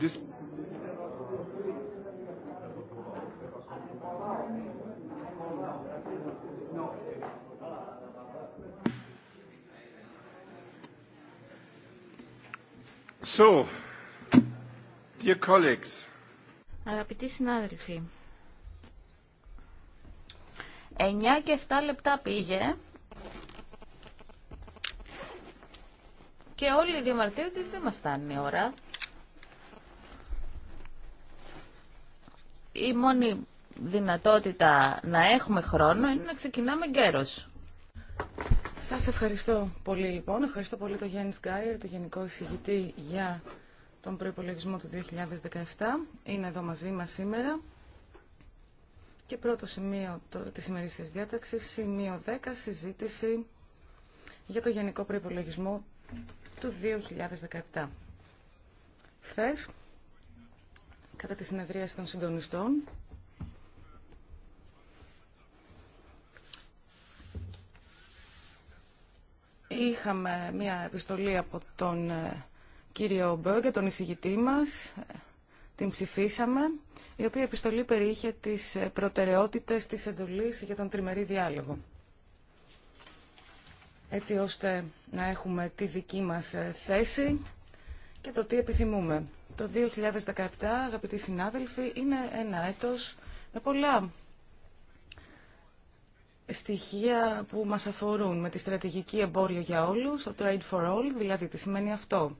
Just So, dear colleagues. Αγαπητοί συνάδελφοι, 9 και 7 λεπτά πήγε και όλοι διαμαρτύρονται ότι δεν μας φτάνει η ώρα. η μόνη δυνατότητα να έχουμε χρόνο είναι να ξεκινάμε γκέρος. Σας ευχαριστώ πολύ λοιπόν. Ευχαριστώ πολύ τον Γιάννη Σκάιερ, τον Γενικό Εισηγητή για τον προϋπολογισμό του 2017. Είναι εδώ μαζί μας σήμερα. Και πρώτο σημείο της ημερήσιας διάταξης, σημείο 10, συζήτηση για το Γενικό Προϋπολογισμό του 2017. Χθες κατά τη συνεδρίαση των συντονιστών. Είχαμε μία επιστολή από τον ε, κύριο και τον εισηγητή μας, την ψηφίσαμε, η οποία επιστολή περιείχε τις ε, προτεραιότητες της εντολής για τον τριμερή διάλογο. Έτσι ώστε να έχουμε τη δική μας ε, θέση και το τι επιθυμούμε. Το 2017, αγαπητοί συνάδελφοι, είναι ένα έτος με πολλά στοιχεία που μας αφορούν με τη στρατηγική εμπόριο για όλους, το Trade for All, δηλαδή τι σημαίνει αυτό.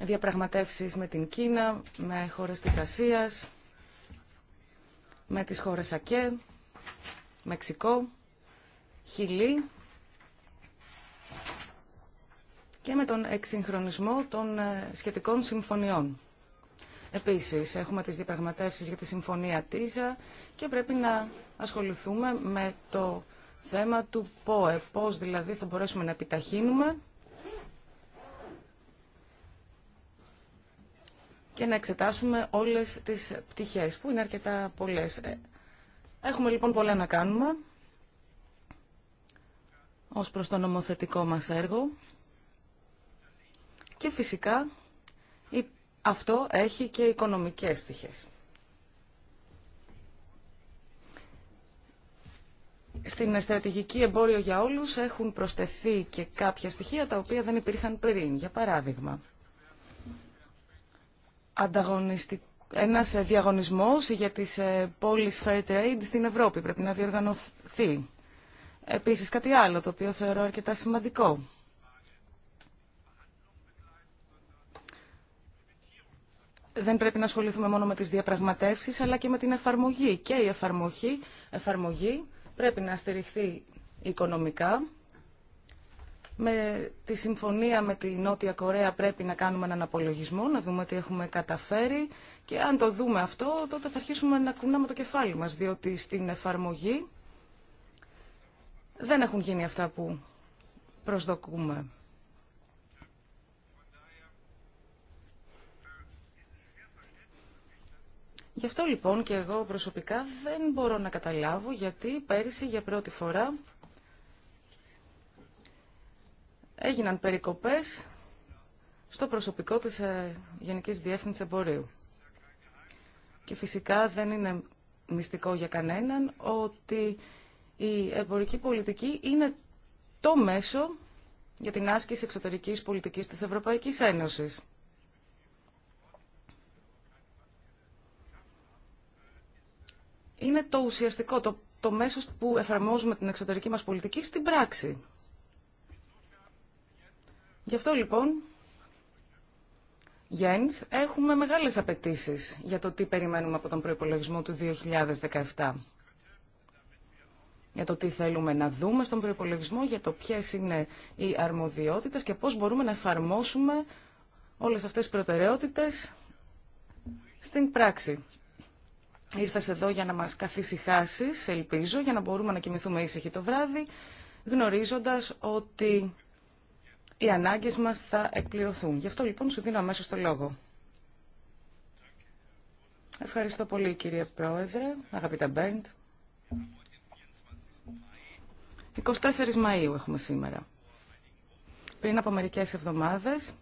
Διαπραγματεύσεις με την Κίνα, με χώρες της Ασίας, με τις χώρες ΑΚΕ, Μεξικό, Χιλή, και με τον εξυγχρονισμό των ε, σχετικών συμφωνιών. Επίσης, έχουμε τις διαπραγματεύσεις για τη Συμφωνία ΤΙΖΑ και πρέπει να ασχοληθούμε με το θέμα του ΠΟΕ, πώς δηλαδή θα μπορέσουμε να επιταχύνουμε και να εξετάσουμε όλες τις πτυχές, που είναι αρκετά πολλές. Ε, έχουμε λοιπόν πολλά να κάνουμε ως προς το νομοθετικό μας έργο. Και φυσικά αυτό έχει και οικονομικές πτυχές. Στην στρατηγική εμπόριο για όλους έχουν προσθεθεί και κάποια στοιχεία τα οποία δεν υπήρχαν πριν. Για παράδειγμα, ανταγωνιστικό ένας διαγωνισμός για τις ε, πόλεις fair trade στην Ευρώπη πρέπει να διοργανωθεί. Επίσης κάτι άλλο το οποίο θεωρώ αρκετά σημαντικό. δεν πρέπει να ασχοληθούμε μόνο με τις διαπραγματεύσεις, αλλά και με την εφαρμογή. Και η εφαρμογή, εφαρμογή πρέπει να στηριχθεί οικονομικά. Με τη συμφωνία με τη Νότια Κορέα πρέπει να κάνουμε έναν απολογισμό, να δούμε τι έχουμε καταφέρει και αν το δούμε αυτό τότε θα αρχίσουμε να κουνάμε το κεφάλι μας, διότι στην εφαρμογή δεν έχουν γίνει αυτά που προσδοκούμε. Γι' αυτό λοιπόν και εγώ προσωπικά δεν μπορώ να καταλάβω γιατί πέρυσι για πρώτη φορά έγιναν περικοπές στο προσωπικό της ε, Γενικής Διεύθυνσης Εμπορίου. Και φυσικά δεν είναι μυστικό για κανέναν ότι η εμπορική πολιτική είναι το μέσο για την άσκηση εξωτερικής πολιτικής της Ευρωπαϊκής Ένωσης. είναι το ουσιαστικό, το, το μέσος που εφαρμόζουμε την εξωτερική μας πολιτική στην πράξη. Γι' αυτό λοιπόν, Γιάννης, έχουμε μεγάλες απαιτήσεις για το τι περιμένουμε από τον προϋπολογισμό του 2017. Για το τι θέλουμε να δούμε στον προϋπολογισμό, για το ποιες είναι οι αρμοδιότητες και πώς μπορούμε να εφαρμόσουμε όλες αυτές τις προτεραιότητες στην πράξη. Ήρθες εδώ για να μας καθησυχάσεις, ελπίζω, για να μπορούμε να κοιμηθούμε ήσυχοι το βράδυ, γνωρίζοντας ότι οι ανάγκες μας θα εκπληρωθούν. Γι' αυτό λοιπόν σου δίνω αμέσως το λόγο. Ευχαριστώ πολύ κύριε Πρόεδρε, αγαπητά Μπέρντ. 24 Μαΐου έχουμε σήμερα. Πριν από μερικές εβδομάδες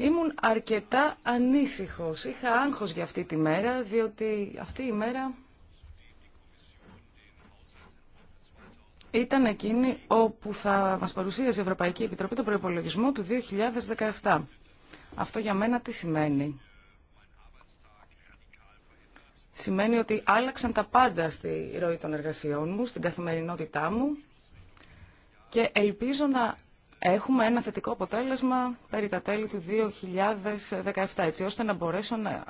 Ήμουν αρκετά ανήσυχος. Είχα άγχος για αυτή τη μέρα, διότι αυτή η μέρα ήταν εκείνη όπου θα μας παρουσίαζε η Ευρωπαϊκή Επιτροπή το προϋπολογισμό του 2017. Αυτό για μένα τι σημαίνει. Σημαίνει ότι άλλαξαν τα πάντα στη ροή των εργασιών μου, στην καθημερινότητά μου και ελπίζω να έχουμε ένα θετικό αποτέλεσμα περί τα τέλη του 2017, έτσι ώστε να μπορέσω να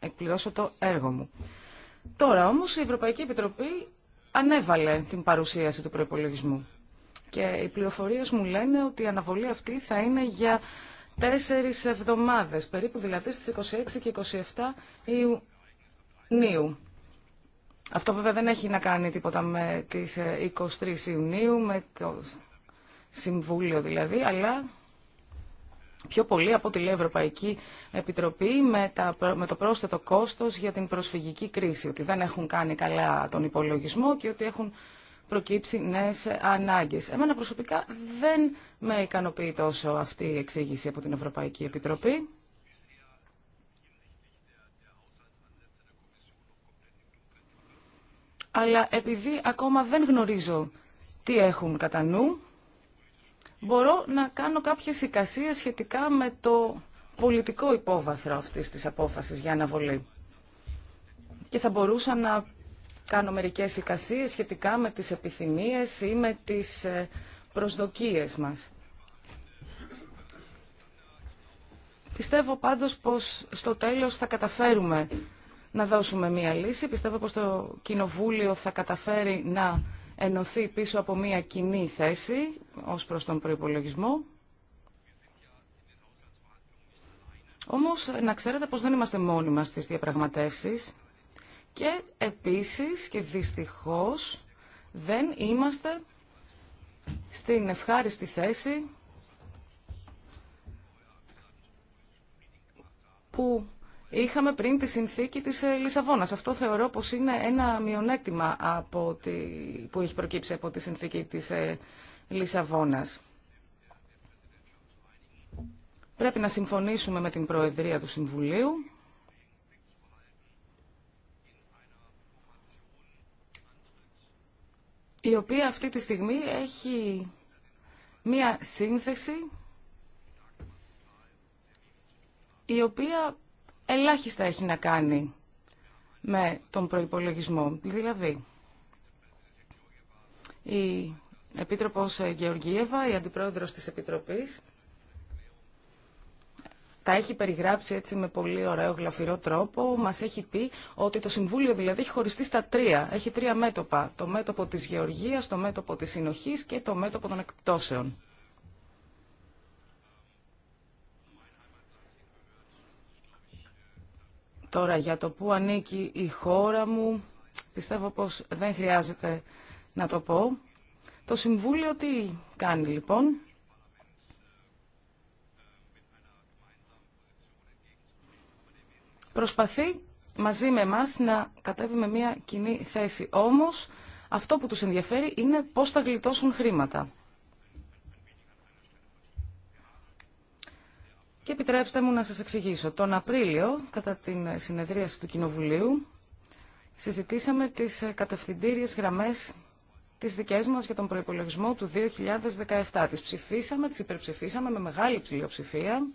εκπληρώσω το έργο μου. Τώρα όμως η Ευρωπαϊκή Επιτροπή ανέβαλε την παρουσίαση του προϋπολογισμού και οι πληροφορίες μου λένε ότι η αναβολή αυτή θα είναι για τέσσερις εβδομάδες, περίπου δηλαδή στις 26 και 27 Ιουνίου. Αυτό βέβαια δεν έχει να κάνει τίποτα με τις 23 Ιουνίου, με το Συμβούλιο δηλαδή, αλλά πιο πολύ από τη Ευρωπαϊκή Επιτροπή με, τα, με το πρόσθετο κόστος για την προσφυγική κρίση, ότι δεν έχουν κάνει καλά τον υπολογισμό και ότι έχουν προκύψει νέες ανάγκες. Εμένα προσωπικά δεν με ικανοποιεί τόσο αυτή η εξήγηση από την Ευρωπαϊκή Επιτροπή. Αλλά επειδή ακόμα δεν γνωρίζω τι έχουν κατά νου, μπορώ να κάνω κάποιες εικασίες σχετικά με το πολιτικό υπόβαθρο αυτής της απόφασης για αναβολή. Και θα μπορούσα να κάνω μερικές εικασίες σχετικά με τις επιθυμίες ή με τις ε, προσδοκίες μας. Πιστεύω πάντως πως στο τέλος θα καταφέρουμε να δώσουμε μία λύση. Πιστεύω πως το Κοινοβούλιο θα καταφέρει να ενωθεί πίσω από μια κοινή θέση ως προς τον προϋπολογισμό. Όμως να ξέρετε πως δεν είμαστε μόνοι μας στις διαπραγματεύσεις και επίσης και δυστυχώς δεν είμαστε στην ευχάριστη θέση που είχαμε πριν τη συνθήκη της ε, Λισαβόνας. Αυτό θεωρώ πως είναι ένα μειονέκτημα από τη... που έχει προκύψει από τη συνθήκη της ε, Λισαβόνας. Πρέπει να συμφωνήσουμε με την Προεδρία του Συμβουλίου η οποία αυτή τη στιγμή έχει μία σύνθεση η οποία ελάχιστα έχει να κάνει με τον προϋπολογισμό. Δηλαδή, η Επίτροπος Γεωργίευα, η Αντιπρόεδρος της Επιτροπής, τα έχει περιγράψει έτσι με πολύ ωραίο γλαφυρό τρόπο. Μας έχει πει ότι το Συμβούλιο δηλαδή έχει χωριστεί στα τρία. Έχει τρία μέτωπα. Το μέτωπο της γεωργίας, το μέτωπο της συνοχής και το μέτωπο των εκπτώσεων. Τώρα για το που ανήκει η χώρα μου, πιστεύω πως δεν χρειάζεται να το πω. Το Συμβούλιο τι κάνει λοιπόν. Προσπαθεί μαζί με μας να κατέβει μια κοινή θέση. Όμως αυτό που τους ενδιαφέρει είναι πώς θα γλιτώσουν χρήματα. Και επιτρέψτε μου να σας εξηγήσω. Τον Απρίλιο, κατά την συνεδρίαση του Κοινοβουλίου, συζητήσαμε τις κατευθυντήριες γραμμές τις δικές μας για τον προϋπολογισμό του 2017. Τις ψηφίσαμε, τις υπερψηφίσαμε με μεγάλη πλειοψηφία.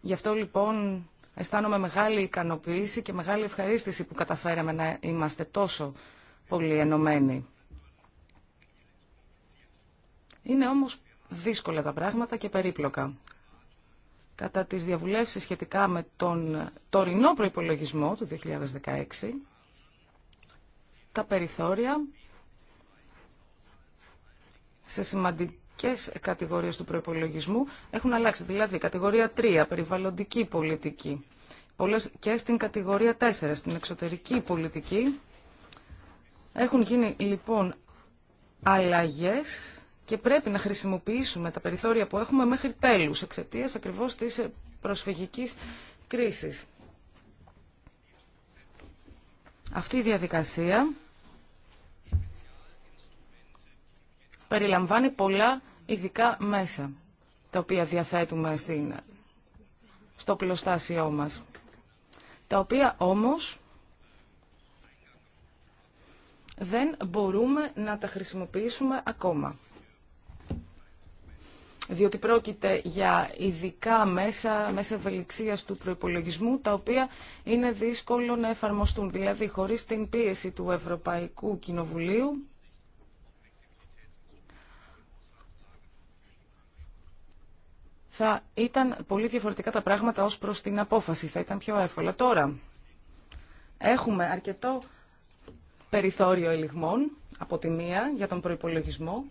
Γι' αυτό λοιπόν αισθάνομαι μεγάλη ικανοποίηση και μεγάλη ευχαρίστηση που καταφέραμε να είμαστε τόσο πολύ ενωμένοι. Είναι όμως δύσκολα τα πράγματα και περίπλοκα. Κατά τις διαβουλεύσεις σχετικά με τον τωρινό προϋπολογισμό του 2016, τα περιθώρια σε σημαντικές κατηγορίες του προϋπολογισμού έχουν αλλάξει. Δηλαδή, κατηγορία 3, περιβαλλοντική πολιτική, και στην κατηγορία 4, στην εξωτερική πολιτική, έχουν γίνει λοιπόν αλλαγές και πρέπει να χρησιμοποιήσουμε τα περιθώρια που έχουμε μέχρι τέλους εξαιτίας ακριβώς της ε, προσφυγικής κρίσης. Αυτή η διαδικασία περιλαμβάνει πολλά ειδικά μέσα τα οποία διαθέτουμε στην, στο πλωστάσιό μας τα οποία όμως δεν μπορούμε να τα χρησιμοποιήσουμε ακόμα διότι πρόκειται για ειδικά μέσα, μέσα ευελιξίας του προϋπολογισμού, τα οποία είναι δύσκολο να εφαρμοστούν. Δηλαδή, χωρίς την πίεση του Ευρωπαϊκού Κοινοβουλίου, θα ήταν πολύ διαφορετικά τα πράγματα ως προς την απόφαση, θα ήταν πιο εύκολα. Τώρα, έχουμε αρκετό περιθώριο ελιγμών, από τη μία, για τον προϋπολογισμό,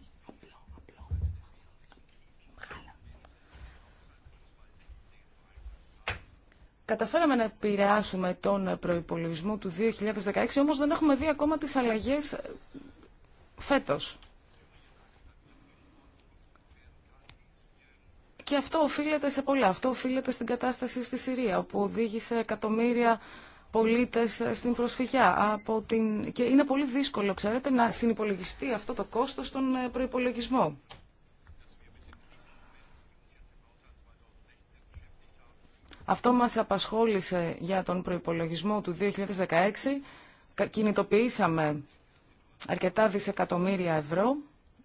Καταφέραμε να επηρεάσουμε τον προϋπολογισμό του 2016, όμως δεν έχουμε δει ακόμα τις αλλαγές φέτος. Και αυτό οφείλεται σε πολλά. Αυτό οφείλεται στην κατάσταση στη Συρία, όπου οδήγησε εκατομμύρια πολίτες στην προσφυγιά. Από την... Και είναι πολύ δύσκολο, ξέρετε, να συνυπολογιστεί αυτό το κόστος στον προϋπολογισμό. Αυτό μας απασχόλησε για τον προϋπολογισμό του 2016. Κινητοποιήσαμε αρκετά δισεκατομμύρια ευρώ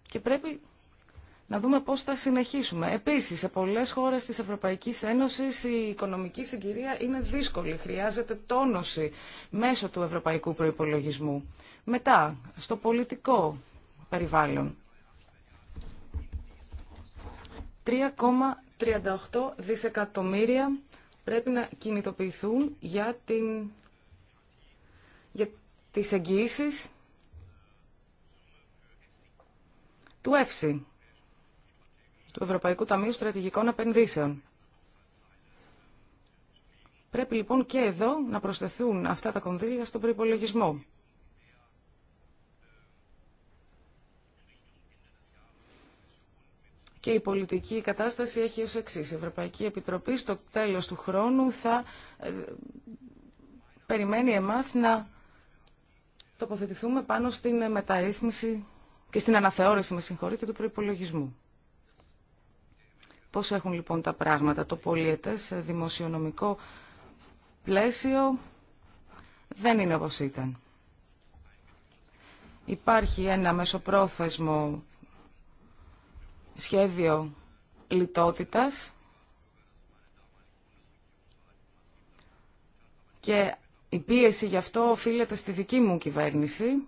και πρέπει να δούμε πώς θα συνεχίσουμε. Επίσης, σε πολλές χώρες της Ευρωπαϊκής Ένωσης η οικονομική συγκυρία είναι δύσκολη. Χρειάζεται τόνωση μέσω του ευρωπαϊκού προϋπολογισμού. Μετά, στο πολιτικό περιβάλλον. 3,38 δισεκατομμύρια πρέπει να κινητοποιηθούν για, την... για τις εγγύησεις του ΕΦΣΥ, του Ευρωπαϊκού Ταμείου Στρατηγικών Επενδύσεων. Πρέπει λοιπόν και εδώ να προσθεθούν αυτά τα κονδύλια στον προϋπολογισμό. και η πολιτική κατάσταση έχει ως εξής. Η Ευρωπαϊκή Επιτροπή στο τέλος του χρόνου θα ε, περιμένει εμάς να τοποθετηθούμε πάνω στην μεταρρύθμιση και στην αναθεώρηση, με συγχωρείτε, του προϋπολογισμού. Πώς έχουν λοιπόν τα πράγματα, το σε δημοσιονομικό πλαίσιο δεν είναι όπως ήταν. Υπάρχει ένα μεσοπρόθεσμο σχέδιο λιτότητας και η πίεση γι' αυτό οφείλεται στη δική μου κυβέρνηση.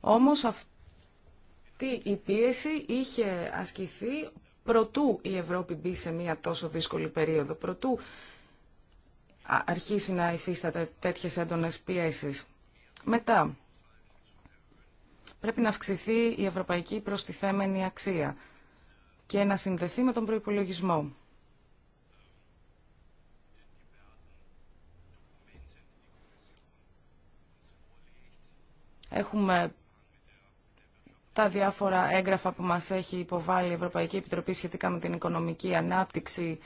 Όμως αυτή η πίεση είχε ασκηθεί προτού η Ευρώπη μπει σε μια τόσο δύσκολη περίοδο, προτού αρχίσει να υφίσταται τέτοιες έντονες πιέσεις. Μετά, Πρέπει να αυξηθεί η ευρωπαϊκή προστιθέμενη αξία και να συνδεθεί με τον προϋπολογισμό. Έχουμε τα διάφορα έγγραφα που μας έχει υποβάλει η Ευρωπαϊκή Επιτροπή σχετικά με την οικονομική ανάπτυξη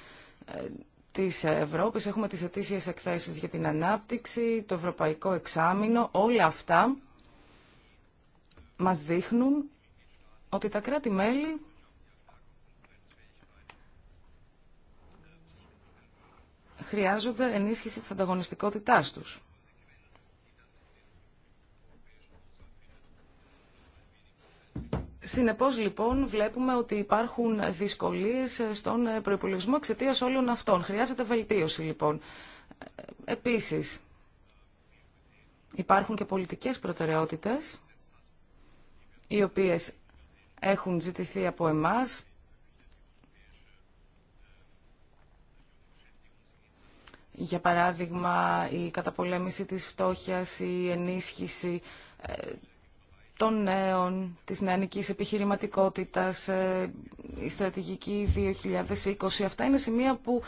ε, της Ευρώπης. Έχουμε τις ετήσιες εκθέσεις για την ανάπτυξη, το Ευρωπαϊκό Εξάμεινο, όλα αυτά μας δείχνουν ότι τα κράτη-μέλη χρειάζονται ενίσχυση της ανταγωνιστικότητάς τους. Συνεπώς λοιπόν βλέπουμε ότι υπάρχουν δυσκολίες στον προϋπολογισμό εξαιτία όλων αυτών. Χρειάζεται βελτίωση λοιπόν. Επίσης υπάρχουν και πολιτικές προτεραιότητες οι οποίες έχουν ζητηθεί από εμάς. Για παράδειγμα, η καταπολέμηση της φτώχειας, η ενίσχυση ε, των νέων, της νεανικής επιχειρηματικότητας, ε, η στρατηγική 2020. Αυτά είναι σημεία που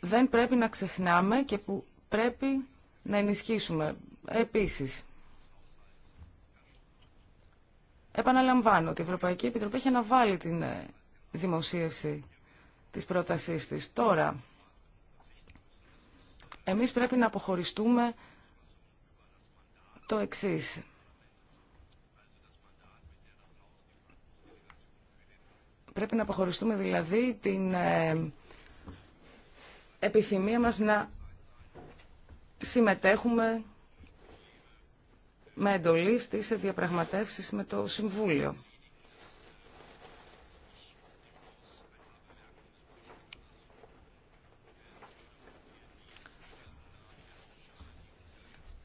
δεν πρέπει να ξεχνάμε και που πρέπει να ενισχύσουμε. Επίσης, Επαναλαμβάνω ότι η Ευρωπαϊκή Επιτροπή έχει αναβάλει την ε, δημοσίευση της πρότασής της. Τώρα, εμείς πρέπει να αποχωριστούμε το εξής. Πρέπει να αποχωριστούμε δηλαδή την ε, επιθυμία μας να συμμετέχουμε με εντολή στις διαπραγματεύσεις με το Συμβούλιο.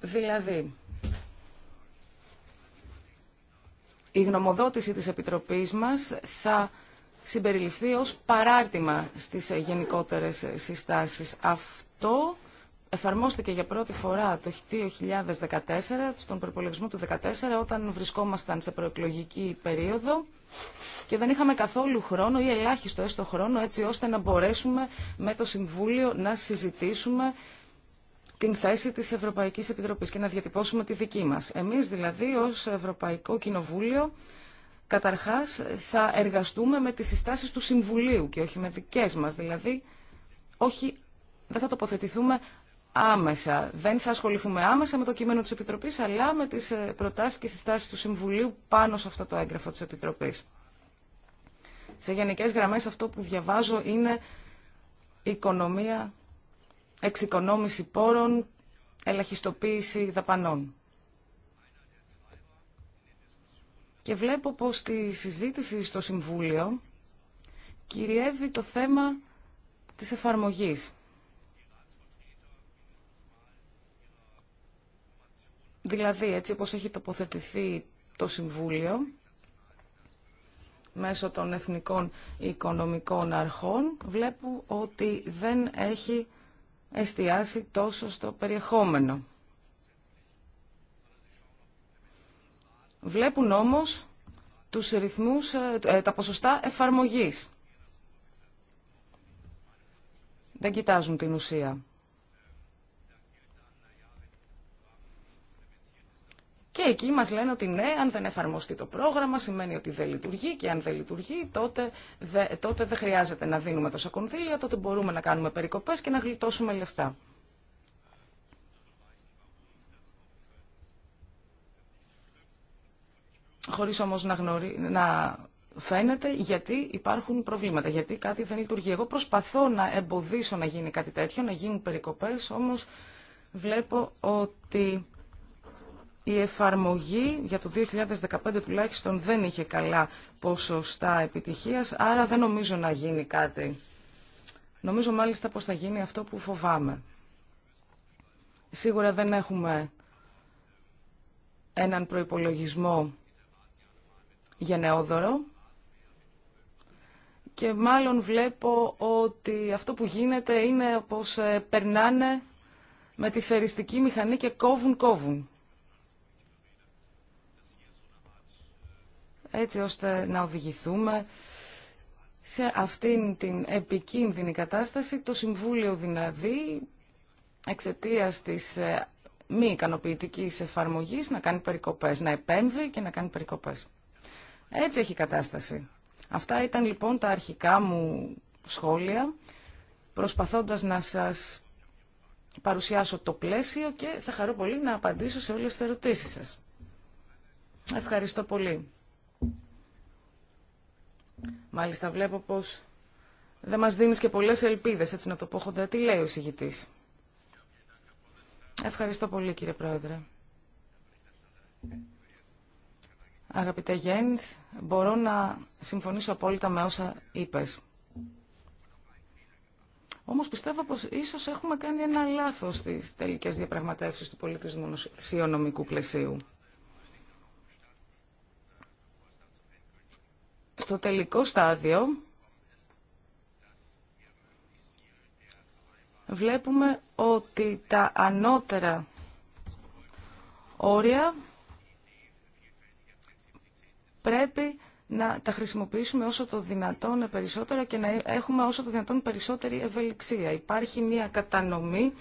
Δηλαδή, η γνωμοδότηση της Επιτροπής μας θα συμπεριληφθεί ως παράρτημα στις γενικότερες συστάσεις. Αυτό εφαρμόστηκε για πρώτη φορά το 2014, στον προπολογισμό του 2014, όταν βρισκόμασταν σε προεκλογική περίοδο και δεν είχαμε καθόλου χρόνο ή ελάχιστο έστω χρόνο έτσι ώστε να μπορέσουμε με το Συμβούλιο να συζητήσουμε την θέση της Ευρωπαϊκής Επιτροπής και να διατυπώσουμε τη δική μας. Εμείς δηλαδή ως Ευρωπαϊκό Κοινοβούλιο καταρχάς θα εργαστούμε με τις συστάσεις του Συμβουλίου και όχι με δικές μας. Δηλαδή όχι, δεν θα τοποθετηθούμε άμεσα. Δεν θα ασχοληθούμε άμεσα με το κείμενο της Επιτροπής, αλλά με τις ε, προτάσεις και συστάσεις του Συμβουλίου πάνω σε αυτό το έγγραφο της Επιτροπής. Σε γενικές γραμμές αυτό που διαβάζω είναι οικονομία, εξοικονόμηση πόρων, ελαχιστοποίηση δαπανών. Και βλέπω πως στη συζήτηση στο Συμβούλιο κυριεύει το θέμα της εφαρμογής. Δηλαδή, έτσι όπως έχει τοποθετηθεί το Συμβούλιο, μέσω των εθνικών οικονομικών αρχών, βλέπω ότι δεν έχει εστιάσει τόσο στο περιεχόμενο. Βλέπουν όμως τους ρυθμούς, ε, ε, τα ποσοστά εφαρμογής. Δεν κοιτάζουν την ουσία. Και εκεί μας λένε ότι ναι, αν δεν εφαρμοστεί το πρόγραμμα σημαίνει ότι δεν λειτουργεί και αν δεν λειτουργεί τότε, τότε δεν χρειάζεται να δίνουμε τόσα κονδύλια, τότε μπορούμε να κάνουμε περικοπές και να γλιτώσουμε λεφτά. Χωρίς όμως να, γνωρί... να φαίνεται γιατί υπάρχουν προβλήματα, γιατί κάτι δεν λειτουργεί. Εγώ προσπαθώ να εμποδίσω να γίνει κάτι τέτοιο, να γίνουν περικοπές, όμως βλέπω ότι η εφαρμογή για το 2015 τουλάχιστον δεν είχε καλά ποσοστά επιτυχίας, άρα δεν νομίζω να γίνει κάτι. Νομίζω μάλιστα πως θα γίνει αυτό που φοβάμαι. Σίγουρα δεν έχουμε έναν προϋπολογισμό γενναιόδωρο και μάλλον βλέπω ότι αυτό που γίνεται είναι πως ε, περνάνε με τη θεριστική μηχανή και κόβουν-κόβουν. έτσι ώστε να οδηγηθούμε σε αυτήν την επικίνδυνη κατάσταση. Το Συμβούλιο δηλαδή εξαιτία της ε, μη ικανοποιητική εφαρμογή να κάνει περικοπέ, να επέμβει και να κάνει περικοπέ. Έτσι έχει η κατάσταση. Αυτά ήταν λοιπόν τα αρχικά μου σχόλια, προσπαθώντα να σας παρουσιάσω το πλαίσιο και θα χαρώ πολύ να απαντήσω σε όλε τι ερωτήσει σα. Ευχαριστώ πολύ. Μάλιστα βλέπω πως δεν μας δίνεις και πολλές ελπίδες, έτσι να το πω χοντρά. Τι λέει ο συγητής. Ευχαριστώ πολύ κύριε Πρόεδρε. Αγαπητέ Γέννης, μπορώ να συμφωνήσω απόλυτα με όσα είπες. Όμως πιστεύω πως ίσως έχουμε κάνει ένα λάθος στις τελικές διαπραγματεύσεις του πολιτισμού νομικού πλαισίου. στο τελικό στάδιο βλέπουμε ότι τα ανώτερα όρια πρέπει να τα χρησιμοποιήσουμε όσο το δυνατόν περισσότερα και να έχουμε όσο το δυνατόν περισσότερη ευελιξία. Υπάρχει μια κατανομή,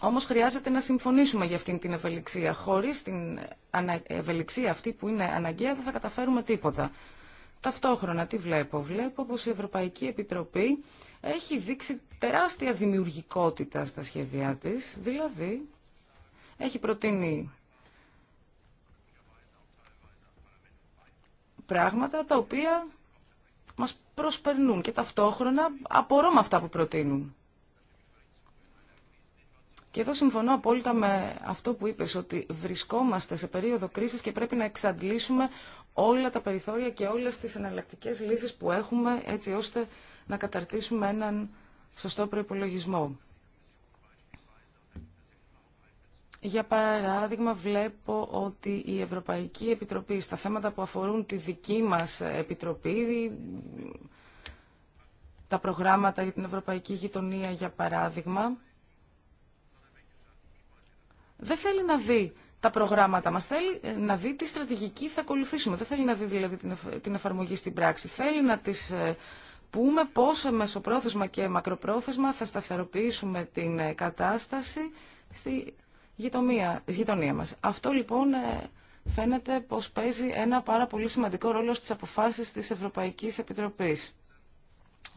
όμως χρειάζεται να συμφωνήσουμε για αυτήν την ευελιξία. Χωρίς την ευελιξία αυτή που είναι αναγκαία δεν θα καταφέρουμε τίποτα. Ταυτόχρονα τι βλέπω. Βλέπω πως η Ευρωπαϊκή Επιτροπή έχει δείξει τεράστια δημιουργικότητα στα σχέδιά της, δηλαδή έχει προτείνει πράγματα τα οποία μας προσπερνούν και ταυτόχρονα απορώ με αυτά που προτείνουν. Και εδώ συμφωνώ απόλυτα με αυτό που είπες, ότι βρισκόμαστε σε περίοδο κρίσης και πρέπει να εξαντλήσουμε όλα τα περιθώρια και όλες τις εναλλακτικέ λύσεις που έχουμε, έτσι ώστε να καταρτήσουμε έναν σωστό προϋπολογισμό. Για παράδειγμα, βλέπω ότι η Ευρωπαϊκή Επιτροπή στα θέματα που αφορούν τη δική μας Επιτροπή, τα προγράμματα για την Ευρωπαϊκή Γειτονία, για παράδειγμα, δεν θέλει να δει τα προγράμματα μας, θέλει ε, να δει τι στρατηγική θα ακολουθήσουμε. Δεν θέλει να δει δηλαδή την εφαρμογή στην πράξη. Θέλει να τις ε, πούμε πώς μεσοπρόθεσμα και μακροπρόθεσμα θα σταθεροποιήσουμε την ε, κατάσταση στη γειτονία, γειτονία μας. Αυτό λοιπόν φαίνεται πως παίζει ένα πάρα πολύ σημαντικό ρόλο στις αποφάσεις της Ευρωπαϊκής Επιτροπής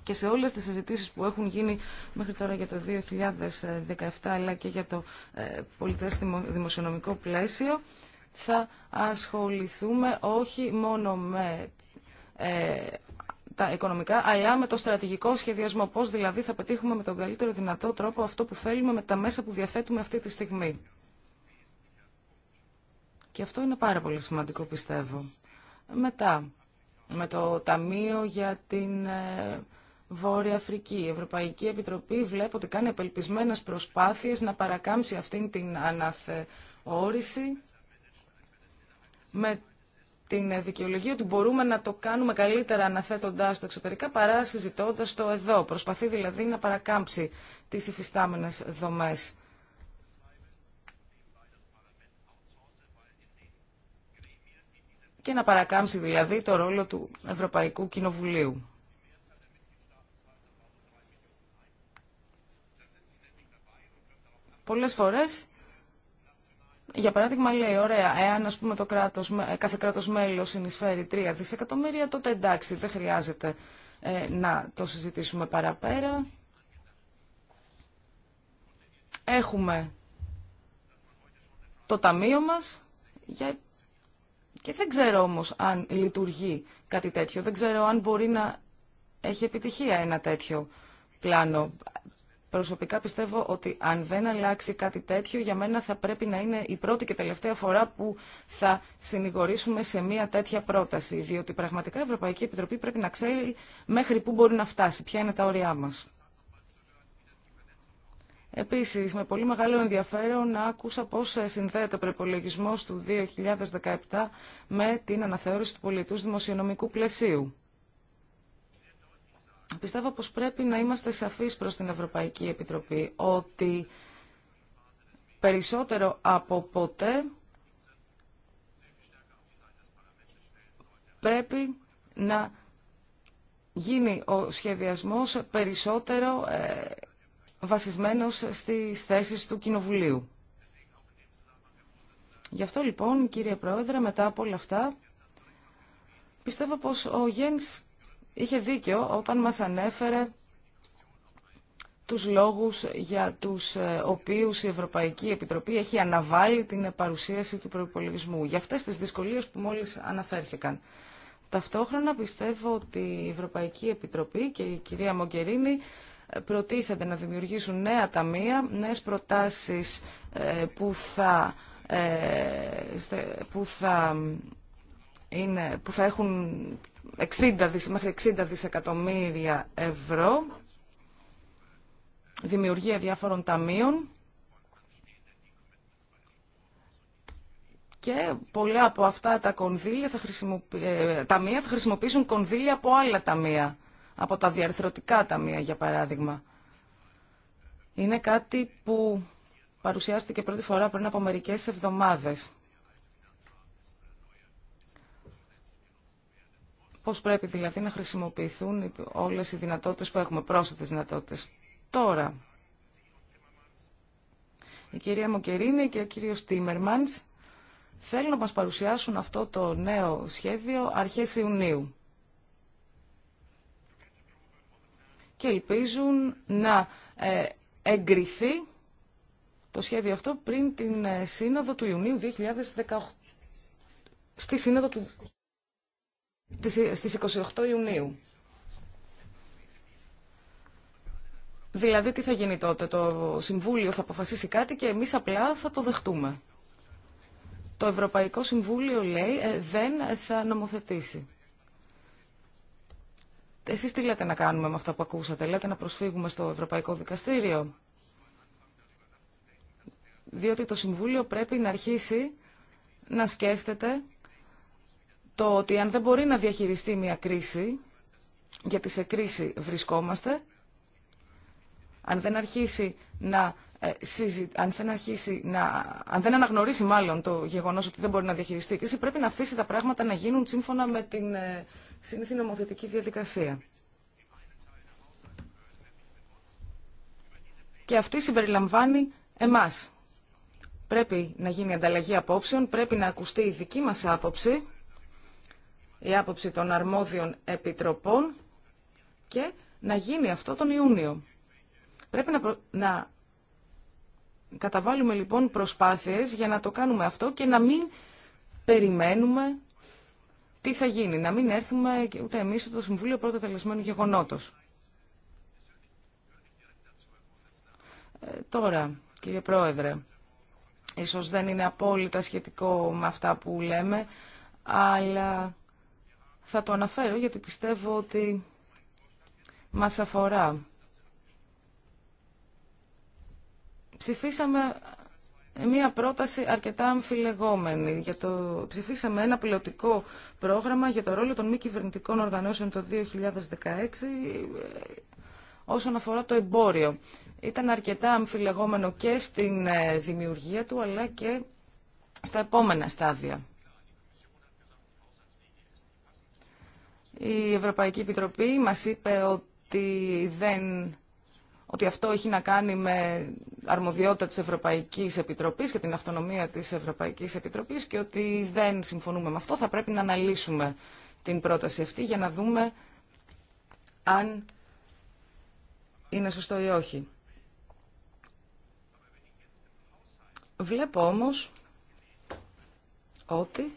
και σε όλες τις συζητήσεις που έχουν γίνει μέχρι τώρα για το 2017 αλλά και για το ε, πολιτές δημοσιονομικό πλαίσιο θα ασχοληθούμε όχι μόνο με ε, τα οικονομικά αλλά με το στρατηγικό σχεδιασμό. Πώς δηλαδή θα πετύχουμε με τον καλύτερο δυνατό τρόπο αυτό που θέλουμε με τα μέσα που διαθέτουμε αυτή τη στιγμή. Και αυτό είναι πάρα πολύ σημαντικό πιστεύω. Μετά, με το Ταμείο για την... Ε, Βόρεια Αφρική. Η Ευρωπαϊκή Επιτροπή βλέπω ότι κάνει απελπισμένες προσπάθειες να παρακάμψει αυτήν την αναθεώρηση με την δικαιολογία ότι μπορούμε να το κάνουμε καλύτερα αναθέτοντάς το εξωτερικά παρά συζητώντα το εδώ. Προσπαθεί δηλαδή να παρακάμψει τις υφιστάμενες δομές. και να παρακάμψει δηλαδή το ρόλο του Ευρωπαϊκού Κοινοβουλίου. Πολλές φορές, για παράδειγμα λέει, ωραία, εάν ας πούμε το κράτος, ε, κάθε κράτος μέλος συνεισφέρει 3 δισεκατομμύρια, τότε εντάξει, δεν χρειάζεται ε, να το συζητήσουμε παραπέρα. Έχουμε το ταμείο μας για... και δεν ξέρω όμως αν λειτουργεί κάτι τέτοιο. Δεν ξέρω αν μπορεί να έχει επιτυχία ένα τέτοιο πλάνο. Προσωπικά πιστεύω ότι αν δεν αλλάξει κάτι τέτοιο, για μένα θα πρέπει να είναι η πρώτη και τελευταία φορά που θα συνηγορήσουμε σε μια τέτοια πρόταση. Διότι πραγματικά η Ευρωπαϊκή Επιτροπή πρέπει να ξέρει μέχρι πού μπορεί να φτάσει, ποια είναι τα όρια μα. Επίση, με πολύ μεγάλο ενδιαφέρον άκουσα πώ συνδέεται ο προπολογισμό του 2017 με την αναθεώρηση του πολιτού δημοσιονομικού πλαισίου. Πιστεύω πως πρέπει να είμαστε σαφείς προς την Ευρωπαϊκή Επιτροπή ότι περισσότερο από ποτέ πρέπει να γίνει ο σχεδιασμός περισσότερο ε, βασισμένος στις θέσεις του Κοινοβουλίου. Γι' αυτό λοιπόν, κύριε Πρόεδρε, μετά από όλα αυτά, πιστεύω πως ο Γένς είχε δίκιο όταν μας ανέφερε τους λόγους για τους ε, οποίους η Ευρωπαϊκή Επιτροπή έχει αναβάλει την παρουσίαση του προϋπολογισμού. Για αυτές τις δυσκολίες που μόλις αναφέρθηκαν. Ταυτόχρονα πιστεύω ότι η Ευρωπαϊκή Επιτροπή και η κυρία Μογκερίνη ε, προτίθεται να δημιουργήσουν νέα ταμεία, νέες προτάσεις που ε, που θα είναι, που θα έχουν 60, μέχρι 60 δισεκατομμύρια ευρώ, δημιουργία διάφορων ταμείων και πολλά από αυτά τα κονδύλια θα ε, ταμεία θα χρησιμοποιήσουν κονδύλια από άλλα ταμεία, από τα διαρθρωτικά ταμεία για παράδειγμα. Είναι κάτι που παρουσιάστηκε πρώτη φορά πριν από μερικές εβδομάδες. Πώς πρέπει δηλαδή να χρησιμοποιηθούν όλες οι δυνατότητες που έχουμε, πρόσθετες δυνατότητες. Τώρα, η κυρία Μοκερίνη και ο κύριος Τίμερμανς θέλουν να μας παρουσιάσουν αυτό το νέο σχέδιο αρχές Ιουνίου. Και ελπίζουν να ε, εγκριθεί το σχέδιο αυτό πριν την ε, σύνοδο του Ιουνίου 2018. Στη σύνοδο του στις 28 Ιουνίου. Δηλαδή τι θα γίνει τότε, το Συμβούλιο θα αποφασίσει κάτι και εμείς απλά θα το δεχτούμε. Το Ευρωπαϊκό Συμβούλιο λέει ε, δεν θα νομοθετήσει. Εσείς τι λέτε να κάνουμε με αυτά που ακούσατε, λέτε να προσφύγουμε στο Ευρωπαϊκό Δικαστήριο. Διότι το Συμβούλιο πρέπει να αρχίσει να σκέφτεται το ότι αν δεν μπορεί να διαχειριστεί μια κρίση, γιατί σε κρίση βρισκόμαστε, αν δεν αρχίσει να, ε, αν δεν αρχίσει να... αν δεν αναγνωρίσει μάλλον το γεγονός ότι δεν μπορεί να διαχειριστεί η κρίση, πρέπει να αφήσει τα πράγματα να γίνουν σύμφωνα με την ε, συνήθινη νομοθετική διαδικασία. Και αυτή συμπεριλαμβάνει εμάς. Πρέπει να γίνει ανταλλαγή απόψεων, πρέπει να ακουστεί η δική μας άποψη η άποψη των αρμόδιων επιτροπών και να γίνει αυτό τον Ιούνιο. Πρέπει να, να καταβάλουμε λοιπόν προσπάθειες για να το κάνουμε αυτό και να μην περιμένουμε τι θα γίνει, να μην έρθουμε ούτε εμείς ούτε το Συμβούλιο πρώτο Τελεσμένου Γεγονότος. Ε, τώρα, κύριε Πρόεδρε, ίσως δεν είναι απόλυτα σχετικό με αυτά που λέμε, αλλά θα το αναφέρω γιατί πιστεύω ότι μας αφορά. Ψηφίσαμε μια πρόταση αρκετά αμφιλεγόμενη. Για το... Ψηφίσαμε ένα πιλωτικό πρόγραμμα για το ρόλο των μη κυβερνητικών οργανώσεων το 2016 ε, όσον αφορά το εμπόριο. Ήταν αρκετά αμφιλεγόμενο και στην ε, δημιουργία του αλλά και στα επόμενα στάδια. Η Ευρωπαϊκή Επιτροπή μας είπε ότι, δεν, ότι αυτό έχει να κάνει με αρμοδιότητα της Ευρωπαϊκής Επιτροπής και την αυτονομία της Ευρωπαϊκής Επιτροπής και ότι δεν συμφωνούμε με αυτό. Θα πρέπει να αναλύσουμε την πρόταση αυτή για να δούμε αν είναι σωστό ή όχι. Βλέπω όμως ότι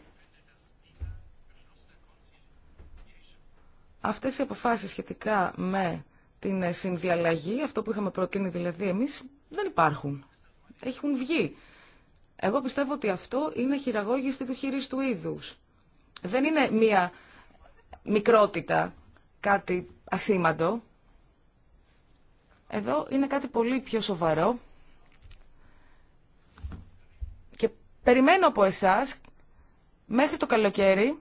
Αυτές οι αποφάσεις σχετικά με την ε, συνδιαλλαγή, αυτό που είχαμε προτείνει δηλαδή εμείς, δεν υπάρχουν. Έχουν βγει. Εγώ πιστεύω ότι αυτό είναι χειραγώγηση του χείριστου του είδους. Δεν είναι μία μικρότητα, κάτι ασήμαντο. Εδώ είναι κάτι πολύ πιο σοβαρό. Και περιμένω από εσάς μέχρι το καλοκαίρι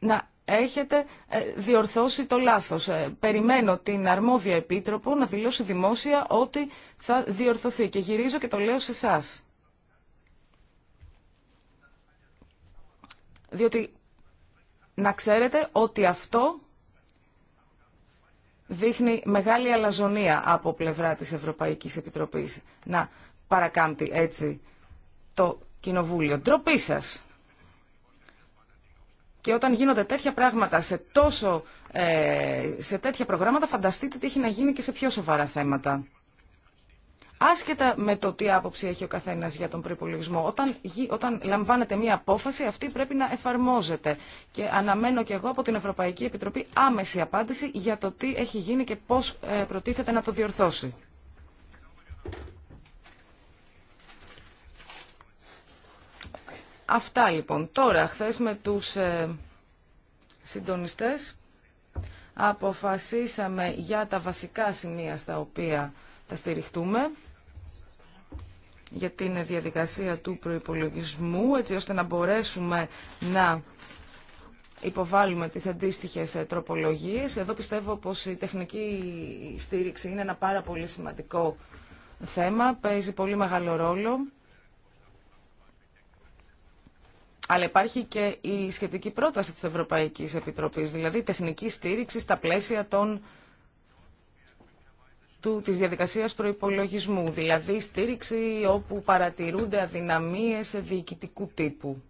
να έχετε ε, διορθώσει το λάθος. Ε, περιμένω την αρμόδια επίτροπο να δηλώσει δημόσια ότι θα διορθωθεί και γυρίζω και το λέω σε εσά. Διότι να ξέρετε ότι αυτό δείχνει μεγάλη αλαζονία από πλευρά της Ευρωπαϊκής Επιτροπής να παρακάμπτει έτσι το Κοινοβούλιο. Ντροπή σας! Και όταν γίνονται τέτοια πράγματα σε, τόσο, ε, σε τέτοια προγράμματα, φανταστείτε τι έχει να γίνει και σε πιο σοβαρά θέματα. Άσχετα με το τι άποψη έχει ο καθένα για τον προπολογισμό, όταν, όταν λαμβάνεται μία απόφαση, αυτή πρέπει να εφαρμόζεται. Και αναμένω και εγώ από την Ευρωπαϊκή Επιτροπή άμεση απάντηση για το τι έχει γίνει και πώ ε, προτίθεται να το διορθώσει. Αυτά λοιπόν. Τώρα, χθε με τους ε, συντονιστέ. αποφασίσαμε για τα βασικά σημεία στα οποία θα στηριχτούμε για την διαδικασία του προϋπολογισμού, έτσι ώστε να μπορέσουμε να υποβάλουμε τις αντίστοιχες ε, τροπολογίες. Εδώ πιστεύω πως η τεχνική στήριξη είναι ένα πάρα πολύ σημαντικό θέμα, παίζει πολύ μεγάλο ρόλο αλλά υπάρχει και η σχετική πρόταση της Ευρωπαϊκής Επιτροπής, δηλαδή τεχνική στήριξη στα πλαίσια των, του, της διαδικασίας προϋπολογισμού, δηλαδή στήριξη όπου παρατηρούνται αδυναμίες διοικητικού τύπου.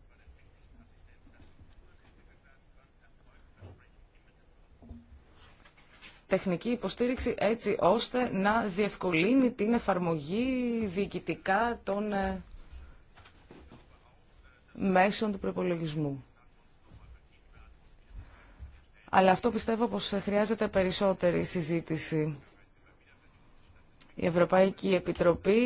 τεχνική υποστήριξη έτσι ώστε να διευκολύνει την εφαρμογή διοικητικά των ε, μέσων του προπολογισμού. Αλλά αυτό πιστεύω πως χρειάζεται περισσότερη συζήτηση. Η Ευρωπαϊκή Επιτροπή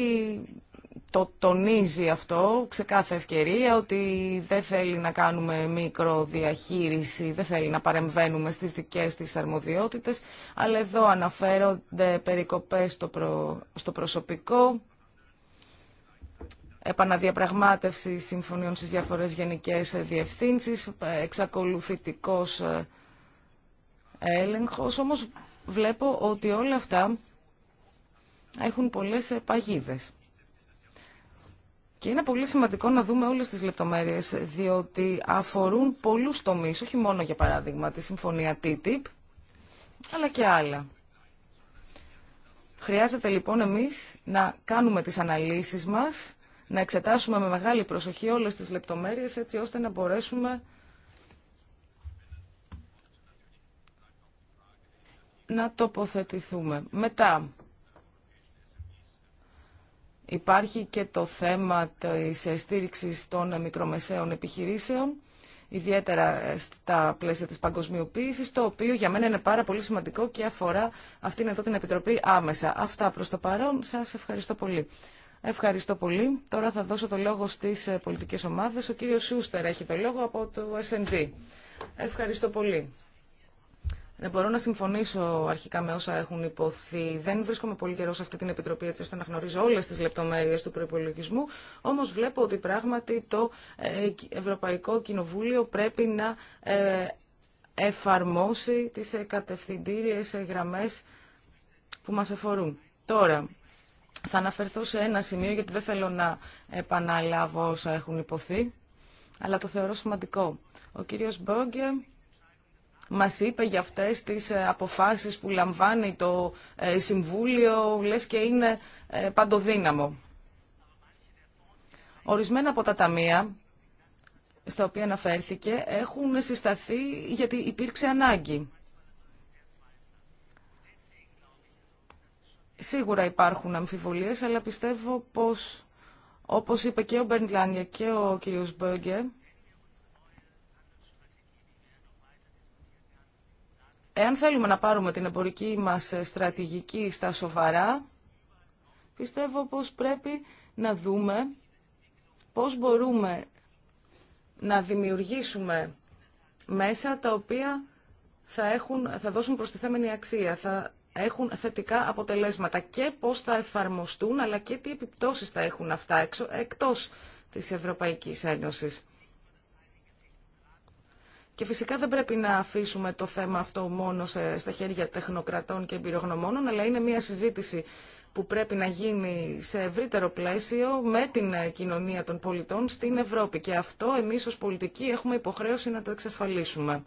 το τονίζει αυτό, σε κάθε ευκαιρία, ότι δεν θέλει να κάνουμε μικροδιαχείριση, δεν θέλει να παρεμβαίνουμε στις δικές της αρμοδιότητες, αλλά εδώ αναφέρονται περικοπές στο, προ... στο προσωπικό, επαναδιαπραγμάτευση συμφωνιών στις διάφορες γενικές διευθύνσεις, εξακολουθητικός ε, έλεγχος, όμως βλέπω ότι όλα αυτά έχουν πολλές ε, παγίδες. Και είναι πολύ σημαντικό να δούμε όλες τις λεπτομέρειες, διότι αφορούν πολλούς τομείς, όχι μόνο για παράδειγμα τη συμφωνία TTIP, αλλά και άλλα. Χρειάζεται λοιπόν εμείς να κάνουμε τις αναλύσεις μας να εξετάσουμε με μεγάλη προσοχή όλες τις λεπτομέρειες έτσι ώστε να μπορέσουμε να τοποθετηθούμε. Μετά, υπάρχει και το θέμα της στήριξης των μικρομεσαίων επιχειρήσεων, ιδιαίτερα στα πλαίσια της παγκοσμιοποίησης, το οποίο για μένα είναι πάρα πολύ σημαντικό και αφορά αυτήν εδώ την Επιτροπή άμεσα. Αυτά προς το παρόν. Σας ευχαριστώ πολύ. Ευχαριστώ πολύ. Τώρα θα δώσω το λόγο στις ε, πολιτικές ομάδες. Ο κύριος Σούστερ έχει το λόγο από το S&D. Ευχαριστώ πολύ. Δεν μπορώ να συμφωνήσω αρχικά με όσα έχουν υποθεί. Δεν βρίσκομαι πολύ καιρό σε αυτή την επιτροπή έτσι ώστε να γνωρίζω όλες τις λεπτομέρειες του προπολογισμού. Όμως βλέπω ότι πράγματι το ε, Ευρωπαϊκό Κοινοβούλιο πρέπει να ε, εφαρμόσει τι κατευθυντήριε γραμμέ που μα αφορούν. Τώρα, θα αναφερθώ σε ένα σημείο γιατί δεν θέλω να επαναλάβω όσα έχουν υποθεί, αλλά το θεωρώ σημαντικό. Ο κύριος Μπόγκε μας είπε για αυτές τις ε, αποφάσεις που λαμβάνει το ε, Συμβούλιο, λες και είναι ε, παντοδύναμο. Ορισμένα από τα ταμεία στα οποία αναφέρθηκε έχουν συσταθεί γιατί υπήρξε ανάγκη. Σίγουρα υπάρχουν αμφιβολίες, αλλά πιστεύω πως, όπως είπε και ο Λάνια και ο κύριος Μπέγκε, εάν θέλουμε να πάρουμε την εμπορική μας στρατηγική στα σοβαρά, πιστεύω πως πρέπει να δούμε πώς μπορούμε να δημιουργήσουμε μέσα τα οποία θα, έχουν, θα δώσουν προστιθέμενη αξία, θα έχουν θετικά αποτελέσματα και πώς θα εφαρμοστούν αλλά και τι επιπτώσεις θα έχουν αυτά έξω, εκτός της Ευρωπαϊκής Ένωσης. Και φυσικά δεν πρέπει να αφήσουμε το θέμα αυτό μόνο σε, στα χέρια τεχνοκρατών και εμπειρογνωμόνων, αλλά είναι μια συζήτηση που πρέπει να γίνει σε ευρύτερο πλαίσιο με την κοινωνία των πολιτών στην Ευρώπη. Και αυτό εμείς ως πολιτικοί έχουμε υποχρέωση να το εξασφαλίσουμε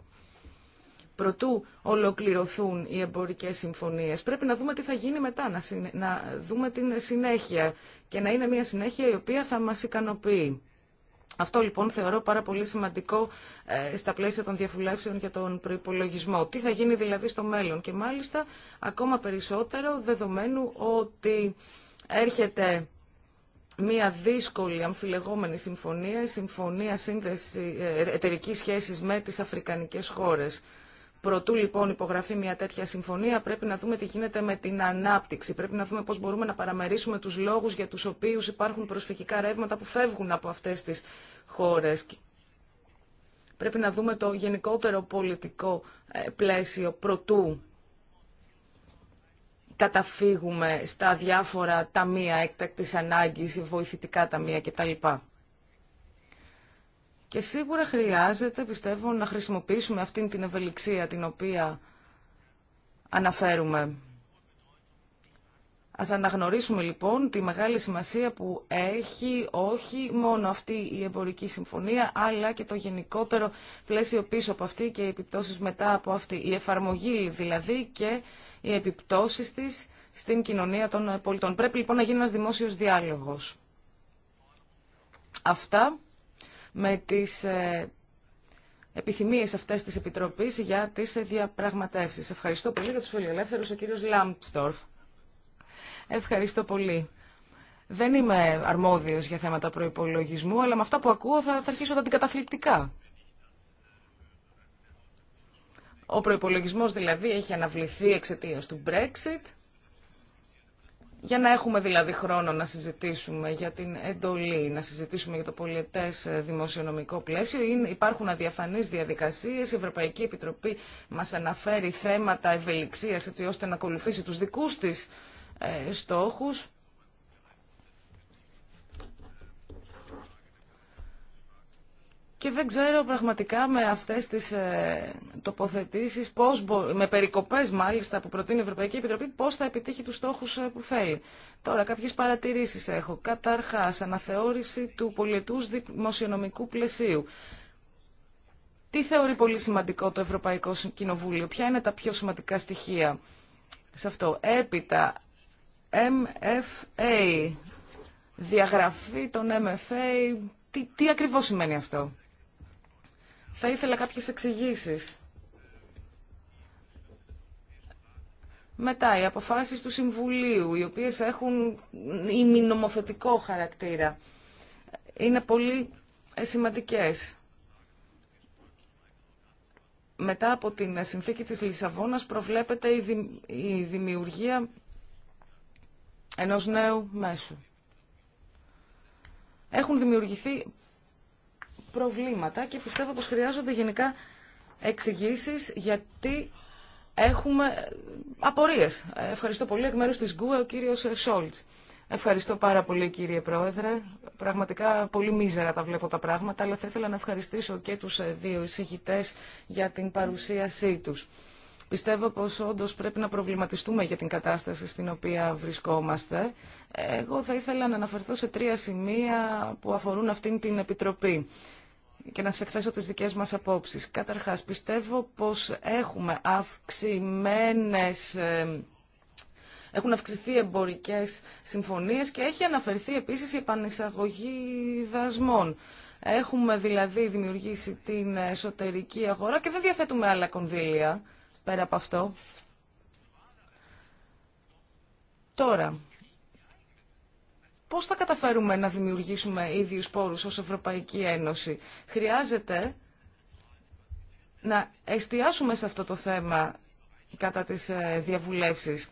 προτού ολοκληρωθούν οι εμπορικές συμφωνίες. Πρέπει να δούμε τι θα γίνει μετά, να, να δούμε την συνέχεια και να είναι μια συνέχεια η οποία θα μας ικανοποιεί. Αυτό λοιπόν θεωρώ πάρα πολύ σημαντικό ε, στα πλαίσια των διαφυλάξεων για τον προπολογισμό. Τι θα γίνει δηλαδή στο μέλλον και μάλιστα ακόμα περισσότερο δεδομένου ότι έρχεται μια δύσκολη αμφιλεγόμενη συμφωνία, συμφωνία σύνδεση, ε, εταιρικής σχέσης με τις αφρικανικές χώρες. Προτού λοιπόν υπογραφεί μια τέτοια συμφωνία πρέπει να δούμε τι γίνεται με την ανάπτυξη. Πρέπει να δούμε πώς μπορούμε να παραμερίσουμε τους λόγους για τους οποίους υπάρχουν προσφυγικά ρεύματα που φεύγουν από αυτές τις χώρες. Πρέπει να δούμε το γενικότερο πολιτικό ε, πλαίσιο προτού καταφύγουμε στα διάφορα ταμεία έκτακτης ανάγκης, βοηθητικά ταμεία κτλ. Και σίγουρα χρειάζεται, πιστεύω, να χρησιμοποιήσουμε αυτήν την ευελιξία την οποία αναφέρουμε. Ας αναγνωρίσουμε λοιπόν τη μεγάλη σημασία που έχει όχι μόνο αυτή η εμπορική συμφωνία, αλλά και το γενικότερο πλαίσιο πίσω από αυτή και οι επιπτώσεις μετά από αυτή. Η εφαρμογή δηλαδή και οι επιπτώσεις της στην κοινωνία των πολιτών. Πρέπει λοιπόν να γίνει ένας δημόσιος διάλογος. Αυτά με τις ε, επιθυμίες αυτές της Επιτροπής για τις διαπραγματεύσεις. Ευχαριστώ πολύ για τους φιλελεύθερους, ο κύριος Λάμπστορφ. Ευχαριστώ πολύ. Δεν είμαι αρμόδιος για θέματα προϋπολογισμού, αλλά με αυτά που ακούω θα, θα αρχίσω τα αντικαταθλιπτικά. Ο προϋπολογισμός δηλαδή έχει αναβληθεί εξαιτία του Brexit για να έχουμε δηλαδή χρόνο να συζητήσουμε για την εντολή, να συζητήσουμε για το πολιτέ ε, δημοσιονομικό πλαίσιο, υπάρχουν αδιαφανείς διαδικασίες, η Ευρωπαϊκή Επιτροπή μας αναφέρει θέματα ευελιξίας έτσι ώστε να ακολουθήσει τους δικούς της ε, στόχους. Και δεν ξέρω πραγματικά με αυτές τις ε, τοποθετήσεις, με περικοπές μάλιστα που προτείνει η Ευρωπαϊκή Επιτροπή, πώς θα επιτύχει τους στόχους ε, που θέλει. Τώρα, κάποιες παρατηρήσεις έχω. Καταρχάς, αναθεώρηση του πολιτούς δημοσιονομικού πλαισίου. Τι θεωρεί πολύ σημαντικό το Ευρωπαϊκό Κοινοβούλιο, ποια είναι τα πιο σημαντικά στοιχεία σε αυτό. Έπειτα, MFA, διαγραφή των MFA, τι, τι ακριβώς σημαίνει αυτό. Θα ήθελα κάποιες εξηγήσεις. Μετά, οι αποφάσεις του Συμβουλίου, οι οποίες έχουν ημινομοθετικό χαρακτήρα, είναι πολύ σημαντικές. Μετά από την συνθήκη της Λισαβόνας προβλέπεται η δημιουργία ενός νέου μέσου. Έχουν δημιουργηθεί προβλήματα και πιστεύω πως χρειάζονται γενικά εξηγήσει γιατί έχουμε απορίες. Ευχαριστώ πολύ εκ μέρου τη ΓΚΟΕ ο κύριος Σόλτ. Ευχαριστώ πάρα πολύ κύριε Πρόεδρε. Πραγματικά πολύ μίζερα τα βλέπω τα πράγματα, αλλά θα ήθελα να ευχαριστήσω και τους δύο εισηγητέ για την παρουσίασή τους. Πιστεύω πως όντως πρέπει να προβληματιστούμε για την κατάσταση στην οποία βρισκόμαστε. Εγώ θα ήθελα να αναφερθώ σε τρία σημεία που αφορούν αυτήν την Επιτροπή και να σας εκθέσω τις δικές μας απόψεις. Καταρχάς, πιστεύω πως έχουμε αυξημένες... Ε, έχουν αυξηθεί εμπορικές συμφωνίες και έχει αναφερθεί επίσης η επανεισαγωγή δασμών. Έχουμε δηλαδή δημιουργήσει την εσωτερική αγορά και δεν διαθέτουμε άλλα κονδύλια πέρα από αυτό. Τώρα, Πώ θα καταφέρουμε να δημιουργήσουμε ίδιου πόρου ως Ευρωπαϊκή Ένωση. Χρειάζεται να εστιάσουμε σε αυτό το θέμα κατά τις ε, διαβουλεύσεις.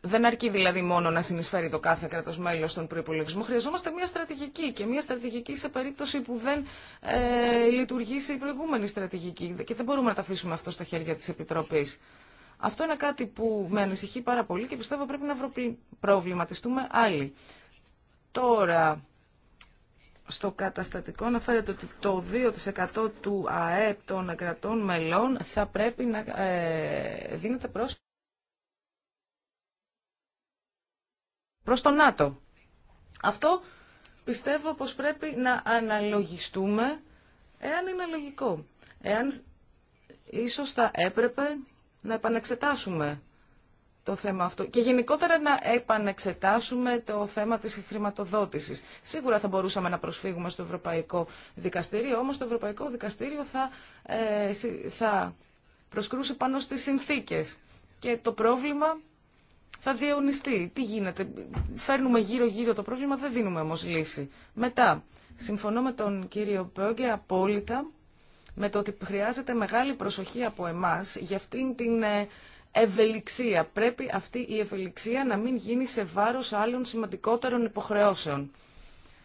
Δεν αρκεί δηλαδή μόνο να συνεισφέρει το κάθε κράτος μέλος στον προϋπολογισμό. Χρειαζόμαστε μια στρατηγική και μια στρατηγική σε περίπτωση που δεν ε, λειτουργήσει η προηγούμενη στρατηγική και δεν μπορούμε να τα αφήσουμε αυτό στα χέρια της Επιτροπής. Αυτό είναι κάτι που με ανησυχεί πάρα πολύ και πιστεύω πρέπει να προβληματιστούμε άλλοι. Τώρα, στο καταστατικό αναφέρεται ότι το 2% του ΑΕΠ των κρατών μελών θα πρέπει να ε, δίνεται προς, προς το ΝΑΤΟ. Αυτό πιστεύω πως πρέπει να αναλογιστούμε εάν είναι λογικό. Εάν ίσως θα έπρεπε να επανεξετάσουμε το θέμα αυτό και γενικότερα να επανεξετάσουμε το θέμα της χρηματοδότησης. Σίγουρα θα μπορούσαμε να προσφύγουμε στο Ευρωπαϊκό Δικαστήριο, όμως το Ευρωπαϊκό Δικαστήριο θα, ε, θα προσκρούσει πάνω στις συνθήκες και το πρόβλημα θα διαιωνιστεί. Τι γίνεται, φέρνουμε γύρω-γύρω το πρόβλημα, δεν δίνουμε όμως λύση. Μετά, συμφωνώ με τον κύριο Μπέγκε απόλυτα με το ότι χρειάζεται μεγάλη προσοχή από εμάς για αυτήν την ε, ευελιξία. Πρέπει αυτή η ευελιξία να μην γίνει σε βάρος άλλων σημαντικότερων υποχρεώσεων.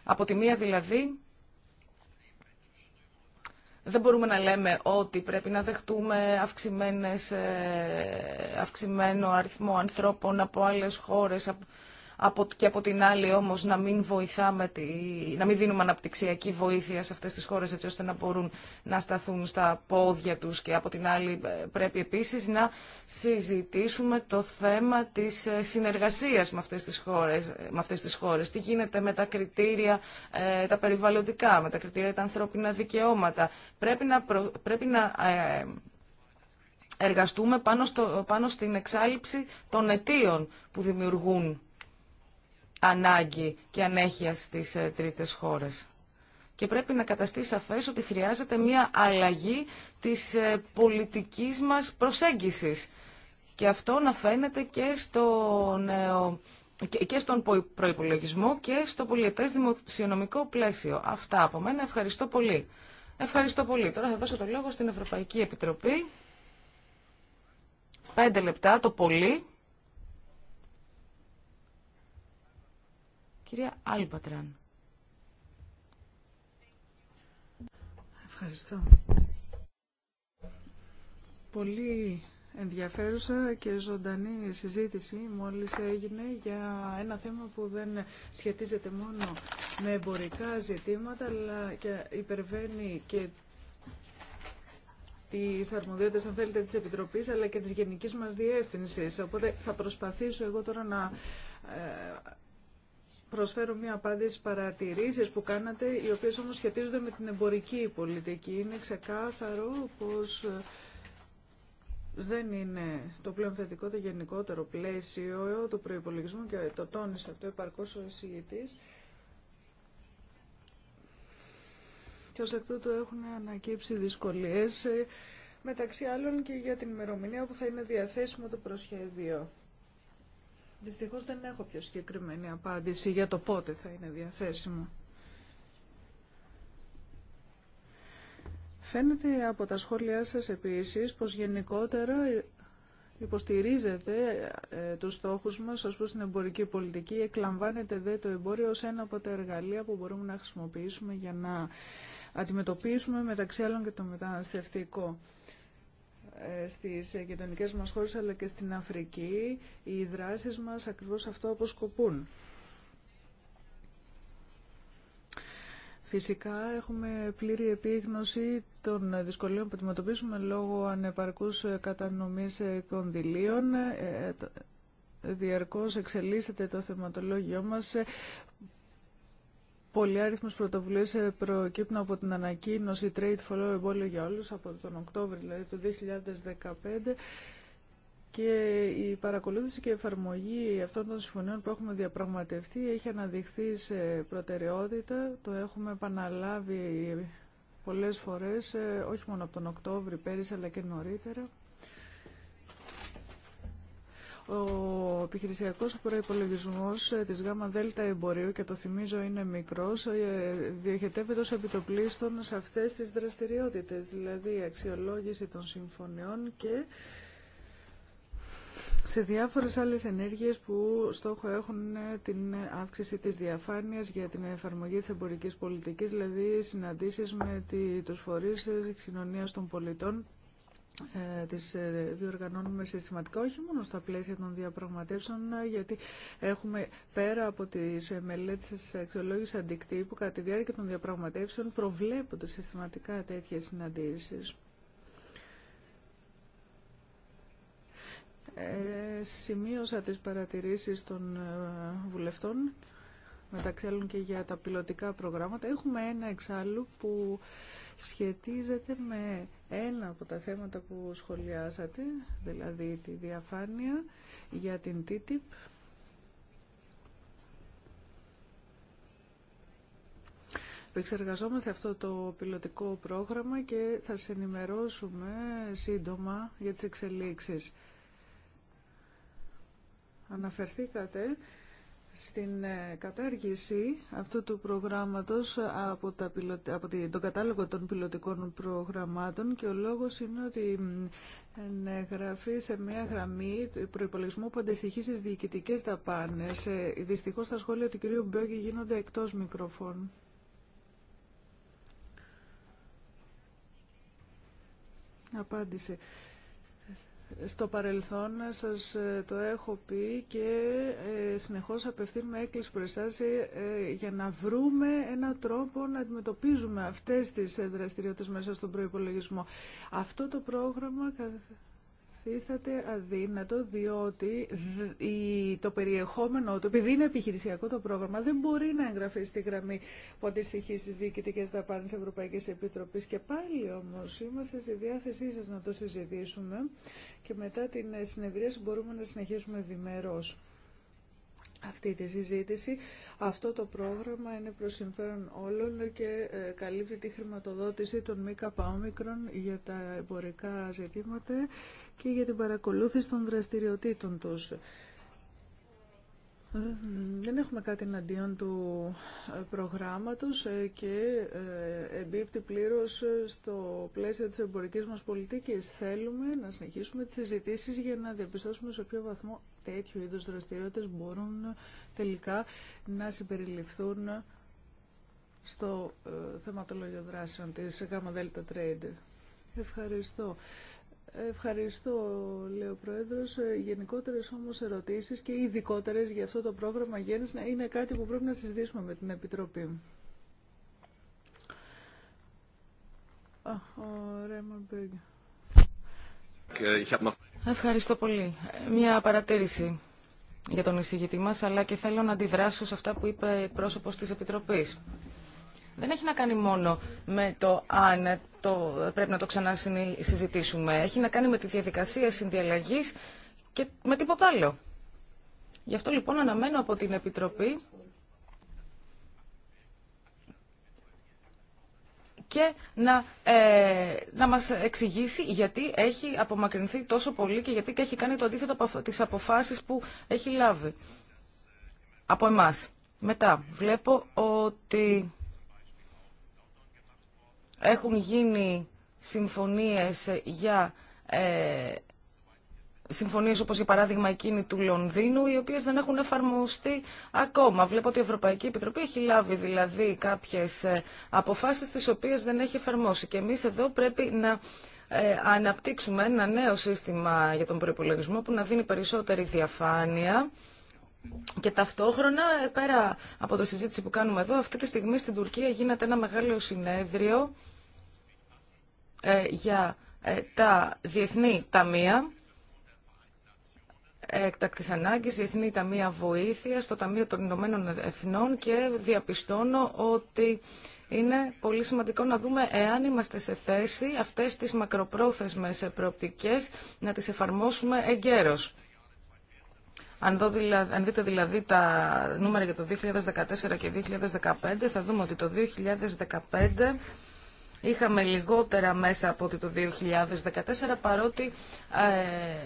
Από τη μία δηλαδή δεν μπορούμε να λέμε ότι πρέπει να δεχτούμε ε, αυξημένο αριθμό ανθρώπων από άλλες χώρες, και από την άλλη όμως να μην βοηθάμε, τη, να μην δίνουμε αναπτυξιακή βοήθεια σε αυτές τις χώρες έτσι ώστε να μπορούν να σταθούν στα πόδια τους και από την άλλη ε, πρέπει επίσης να συζητήσουμε το θέμα της ε, συνεργασίας με αυτές τις χώρες. Ε, με αυτές Τι γίνεται με τα κριτήρια τα περιβαλλοντικά, με τα κριτήρια τα ανθρώπινα δικαιώματα. Πρέπει να, πρέπει να εργαστούμε πάνω, στο, πάνω στην εξάλληψη των αιτίων που δημιουργούν ανάγκη και ανέχεια στις ε, τρίτες χώρες. Και πρέπει να καταστεί σαφές ότι χρειάζεται μια αλλαγή της ε, πολιτικής μας προσέγγισης. Και αυτό να φαίνεται και στον, ε, και στον προϋπολογισμό και στο πολιετές δημοσιονομικό πλαίσιο. Αυτά από μένα. Ευχαριστώ πολύ. Ευχαριστώ πολύ. Τώρα θα δώσω το λόγο στην Ευρωπαϊκή Επιτροπή. Πέντε λεπτά το πολύ. Κυρία Άλπατραν, Ευχαριστώ. Πολύ ενδιαφέρουσα και ζωντανή συζήτηση μόλις έγινε για ένα θέμα που δεν σχετίζεται μόνο με εμπορικά ζητήματα αλλά και υπερβαίνει και τις αρμοδιότητες αν θέλετε της Επιτροπής αλλά και της γενικής μας διεύθυνσης. Οπότε θα προσπαθήσω εγώ τώρα να ε, προσφέρω μία απάντηση στις παρατηρήσεις που κάνατε, οι οποίες όμως σχετίζονται με την εμπορική πολιτική. Είναι ξεκάθαρο πως ε, δεν είναι το πλέον θετικό, το γενικότερο πλαίσιο του προϋπολογισμού και το τόνισε αυτό επαρκώς ο εισηγητής. Και ως εκ τούτου έχουν ανακύψει δυσκολίες, ε, μεταξύ άλλων και για την ημερομηνία που θα είναι διαθέσιμο το προσχέδιο. Δυστυχώς δεν έχω πιο συγκεκριμένη απάντηση για το πότε θα είναι διαθέσιμο. Φαίνεται από τα σχόλιά σας επίσης πως γενικότερα υποστηρίζετε ε, τους στόχους μας ως προς την εμπορική πολιτική, εκλαμβάνεται δε το εμπόριο ως ένα από τα εργαλεία που μπορούμε να χρησιμοποιήσουμε για να αντιμετωπίσουμε μεταξύ άλλων και το μεταναστευτικό ε, στις γειτονικέ μας χώρες αλλά και στην Αφρική οι δράσεις μας ακριβώς αυτό αποσκοπούν. Φυσικά έχουμε πλήρη επίγνωση των δυσκολίων που αντιμετωπίζουμε λόγω ανεπαρκούς κατανομής κονδυλίων. Ε, διαρκώς εξελίσσεται το θεματολόγιο μας πολλοί άριθμους πρωτοβουλίες ε, προκύπτουν από την ανακοίνωση Trade for All για όλους από τον Οκτώβριο δηλαδή του 2015 και η παρακολούθηση και η εφαρμογή αυτών των συμφωνιών που έχουμε διαπραγματευτεί έχει αναδειχθεί σε προτεραιότητα. Το έχουμε επαναλάβει πολλές φορές, ε, όχι μόνο από τον Οκτώβριο πέρυσι αλλά και νωρίτερα. Ο επιχειρησιακό προπολογισμό τη ΓΔ Εμπορίου, και το θυμίζω είναι μικρό, ε, διοχετεύεται ω επιτοπλίστων σε αυτέ τι δραστηριότητε, δηλαδή η αξιολόγηση των συμφωνιών και σε διάφορες άλλες ενέργειες που στόχο έχουν την αύξηση της διαφάνειας για την εφαρμογή της εμπορικής πολιτικής, δηλαδή συναντήσεις με τους φορείς της των πολιτών ε, τις ε, διοργανώνουμε συστηματικά όχι μόνο στα πλαίσια των διαπραγματεύσεων ε, γιατί έχουμε πέρα από τις μελέτες της αξιολόγησης αντικτύπου κατά τη διάρκεια των διαπραγματεύσεων προβλέπονται συστηματικά τέτοιες συναντήσεις. Ε, σημείωσα τις παρατηρήσεις των βουλευτών μεταξύ άλλων και για τα πιλωτικά προγράμματα. Έχουμε ένα εξάλλου που σχετίζεται με ένα από τα θέματα που σχολιάσατε, δηλαδή τη διαφάνεια για την TTIP, Εξεργαζόμαστε αυτό το πιλωτικό πρόγραμμα και θα σε ενημερώσουμε σύντομα για τις εξελίξεις. Αναφερθήκατε στην ε, κατάργηση αυτού του προγράμματος από, τα από τον κατάλογο των πιλωτικών προγραμμάτων και ο λόγος είναι ότι εγγραφεί σε μια γραμμή προϋπολογισμού που αντιστοιχεί στις διοικητικές δαπάνες. Ε, δυστυχώς τα σχόλια του κυρίου Μπέγκη γίνονται εκτός μικροφών. Απάντησε. Στο παρελθόν ε, σας ε, το έχω πει και ε, συνεχώς απευθύνουμε έκκληση προς για να βρούμε ένα τρόπο να αντιμετωπίζουμε αυτές τις δραστηριότητες μέσα στον προϋπολογισμό. Αυτό το πρόγραμμα καθίσταται αδύνατο διότι το περιεχόμενο του, επειδή είναι επιχειρησιακό το πρόγραμμα, δεν μπορεί να εγγραφεί στη γραμμή που αντιστοιχεί στι διοικητικέ δαπάνε Ευρωπαϊκή Επιτροπή. Και πάλι όμω είμαστε στη διάθεσή σα να το συζητήσουμε και μετά την συνεδρίαση μπορούμε να συνεχίσουμε διμερώς αυτή τη συζήτηση. Αυτό το πρόγραμμα είναι προς συμφέρον όλων και ε, καλύπτει τη χρηματοδότηση των μη για τα εμπορικά ζητήματα και για την παρακολούθηση των δραστηριοτήτων τους. Δεν έχουμε κάτι εναντίον του ε, προγράμματος ε, και ε, εμπίπτει πλήρως στο πλαίσιο της εμπορικής μας πολιτικής. Θέλουμε να συνεχίσουμε τις συζητήσει για να διαπιστώσουμε σε ποιο βαθμό τέτοιου είδους δραστηριότητες μπορούν τελικά να συμπεριληφθούν στο θεματολόγιο δράσεων της ΔΕΛΤΑ Trade. Ευχαριστώ. Ευχαριστώ, λέει ο Πρόεδρος. Ε, γενικότερες όμως ερωτήσεις και ειδικότερε για αυτό το πρόγραμμα γέννηση είναι κάτι που πρέπει να συζητήσουμε με την Επιτροπή. Ευχαριστώ πολύ. Μια παρατήρηση για τον εισηγητή μας, αλλά και θέλω να αντιδράσω σε αυτά που είπε ο πρόσωπος της Επιτροπής δεν έχει να κάνει μόνο με το αν το, πρέπει να το ξανασυζητήσουμε. Έχει να κάνει με τη διαδικασία συνδιαλλαγή και με τίποτα άλλο. Γι' αυτό λοιπόν αναμένω από την Επιτροπή και να, ε, να μας εξηγήσει γιατί έχει απομακρυνθεί τόσο πολύ και γιατί και έχει κάνει το αντίθετο από τις αποφάσεις που έχει λάβει από εμάς. Μετά, βλέπω ότι έχουν γίνει συμφωνίες για ε, συμφωνίες όπως για παράδειγμα εκείνη του Λονδίνου, οι οποίες δεν έχουν εφαρμοστεί ακόμα. Βλέπω ότι η Ευρωπαϊκή Επιτροπή έχει λάβει δηλαδή κάποιες ε, αποφάσεις τις οποίες δεν έχει εφαρμόσει. Και εμείς εδώ πρέπει να ε, αναπτύξουμε ένα νέο σύστημα για τον προπολογισμό που να δίνει περισσότερη διαφάνεια και ταυτόχρονα, ε, πέρα από το συζήτηση που κάνουμε εδώ, αυτή τη στιγμή στην Τουρκία γίνεται ένα μεγάλο συνέδριο ε, για ε, τα διεθνή ταμεία έκτακτης ανάγκης, διεθνή ταμεία βοήθειας, το Ταμείο των Ηνωμένων Εθνών και διαπιστώνω ότι είναι πολύ σημαντικό να δούμε εάν είμαστε σε θέση αυτές τις μακροπρόθεσμες προοπτικές να τις εφαρμόσουμε εγκαίρως. Αν, δω αν δείτε δηλαδή τα νούμερα για το 2014 και 2015, θα δούμε ότι το 2015 είχαμε λιγότερα μέσα από ότι το 2014, παρότι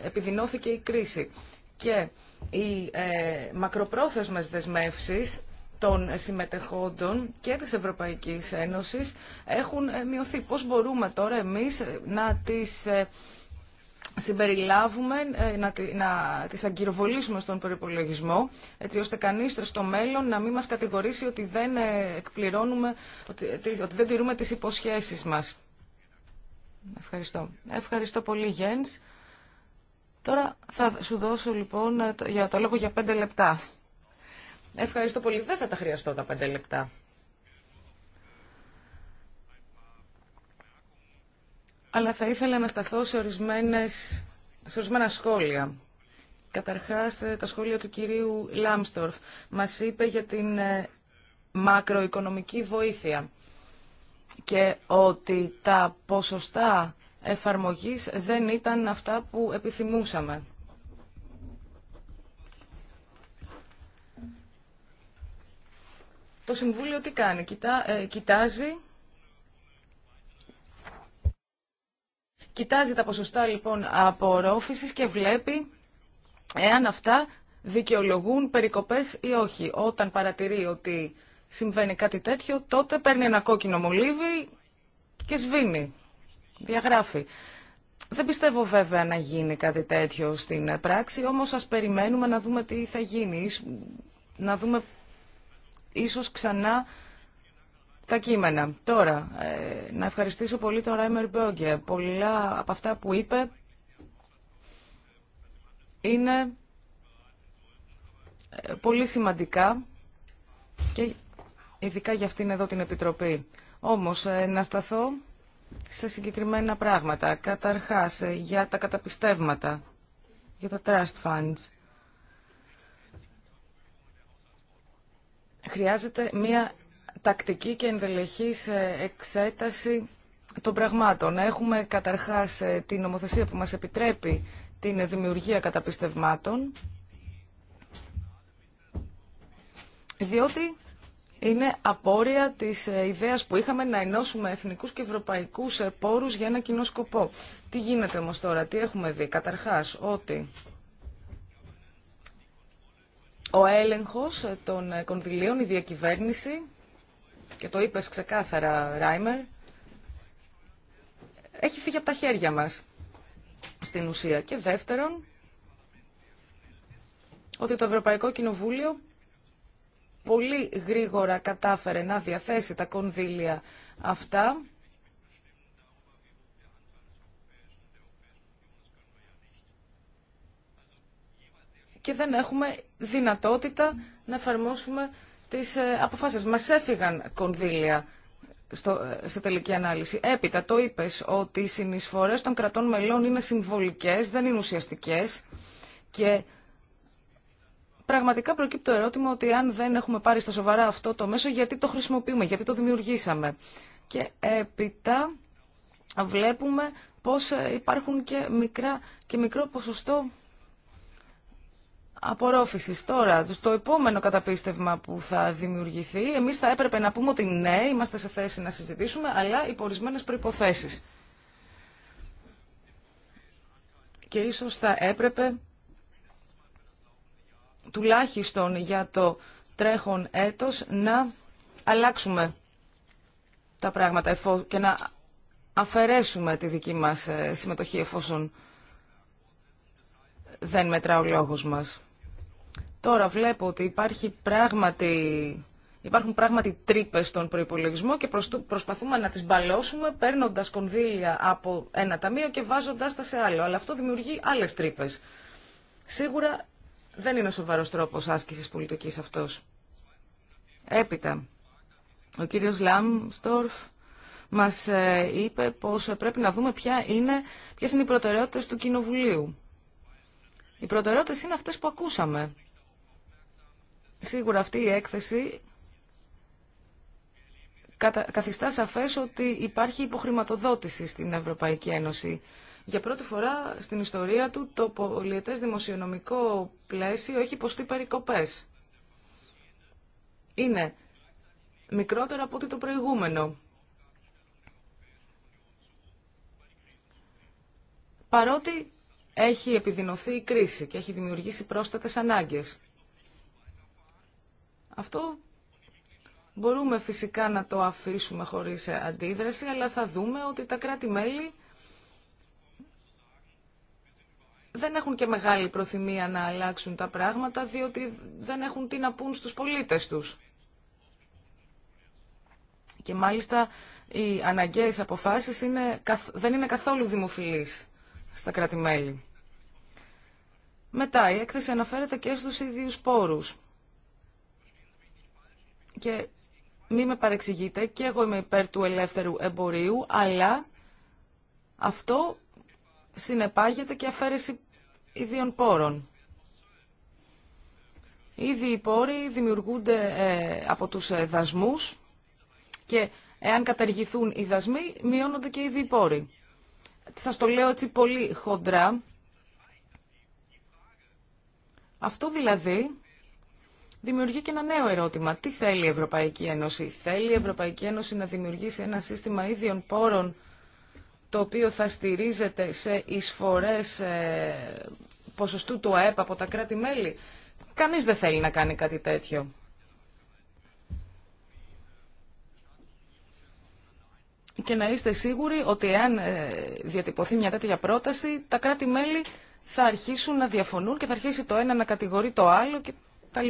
ε, επιδεινώθηκε η κρίση. Και οι ε, μακροπρόθεσμες δεσμεύσεις των συμμετεχόντων και της Ευρωπαϊκής Ένωσης έχουν ε, μειωθεί. Πώς μπορούμε τώρα εμείς ε, να τις ε, συμπεριλάβουμε, ε, να, να τις αγκυροβολήσουμε στον προπολογισμό, έτσι ώστε κανείς στο μέλλον να μην μας κατηγορήσει ότι δεν ε, εκπληρώνουμε, ότι, δεν τηρούμε τις υποσχέσεις μας. Ευχαριστώ. Ευχαριστώ πολύ, Γένς. Τώρα θα σου δώσω λοιπόν ε, για το λόγο για πέντε λεπτά. Ευχαριστώ πολύ. Δεν θα τα χρειαστώ τα πέντε λεπτά. αλλά θα ήθελα να σταθώ σε, ορισμένες, σε ορισμένα σχόλια. Καταρχάς, ε, τα σχόλια του κυρίου Λάμστορφ μας είπε για την ε, μακροοικονομική βοήθεια και ότι τα ποσοστά εφαρμογής δεν ήταν αυτά που επιθυμούσαμε. Το Συμβούλιο τι κάνει, ε, κοιτάζει Κοιτάζει τα ποσοστά λοιπόν απορρόφησης και βλέπει εάν αυτά δικαιολογούν περικοπές ή όχι. Όταν παρατηρεί ότι συμβαίνει κάτι τέτοιο, τότε παίρνει ένα κόκκινο μολύβι και σβήνει, διαγράφει. Δεν πιστεύω βέβαια να γίνει κάτι τέτοιο στην πράξη, όμως ας περιμένουμε να δούμε τι θα γίνει, να δούμε ίσως ξανά τα κείμενα. Τώρα, ε, να ευχαριστήσω πολύ τον Ράιμερ Μπέογκε. Πολλά από αυτά που είπε είναι ε, πολύ σημαντικά και ειδικά για αυτήν εδώ την Επιτροπή. Όμως, ε, να σταθώ σε συγκεκριμένα πράγματα. Καταρχάς, για τα καταπιστεύματα, για τα trust funds. Χρειάζεται μία τακτική και ενδελεχής ε, εξέταση των πραγμάτων. Έχουμε καταρχάς ε, την νομοθεσία που μας επιτρέπει την δημιουργία καταπιστευμάτων, διότι είναι απόρρια της ε, ιδέας που είχαμε να ενώσουμε εθνικούς και ευρωπαϊκούς πόρους για ένα κοινό σκοπό. Τι γίνεται όμως τώρα, τι έχουμε δει. Καταρχάς ότι ο έλεγχος των κονδυλίων, η διακυβέρνηση και το είπες ξεκάθαρα, Ράιμερ, έχει φύγει από τα χέρια μας στην ουσία. Και δεύτερον, ότι το Ευρωπαϊκό Κοινοβούλιο πολύ γρήγορα κατάφερε να διαθέσει τα κονδύλια αυτά και δεν έχουμε δυνατότητα να εφαρμόσουμε τις ε, αποφάσεις. Μας έφυγαν κονδύλια στο, ε, σε τελική ανάλυση. Έπειτα το είπες ότι οι συνεισφορές των κρατών μελών είναι συμβολικές, δεν είναι ουσιαστικές και πραγματικά προκύπτει το ερώτημα ότι αν δεν έχουμε πάρει στα σοβαρά αυτό το μέσο, γιατί το χρησιμοποιούμε, γιατί το δημιουργήσαμε. Και έπειτα βλέπουμε πως ε, υπάρχουν και, μικρά, και μικρό ποσοστό απορρόφησης. Τώρα, στο επόμενο καταπίστευμα που θα δημιουργηθεί, εμείς θα έπρεπε να πούμε ότι ναι, είμαστε σε θέση να συζητήσουμε, αλλά υπό ορισμένε προϋποθέσεις. Και ίσως θα έπρεπε τουλάχιστον για το τρέχον έτος να αλλάξουμε τα πράγματα και να αφαιρέσουμε τη δική μας ε, συμμετοχή εφόσον δεν μετρά ο λόγος μας. Τώρα βλέπω ότι υπάρχει πράγματι, υπάρχουν πράγματι τρύπε στον προπολογισμό και προσπαθούμε να τι μπαλώσουμε παίρνοντα κονδύλια από ένα ταμείο και βάζοντα τα σε άλλο. Αλλά αυτό δημιουργεί άλλε τρύπε. Σίγουρα δεν είναι σοβαρό τρόπο άσκηση πολιτική αυτό. Έπειτα, ο κύριος Λάμστορφ μας ε, είπε πως πρέπει να δούμε ποιε είναι, ποιες είναι οι προτεραιότητες του Κοινοβουλίου. Οι προτεραιότητες είναι αυτές που ακούσαμε. Σίγουρα αυτή η έκθεση καθιστά σαφές ότι υπάρχει υποχρηματοδότηση στην Ευρωπαϊκή Ένωση. Για πρώτη φορά στην ιστορία του το πολιετές δημοσιονομικό πλαίσιο έχει υποστεί περικοπές. Είναι μικρότερο από ότι το προηγούμενο. Παρότι έχει επιδεινωθεί η κρίση και έχει δημιουργήσει πρόσθετες ανάγκες. Αυτό μπορούμε φυσικά να το αφήσουμε χωρίς αντίδραση, αλλά θα δούμε ότι τα κράτη-μέλη δεν έχουν και μεγάλη προθυμία να αλλάξουν τα πράγματα, διότι δεν έχουν τι να πούν στους πολίτες τους. Και μάλιστα οι αναγκαίες αποφάσεις είναι, δεν είναι καθόλου δημοφιλείς στα κράτη-μέλη. Μετά, η έκθεση αναφέρεται και στους ίδιους πόρους και μη με παρεξηγείτε, και εγώ είμαι υπέρ του ελεύθερου εμπορίου, αλλά αυτό συνεπάγεται και αφαίρεση ιδίων πόρων. Ήδη οι πόροι δημιουργούνται ε, από τους ε, δασμούς και εάν καταργηθούν οι δασμοί, μειώνονται και ήδη οι πόροι. Σας το λέω έτσι πολύ χοντρά. Αυτό δηλαδή δημιουργεί και ένα νέο ερώτημα. Τι θέλει η Ευρωπαϊκή Ένωση. Θέλει η Ευρωπαϊκή Ένωση να δημιουργήσει ένα σύστημα ίδιων πόρων το οποίο θα στηρίζεται σε εισφορές ε, ποσοστού του ΑΕΠ από τα κράτη-μέλη. Κανείς δεν θέλει να κάνει κάτι τέτοιο. Και να είστε σίγουροι ότι εάν ε, διατυπωθεί μια τέτοια πρόταση, τα κράτη-μέλη θα αρχίσουν να διαφωνούν και θα αρχίσει το ένα να κατηγορεί το άλλο κτλ.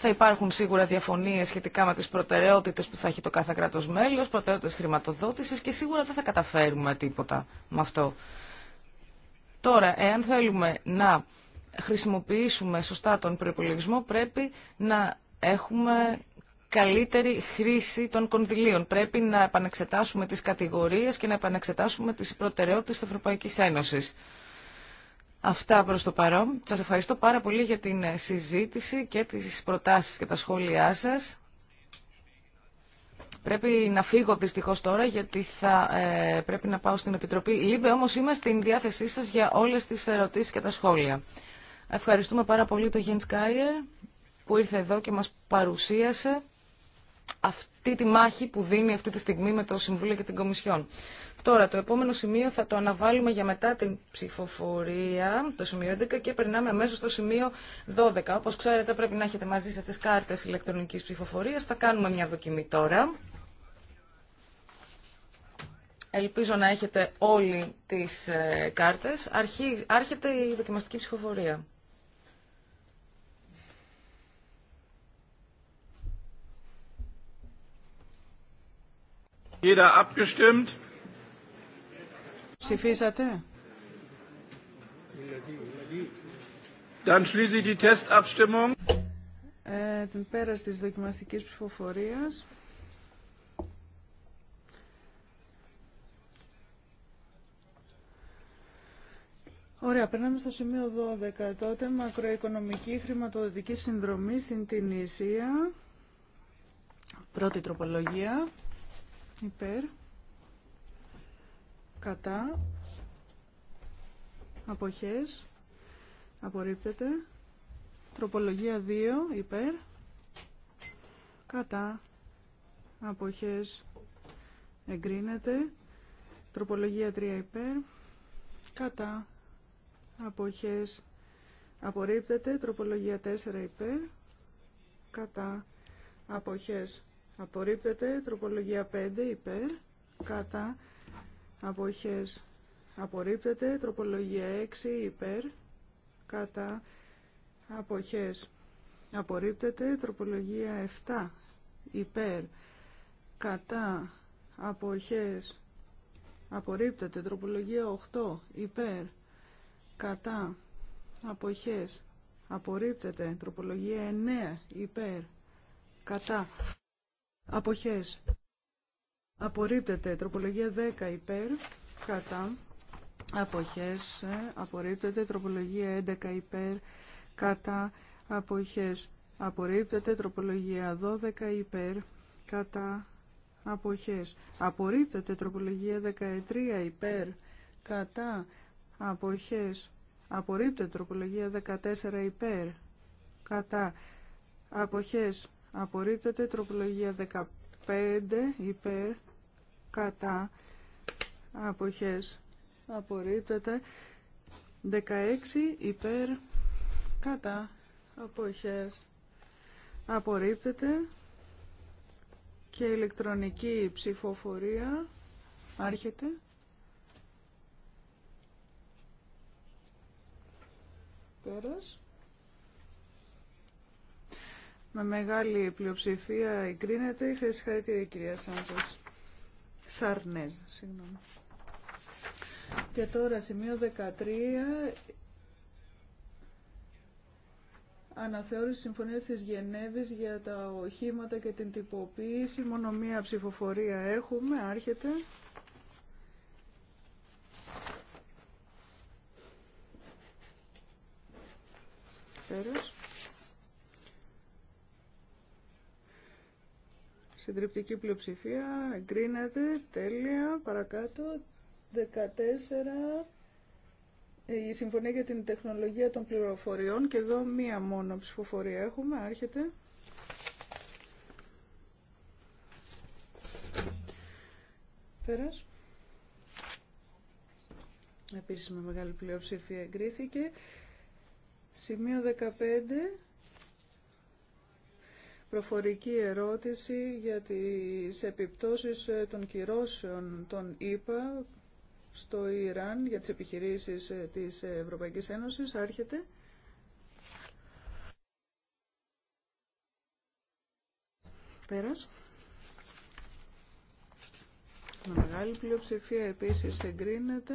Θα υπάρχουν σίγουρα διαφωνίε σχετικά με τι προτεραιότητε που θα έχει το κάθε κράτο μέλο, προτεραιότητε χρηματοδότηση και σίγουρα δεν θα καταφέρουμε τίποτα με αυτό. Τώρα, εάν θέλουμε να χρησιμοποιήσουμε σωστά τον προπολογισμό, πρέπει να έχουμε καλύτερη χρήση των κονδυλίων. Πρέπει να επανεξετάσουμε τις κατηγορίες και να επανεξετάσουμε τις προτεραιότητες της Ευρωπαϊκής Ένωσης. Αυτά προς το παρόν. Σας ευχαριστώ πάρα πολύ για την ε, συζήτηση και τις προτάσεις και τα σχόλιά σας. Πρέπει να φύγω δυστυχώ τώρα γιατί θα ε, πρέπει να πάω στην Επιτροπή ΛΥΜΠΕ, όμως είμαι στην διάθεσή σας για όλες τις ερωτήσεις και τα σχόλια. Ευχαριστούμε πάρα πολύ τον Γιάννη Σκάιερ που ήρθε εδώ και μας παρουσίασε αυτή τη μάχη που δίνει αυτή τη στιγμή με το Συμβούλιο και την Κομισιόν. Τώρα, το επόμενο σημείο θα το αναβάλουμε για μετά την ψηφοφορία, το σημείο 11, και περνάμε αμέσω στο σημείο 12. Όπω ξέρετε, πρέπει να έχετε μαζί σα τι κάρτε ηλεκτρονική ψηφοφορία. Θα κάνουμε μια δοκιμή τώρα. Ελπίζω να έχετε όλοι τις ε, κάρτες. άρχεται η δοκιμαστική ψηφοφορία. Jeder abgestimmt. Ψηφίσατε. Dann schließe ich die Testabstimmung. Ε, την πέραση της δοκιμαστικής ψηφοφορίας. Ωραία, περνάμε στο σημείο 12. Τότε μακροοικονομική χρηματοδοτική συνδρομή στην Τινησία. Πρώτη τροπολογία υπέρ κατά αποχές απορρίπτεται τροπολογία 2 υπέρ κατά αποχές εγκρίνεται τροπολογία 3 υπέρ κατά αποχές απορρίπτεται τροπολογία 4 υπέρ κατά αποχές Απορρίπτεται. Τροπολογία 5 υπέρ. Κατά. Αποχές. Απορρίπτεται. Τροπολογία 6 υπέρ. Κατά. Αποχές. Απορρίπτεται. Τροπολογία 7 υπέρ. Κατά. Αποχές. Απορρίπτεται. Τροπολογία 8 υπέρ. Κατά. Αποχές. Απορρίπτεται. Τροπολογία 9 υπέρ. Κατά. Αποχές. Απορρίπτεται. Τροπολογία 10 ε, υπέρ. Κατά. Αποχές. Απορρίπτεται. Τροπολογία 11 υπέρ. Κατά. Αποχές. Απορρίπτεται. Τροπολογία 12 υπέρ. Κατά. Αποχές. Απορρίπτεται. Τροπολογία 13 υπέρ. Κατά. Αποχές. Απορρίπτεται. Τροπολογία 14 υπέρ. Κατά. Αποχές απορρίπτεται τροπολογία 15 υπέρ κατά αποχές απορρίπτεται 16 υπέρ κατά αποχές απορρίπτεται και ηλεκτρονική ψηφοφορία άρχεται πέρας με μεγάλη πλειοψηφία εγκρίνεται. Ευχαριστώ, η κυρία Σάντζας. Σαρνέζ, συγγνώμη. Και τώρα σημείο 13. Αναθεώρηση συμφωνίας της Γενέβης για τα οχήματα και την τυποποίηση. Μόνο μία ψηφοφορία έχουμε. Άρχεται. Πέρας. Συντριπτική πλειοψηφία. Εγκρίνεται. Τέλεια. Παρακάτω. 14. Ε, η Συμφωνία για την Τεχνολογία των Πληροφοριών. Και εδώ μία μόνο ψηφοφορία έχουμε. Άρχεται. Πέρας. Επίσης με μεγάλη πλειοψηφία εγκρίθηκε. Σημείο 15 προφορική ερώτηση για τις επιπτώσεις ε, των κυρώσεων των ΙΠΑ στο Ιράν για τις επιχειρήσεις ε, της Ευρωπαϊκής Ένωσης. Άρχεται. Πέρας. Με μεγάλη πλειοψηφία επίσης εγκρίνεται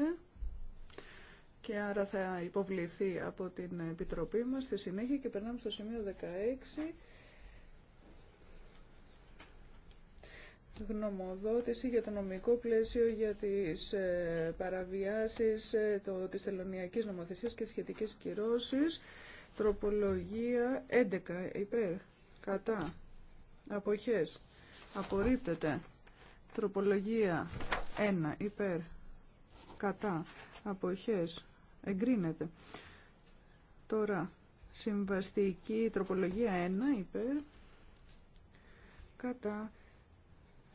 και άρα θα υποβληθεί από την Επιτροπή μας στη συνέχεια και περνάμε στο σημείο 16 γνωμοδότηση για το νομικό πλαίσιο για τις ε, παραβιάσεις ε, το, της θελωνιακής νομοθεσίας και σχετικές κυρώσεις. Τροπολογία 11 υπέρ. Κατά. Αποχές. Απορρίπτεται. Τροπολογία 1 υπέρ. Κατά. Αποχές. Εγκρίνεται. Τώρα συμβαστική τροπολογία 1 υπέρ. Κατά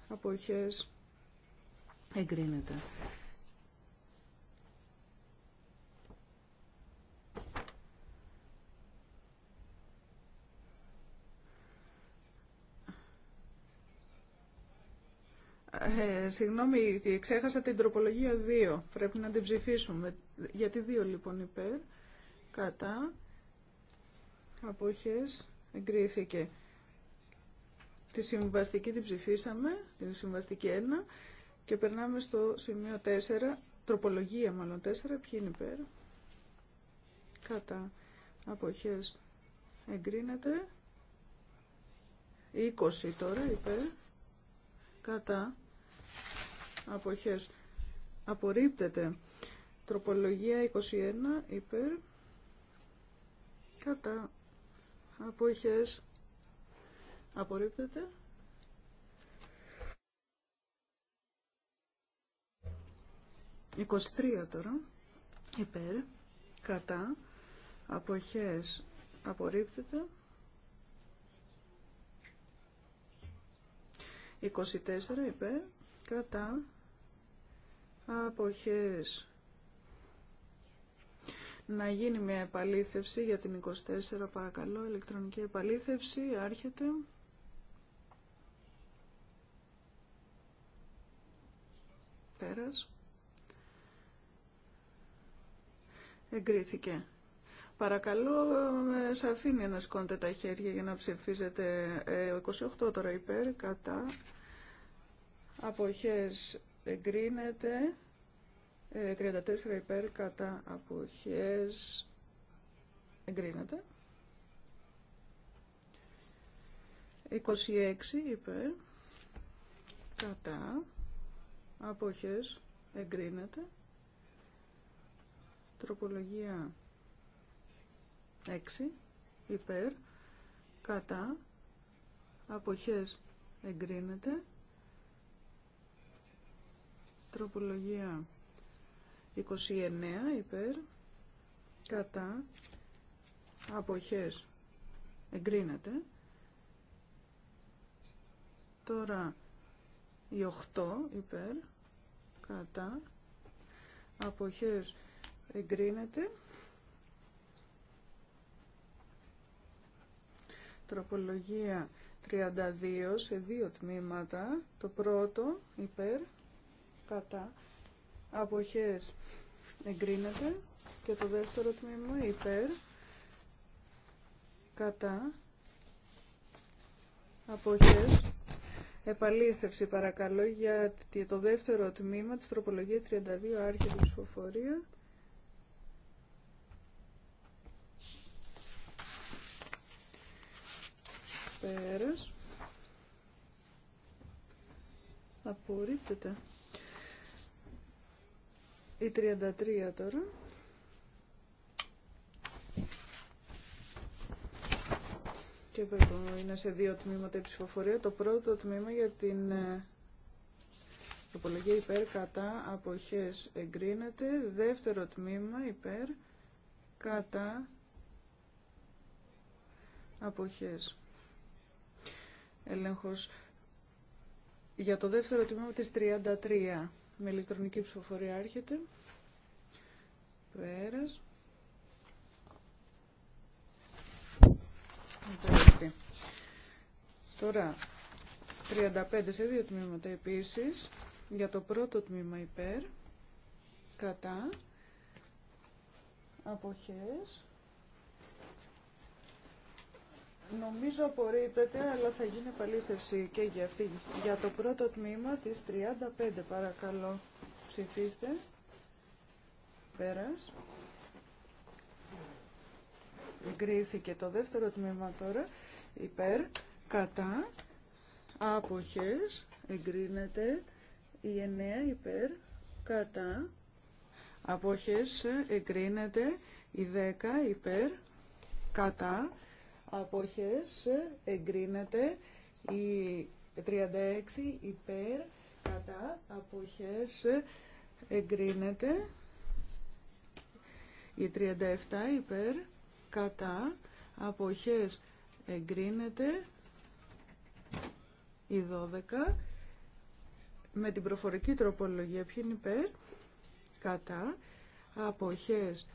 αποχές εγκρίνεται. Ε, συγγνώμη, ξέχασα την τροπολογία 2. Πρέπει να την ψηφίσουμε. Γιατί 2 λοιπόν υπέρ, κατά, αποχές, εγκρίθηκε. Τη συμβαστική την ψηφίσαμε, την συμβαστική 1 και περνάμε στο σημείο 4, τροπολογία μάλλον 4, ποιοι είναι υπέρ. Κατά αποχές εγκρίνεται. 20 τώρα υπέρ. Κατά αποχές απορρίπτεται. Τροπολογία 21 υπέρ. Κατά αποχές Απορρίπτεται. 23 τώρα. Υπέρ. Κατά. Αποχές. Απορρίπτεται. 24 υπέρ. Κατά. Αποχές. Να γίνει μια επαλήθευση για την 24 παρακαλώ. Ηλεκτρονική επαλήθευση. Άρχεται. Πέρας. Εγκρίθηκε. Παρακαλώ ε, σε να σκόντε τα χέρια για να ψηφίζετε. 28 ε, τώρα υπέρ, κατά. Αποχές εγκρίνεται. 34 ε, υπέρ, κατά. Αποχές εγκρίνεται. 26 υπέρ, κατά αποχές εγκρίνεται τροπολογία 6 υπέρ κατά αποχές εγκρίνεται τροπολογία 29 υπέρ κατά αποχές εγκρίνεται τώρα η 8 υπέρ κατά αποχές εγκρίνεται. Τροπολογία 32 σε δύο τμήματα. Το πρώτο υπέρ κατά αποχές εγκρίνεται και το δεύτερο τμήμα υπέρ κατά αποχές Επαλήθευση παρακαλώ για το δεύτερο τμήμα της τροπολογίας 32 άρχη ψηφοφορία. Πέρας. Απορρίπτεται. Η 33 τώρα. και εδώ είναι σε δύο τμήματα η ψηφοφορία. Το πρώτο τμήμα για την ε, τοπολογία υπέρ κατά αποχές εγκρίνεται. Δεύτερο τμήμα υπέρ κατά αποχές. Έλεγχος για το δεύτερο τμήμα της 33 με ηλεκτρονική ψηφοφορία άρχεται. Πέρας. Τώρα, 35 σε δύο τμήματα επίσης. Για το πρώτο τμήμα υπέρ, κατά, αποχές. Νομίζω απορρίπτεται, αλλά θα γίνει επαλήθευση και για αυτή. Για το πρώτο τμήμα της 35, παρακαλώ, ψηφίστε. Πέρας. Εγκρίθηκε το δεύτερο τμήμα τώρα. Υπέρ. Κατά. Άποχες. Εγκρίνεται. Η 9 υπέρ. Κατά. Απόχες εγκρίνεται η 10 υπέρ κατά. Απόχες εγκρίνεται η 36 υπέρ κατά. Απόχες εγκρίνεται η 37 υπέρ κατά αποχές εγκρίνεται η 12 με την προφορική τροπολογία ποιοι είναι υπέρ κατά αποχές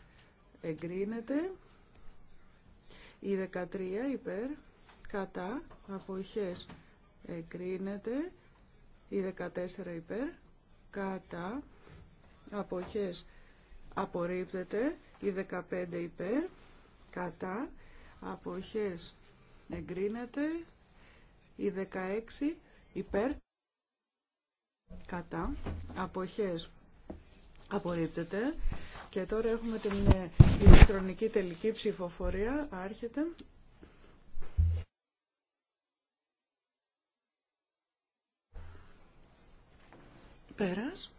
εγκρίνεται η 13 υπέρ κατά αποχές εγκρίνεται η 14 υπέρ κατά αποχές απορρίπτεται η 15 υπέρ κατά αποχές εγκρίνεται η 16 υπέρ κατά αποχές απορρίπτεται και τώρα έχουμε την ε, ηλεκτρονική τελική ψηφοφορία άρχεται πέρας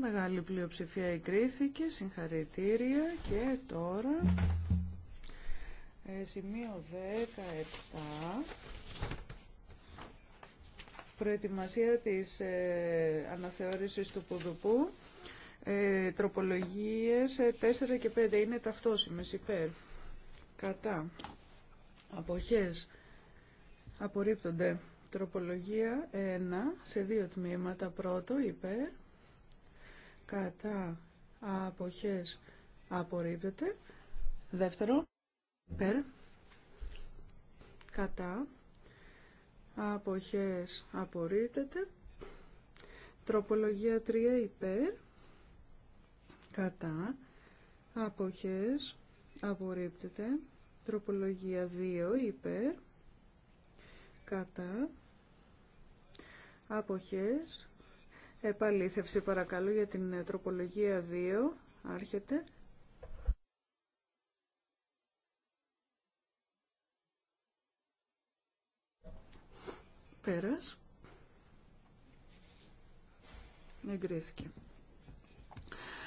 Με μεγάλη πλειοψηφία εγκρίθηκε, συγχαρητήρια και τώρα ε, σημείο 17 προετοιμασία της ε, αναθεώρησης του Πουδουπού ε, τροπολογίες 4 ε, και 5 είναι ταυτόσιμες υπέρ κατά αποχές απορρίπτονται τροπολογία 1 σε δύο τμήματα πρώτο υπέρ κατά αποχές απορρίπτεται. Δεύτερο, υπέρ, κατά, αποχές απορρίπτεται. Τροπολογία 3 υπέρ, κατά, αποχές απορρίπτεται. Τροπολογία 2 υπέρ, κατά, αποχές Επαλήθευση παρακαλώ για την ε, τροπολογία 2. Άρχεται. Πέρας. Εγκρίθηκε.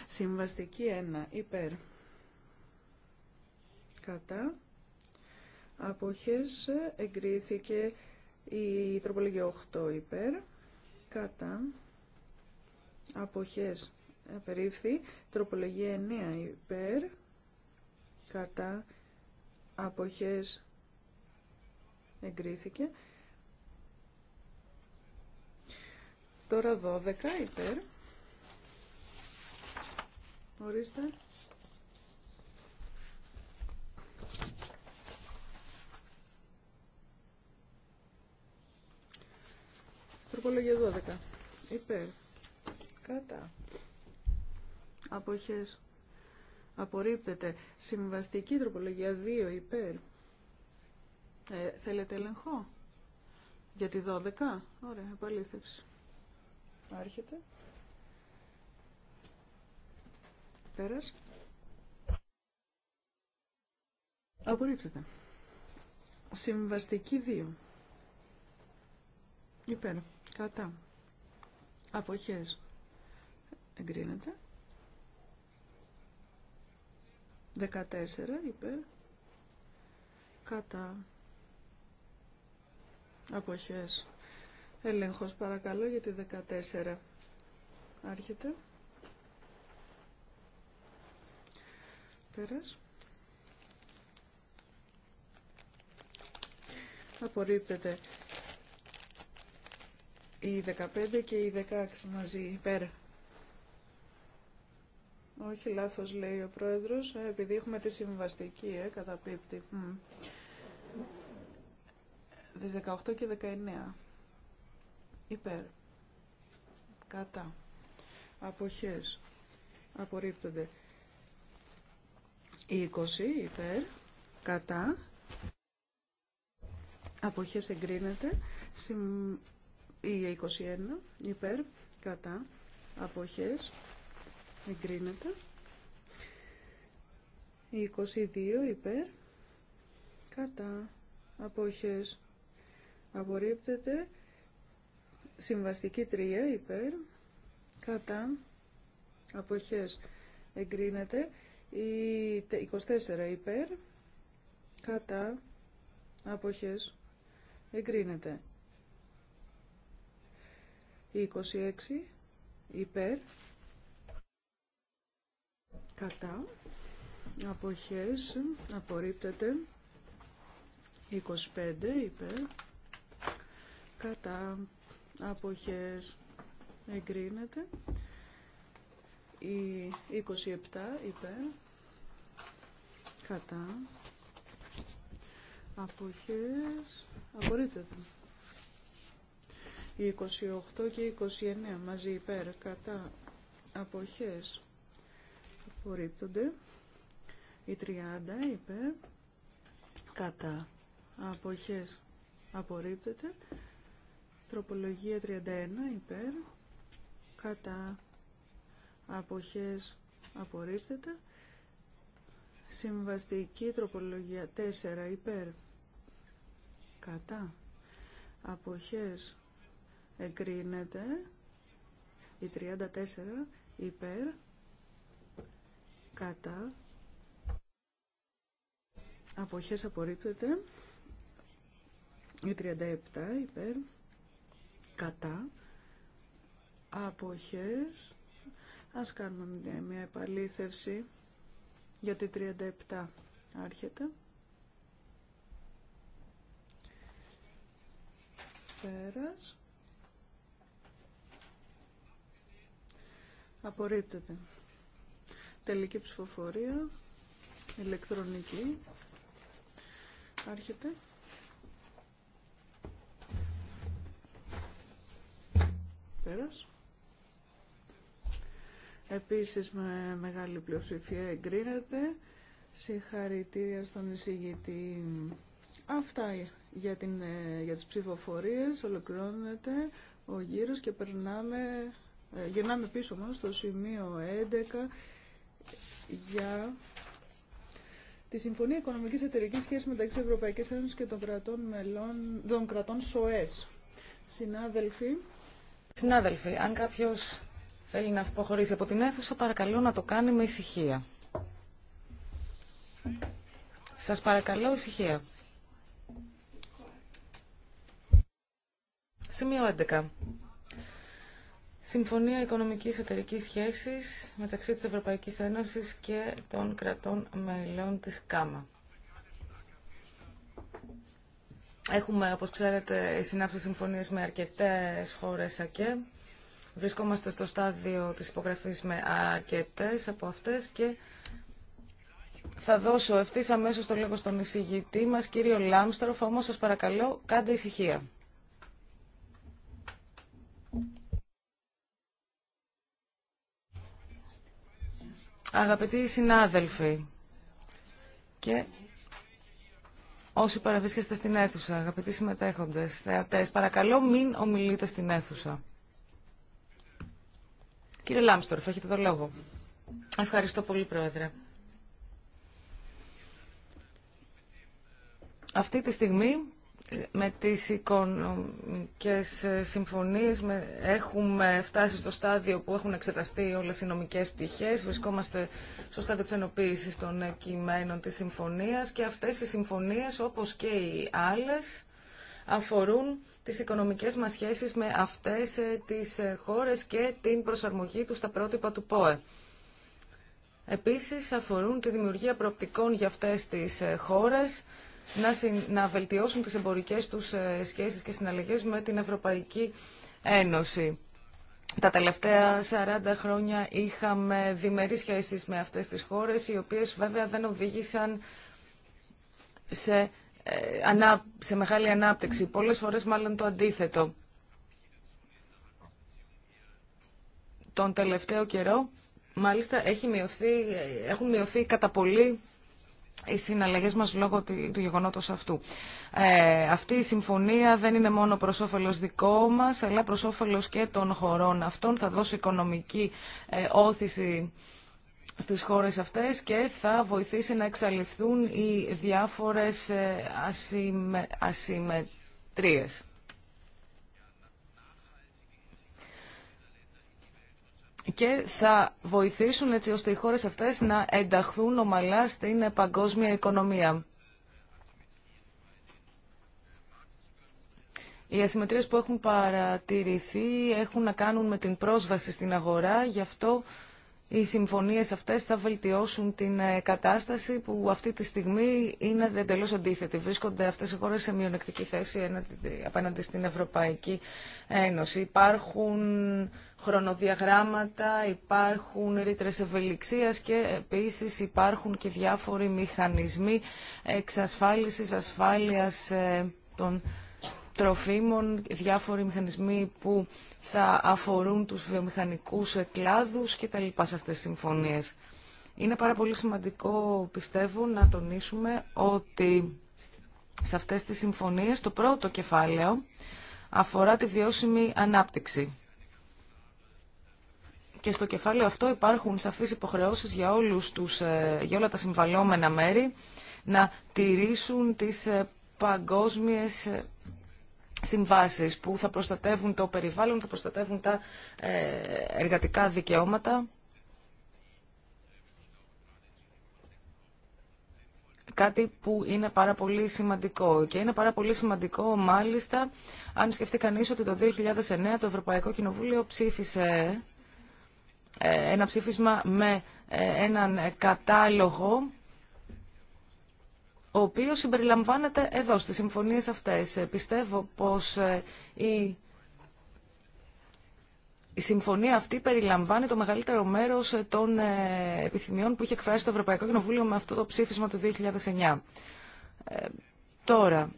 Συμβαστική 1. Υπέρ. Κατά. Αποχές ε, εγκρίθηκε η τροπολογία 8 υπέρ. Κατά αποχές απερίφθη, τροπολογία 9 υπέρ, κατά, αποχές εγκρίθηκε. Τώρα 12 υπέρ. Ορίστε. Τροπολογία 12. Υπέρ. Κατά. Αποχές. Απορρίπτεται. Συμβαστική τροπολογία 2 υπέρ. Ε, θέλετε ελεγχό. Για τη 12. Ωραία, επαλήθευση. Άρχεται. Πέρας. Απορρίπτεται. Συμβαστική 2. Υπέρ. Κατά. Αποχές εγκρίνεται 14 υπέρ κατά αποχές έλεγχος παρακαλώ για τη 14 άρχεται πέρας απορρίπτεται η 15 και η 16 μαζί υπέρ όχι, λάθος λέει ο πρόεδρος, ε, επειδή έχουμε τη συμβαστική, ε, καταπίπτει. Mm. 18 και 19. Υπέρ. Κατά. Αποχές. Απορρίπτονται. 20 υπέρ. Κατά. Αποχές εγκρίνεται. Η 21 υπέρ. Κατά. Αποχές εγκρίνεται. 22 υπέρ, κατά, αποχές, απορρίπτεται. Συμβαστική 3 υπέρ, κατά, αποχές, εγκρίνεται. 24 υπέρ, κατά, αποχές, εγκρίνεται. 26 υπέρ, κατά αποχές απορρίπτεται 25 υπέρ κατά αποχές εγκρίνεται η 27 υπέρ κατά αποχές απορρίπτεται η 28 και 29 μαζί υπέρ κατά αποχές απορρίπτονται. Η 30 υπέρ κατά αποχές απορρίπτεται. Τροπολογία 31 υπέρ κατά αποχές απορρίπτεται. Συμβαστική τροπολογία 4 υπέρ κατά αποχές εγκρίνεται. Η 34 υπέρ κατά αποχές απορρίπτεται η 37 υπέρ κατά αποχές ας κάνουμε μια επαλήθευση για τη 37 άρχεται πέρας απορρίπτεται Τελική ψηφοφορία. Ηλεκτρονική. Άρχεται. Πέρας. Επίσης με μεγάλη πλειοψηφία εγκρίνεται. Συγχαρητήρια στον εισηγητή. Αυτά για, την, ε, για τις ψηφοφορίες ολοκληρώνεται ο γύρος και περνάμε, ε, γυρνάμε πίσω μας στο σημείο 11 για τη Συμφωνία Οικονομικής Εταιρικής Σχέσης μεταξύ Ευρωπαϊκής Ένωσης και των κρατών, μελών, των κρατών ΣΟΕΣ. Συνάδελφοι. Συνάδελφοι, αν κάποιος θέλει να αποχωρήσει από την αίθουσα, παρακαλώ να το κάνει με ησυχία. Σας παρακαλώ ησυχία. Σημείο 11. Συμφωνία Οικονομικής Εταιρικής Σχέσης μεταξύ της Ευρωπαϊκής Ένωσης και των κρατών μελών της ΚΑΜΑ. Έχουμε, όπως ξέρετε, συνάψει συμφωνίες με αρκετές χώρες ΑΚΕ. Βρισκόμαστε στο στάδιο της υπογραφής με αρκετές από αυτές και θα δώσω ευθύ αμέσω το λόγο στον εισηγητή μας, κύριο Λάμσταροφ, όμως σας παρακαλώ κάντε ησυχία. Αγαπητοί συνάδελφοι και όσοι παραβίσκεστε στην αίθουσα, αγαπητοί συμμετέχοντες, θεατές, παρακαλώ μην ομιλείτε στην αίθουσα. Κύριε Λάμστορφ, έχετε το λόγο. Ευχαριστώ πολύ, Πρόεδρε. Αυτή τη στιγμή με τις οικονομικές ε, συμφωνίες έχουμε φτάσει στο στάδιο που έχουν εξεταστεί όλες οι νομικές πτυχές. Βρισκόμαστε στο στάδιο της ενοποίησης των κειμένων της συμφωνίας και αυτές οι συμφωνίες, όπως και οι άλλες, αφορούν τις οικονομικές μας σχέσεις με αυτές ε, τις ε, χώρες και την προσαρμογή τους στα πρότυπα του ΠΟΕ. Επίσης, αφορούν τη δημιουργία προοπτικών για αυτές τις χώρες, να βελτιώσουν τις εμπορικές τους ε, σχέσεις και συναλλαγές με την Ευρωπαϊκή Ένωση. Τα τελευταία 40 χρόνια είχαμε διμερείς σχέσεις με αυτές τις χώρες, οι οποίες βέβαια δεν οδήγησαν σε, ε, σε μεγάλη ανάπτυξη. Πολλές φορές μάλλον το αντίθετο. Τον τελευταίο καιρό, μάλιστα, έχει μειωθεί, ε, έχουν μειωθεί κατά πολύ οι συναλλαγέ μας λόγω του γεγονότος αυτού. Ε, αυτή η συμφωνία δεν είναι μόνο προ όφελο δικό μας, αλλά προ όφελο και των χωρών αυτών. Θα δώσει οικονομική ε, όθηση στις χώρες αυτές και θα βοηθήσει να εξαλειφθούν οι διάφορες ε, ασύμε, ασύμετρίες. και θα βοηθήσουν έτσι ώστε οι χώρες αυτές να ενταχθούν ομαλά στην παγκόσμια οικονομία. Οι ασυμμετρίες που έχουν παρατηρηθεί έχουν να κάνουν με την πρόσβαση στην αγορά, γι' αυτό οι συμφωνίες αυτές θα βελτιώσουν την ε, κατάσταση που αυτή τη στιγμή είναι εντελώς αντίθετη. Βρίσκονται αυτές οι χώρες σε μειονεκτική θέση απέναντι στην Ευρωπαϊκή Ένωση. Υπάρχουν χρονοδιαγράμματα, υπάρχουν ρήτρε ευελιξίας και επίσης υπάρχουν και διάφοροι μηχανισμοί εξασφάλισης ασφάλειας ε, των τροφίμων, διάφοροι μηχανισμοί που θα αφορούν τους βιομηχανικούς κλάδους και τα λοιπά σε αυτές τις συμφωνίες. Είναι πάρα πολύ σημαντικό, πιστεύω, να τονίσουμε ότι σε αυτές τις συμφωνίες το πρώτο κεφάλαιο αφορά τη βιώσιμη ανάπτυξη. Και στο κεφάλαιο αυτό υπάρχουν σαφείς υποχρεώσεις για, όλους τους, ε, για όλα τα συμβαλώμενα μέρη να τηρήσουν τις ε, παγκόσμιες ε, συμβάσεις που θα προστατεύουν το περιβάλλον, θα προστατεύουν τα ε, εργατικά δικαιώματα. κάτι που είναι πάρα πολύ σημαντικό. Και είναι πάρα πολύ σημαντικό, μάλιστα, αν σκεφτεί κανείς ότι το 2009 το Ευρωπαϊκό Κοινοβούλιο ψήφισε ε, ένα ψήφισμα με ε, έναν κατάλογο ο οποίος συμπεριλαμβάνεται εδώ στις συμφωνίες αυτές. Ε, πιστεύω πως ε, η η συμφωνία αυτή περιλαμβάνει το μεγαλύτερο μέρο ε, των επιθυμιών που είχε εκφράσει το Ευρωπαϊκό Κοινοβούλιο με αυτό το ψήφισμα του 2009. τώρα,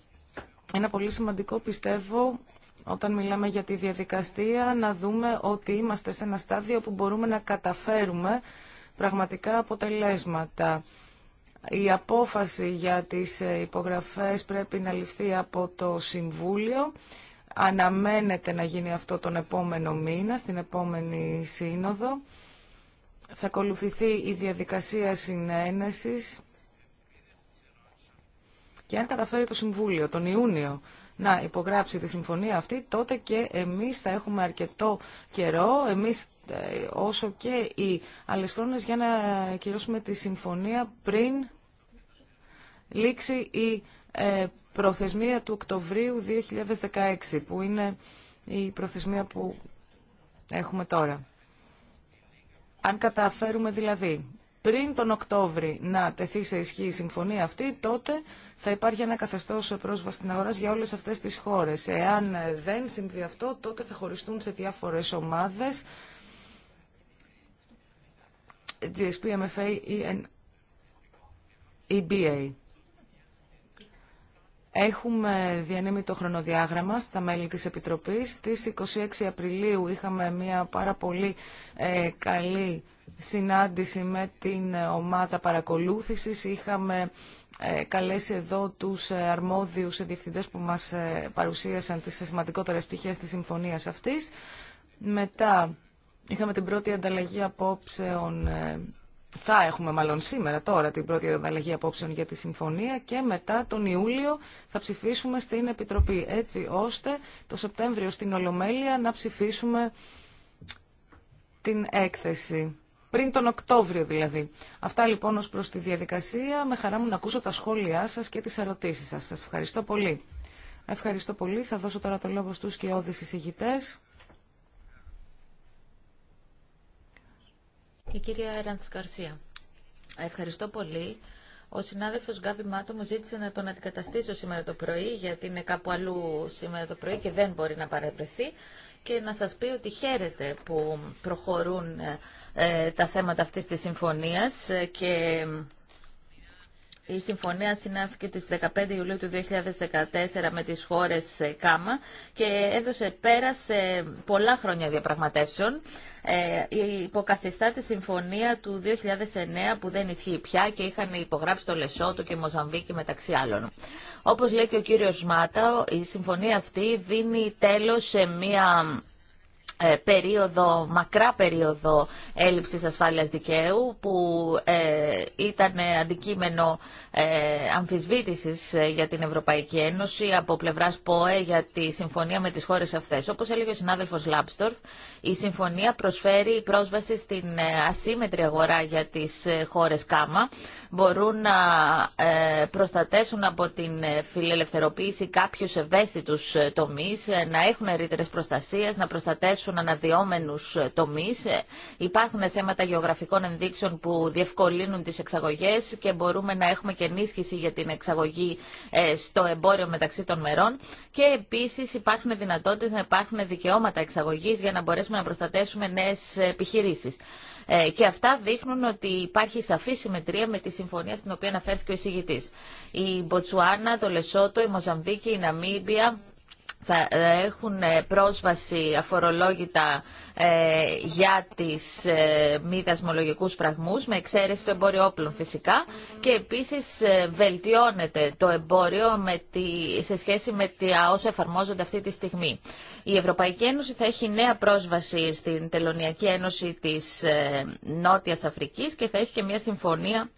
ένα πολύ σημαντικό πιστεύω όταν μιλάμε για τη διαδικαστία να δούμε ότι είμαστε σε ένα στάδιο που μπορούμε να καταφέρουμε πραγματικά αποτελέσματα. Η απόφαση για τις ε, υπογραφές πρέπει να ληφθεί από το Συμβούλιο. Αναμένεται να γίνει αυτό τον επόμενο μήνα, στην επόμενη σύνοδο. Θα ακολουθηθεί η διαδικασία συνένεσης και αν καταφέρει το Συμβούλιο τον Ιούνιο να υπογράψει τη συμφωνία αυτή, τότε και εμείς θα έχουμε αρκετό καιρό, εμείς ε, όσο και οι άλλες χρόνες, για να κυρώσουμε τη συμφωνία πριν λήξει η ε, προθεσμία του Οκτωβρίου 2016, που είναι η προθεσμία που έχουμε τώρα. Αν καταφέρουμε δηλαδή πριν τον Οκτώβρη να τεθεί σε ισχύ η συμφωνία αυτή, τότε θα υπάρχει ένα καθεστώ πρόσβαση στην αγορά για όλε αυτέ τι χώρε. Εάν δεν συμβεί αυτό, τότε θα χωριστούν σε διάφορε ομάδε. GSP, MFA ή e EBA. Έχουμε διανύμει το χρονοδιάγραμμα στα μέλη της Επιτροπής. Στις 26 Απριλίου είχαμε μια πάρα πολύ ε, καλή συνάντηση με την ομάδα παρακολούθησης. Είχαμε ε, καλέσει εδώ τους ε, αρμόδιους διευθυντές που μας ε, παρουσίασαν τις σημαντικότερες πτυχές της συμφωνίας αυτής. Μετά είχαμε την πρώτη ανταλλαγή απόψεων, θα έχουμε μάλλον σήμερα τώρα την πρώτη ανταλλαγή απόψεων για τη συμφωνία και μετά τον Ιούλιο θα ψηφίσουμε στην Επιτροπή, έτσι ώστε το Σεπτέμβριο στην Ολομέλεια να ψηφίσουμε την έκθεση πριν τον Οκτώβριο δηλαδή. Αυτά λοιπόν ως προς τη διαδικασία. Με χαρά μου να ακούσω τα σχόλιά σας και τις ερωτήσεις σας. Σας ευχαριστώ πολύ. Ευχαριστώ πολύ. Θα δώσω τώρα το λόγο στους και όδης εισηγητές. Η κυρία Ραντς Καρσία. Ευχαριστώ πολύ. Ο συνάδελφο Γκάμπι Μάτο μου ζήτησε να τον αντικαταστήσω σήμερα το πρωί, γιατί είναι κάπου αλλού σήμερα το πρωί και δεν μπορεί να παρεμπρεθεί και να σας πει ότι χαίρεται που προχωρούν ε, τα θέματα αυτής της συμφωνίας ε, και η συμφωνία συνάφηκε τις 15 Ιουλίου του 2014 με τις χώρες ΚΑΜΑ και έδωσε πέρα σε πολλά χρόνια διαπραγματεύσεων. Ε, υποκαθιστά τη συμφωνία του 2009 που δεν ισχύει πια και είχαν υπογράψει το Λεσότο και η Μοζαμβίκη μεταξύ άλλων. Όπως λέει και ο κύριος Μάτα, η συμφωνία αυτή δίνει τέλος σε μια ε, περίοδο, μακρά περίοδο έλλειψης ασφάλειας δικαίου που ε, ήταν αντικείμενο ε, αμφισβήτησης ε, για την Ευρωπαϊκή Ένωση από πλευράς ΠΟΕ για τη συμφωνία με τις χώρες αυτές. Όπως έλεγε ο συνάδελφος Λάμπστορφ, η συμφωνία προσφέρει πρόσβαση στην ασύμετρη αγορά για τις χώρες ΚΑΜΑ μπορούν να ε, προστατεύσουν από την ε, φιλελευθερωποίηση κάποιους ευαίσθητους ε, τομείς, να έχουν ρήτρες προστασίας, να προστατεύσουν αναδυόμενους τομείς. Υπάρχουν θέματα γεωγραφικών ενδείξεων που διευκολύνουν τις εξαγωγές και μπορούμε να έχουμε και ενίσχυση για την εξαγωγή στο εμπόριο μεταξύ των μερών και επίσης υπάρχουν δυνατότητες να υπάρχουν δικαιώματα εξαγωγής για να μπορέσουμε να προστατεύσουμε νέες επιχειρήσεις. Ε, και αυτά δείχνουν ότι υπάρχει σαφή συμμετρία με τη συμφωνία στην οποία αναφέρθηκε ο εισηγητής. Η Μποτσουάνα, το Λεσότο, η Μοζαμβίκη, η Ναμίμπια θα έχουν πρόσβαση αφορολόγητα ε, για τις ε, μη δασμολογικούς φραγμούς, με εξαίρεση το εμπόριο όπλων φυσικά και επίσης ε, βελτιώνεται το εμπόριο με τη, σε σχέση με όσα εφαρμόζονται αυτή τη στιγμή. Η Ευρωπαϊκή Ένωση θα έχει νέα πρόσβαση στην Τελωνιακή Ένωση της ε, Νότιας Αφρικής και θα έχει και μια συμφωνία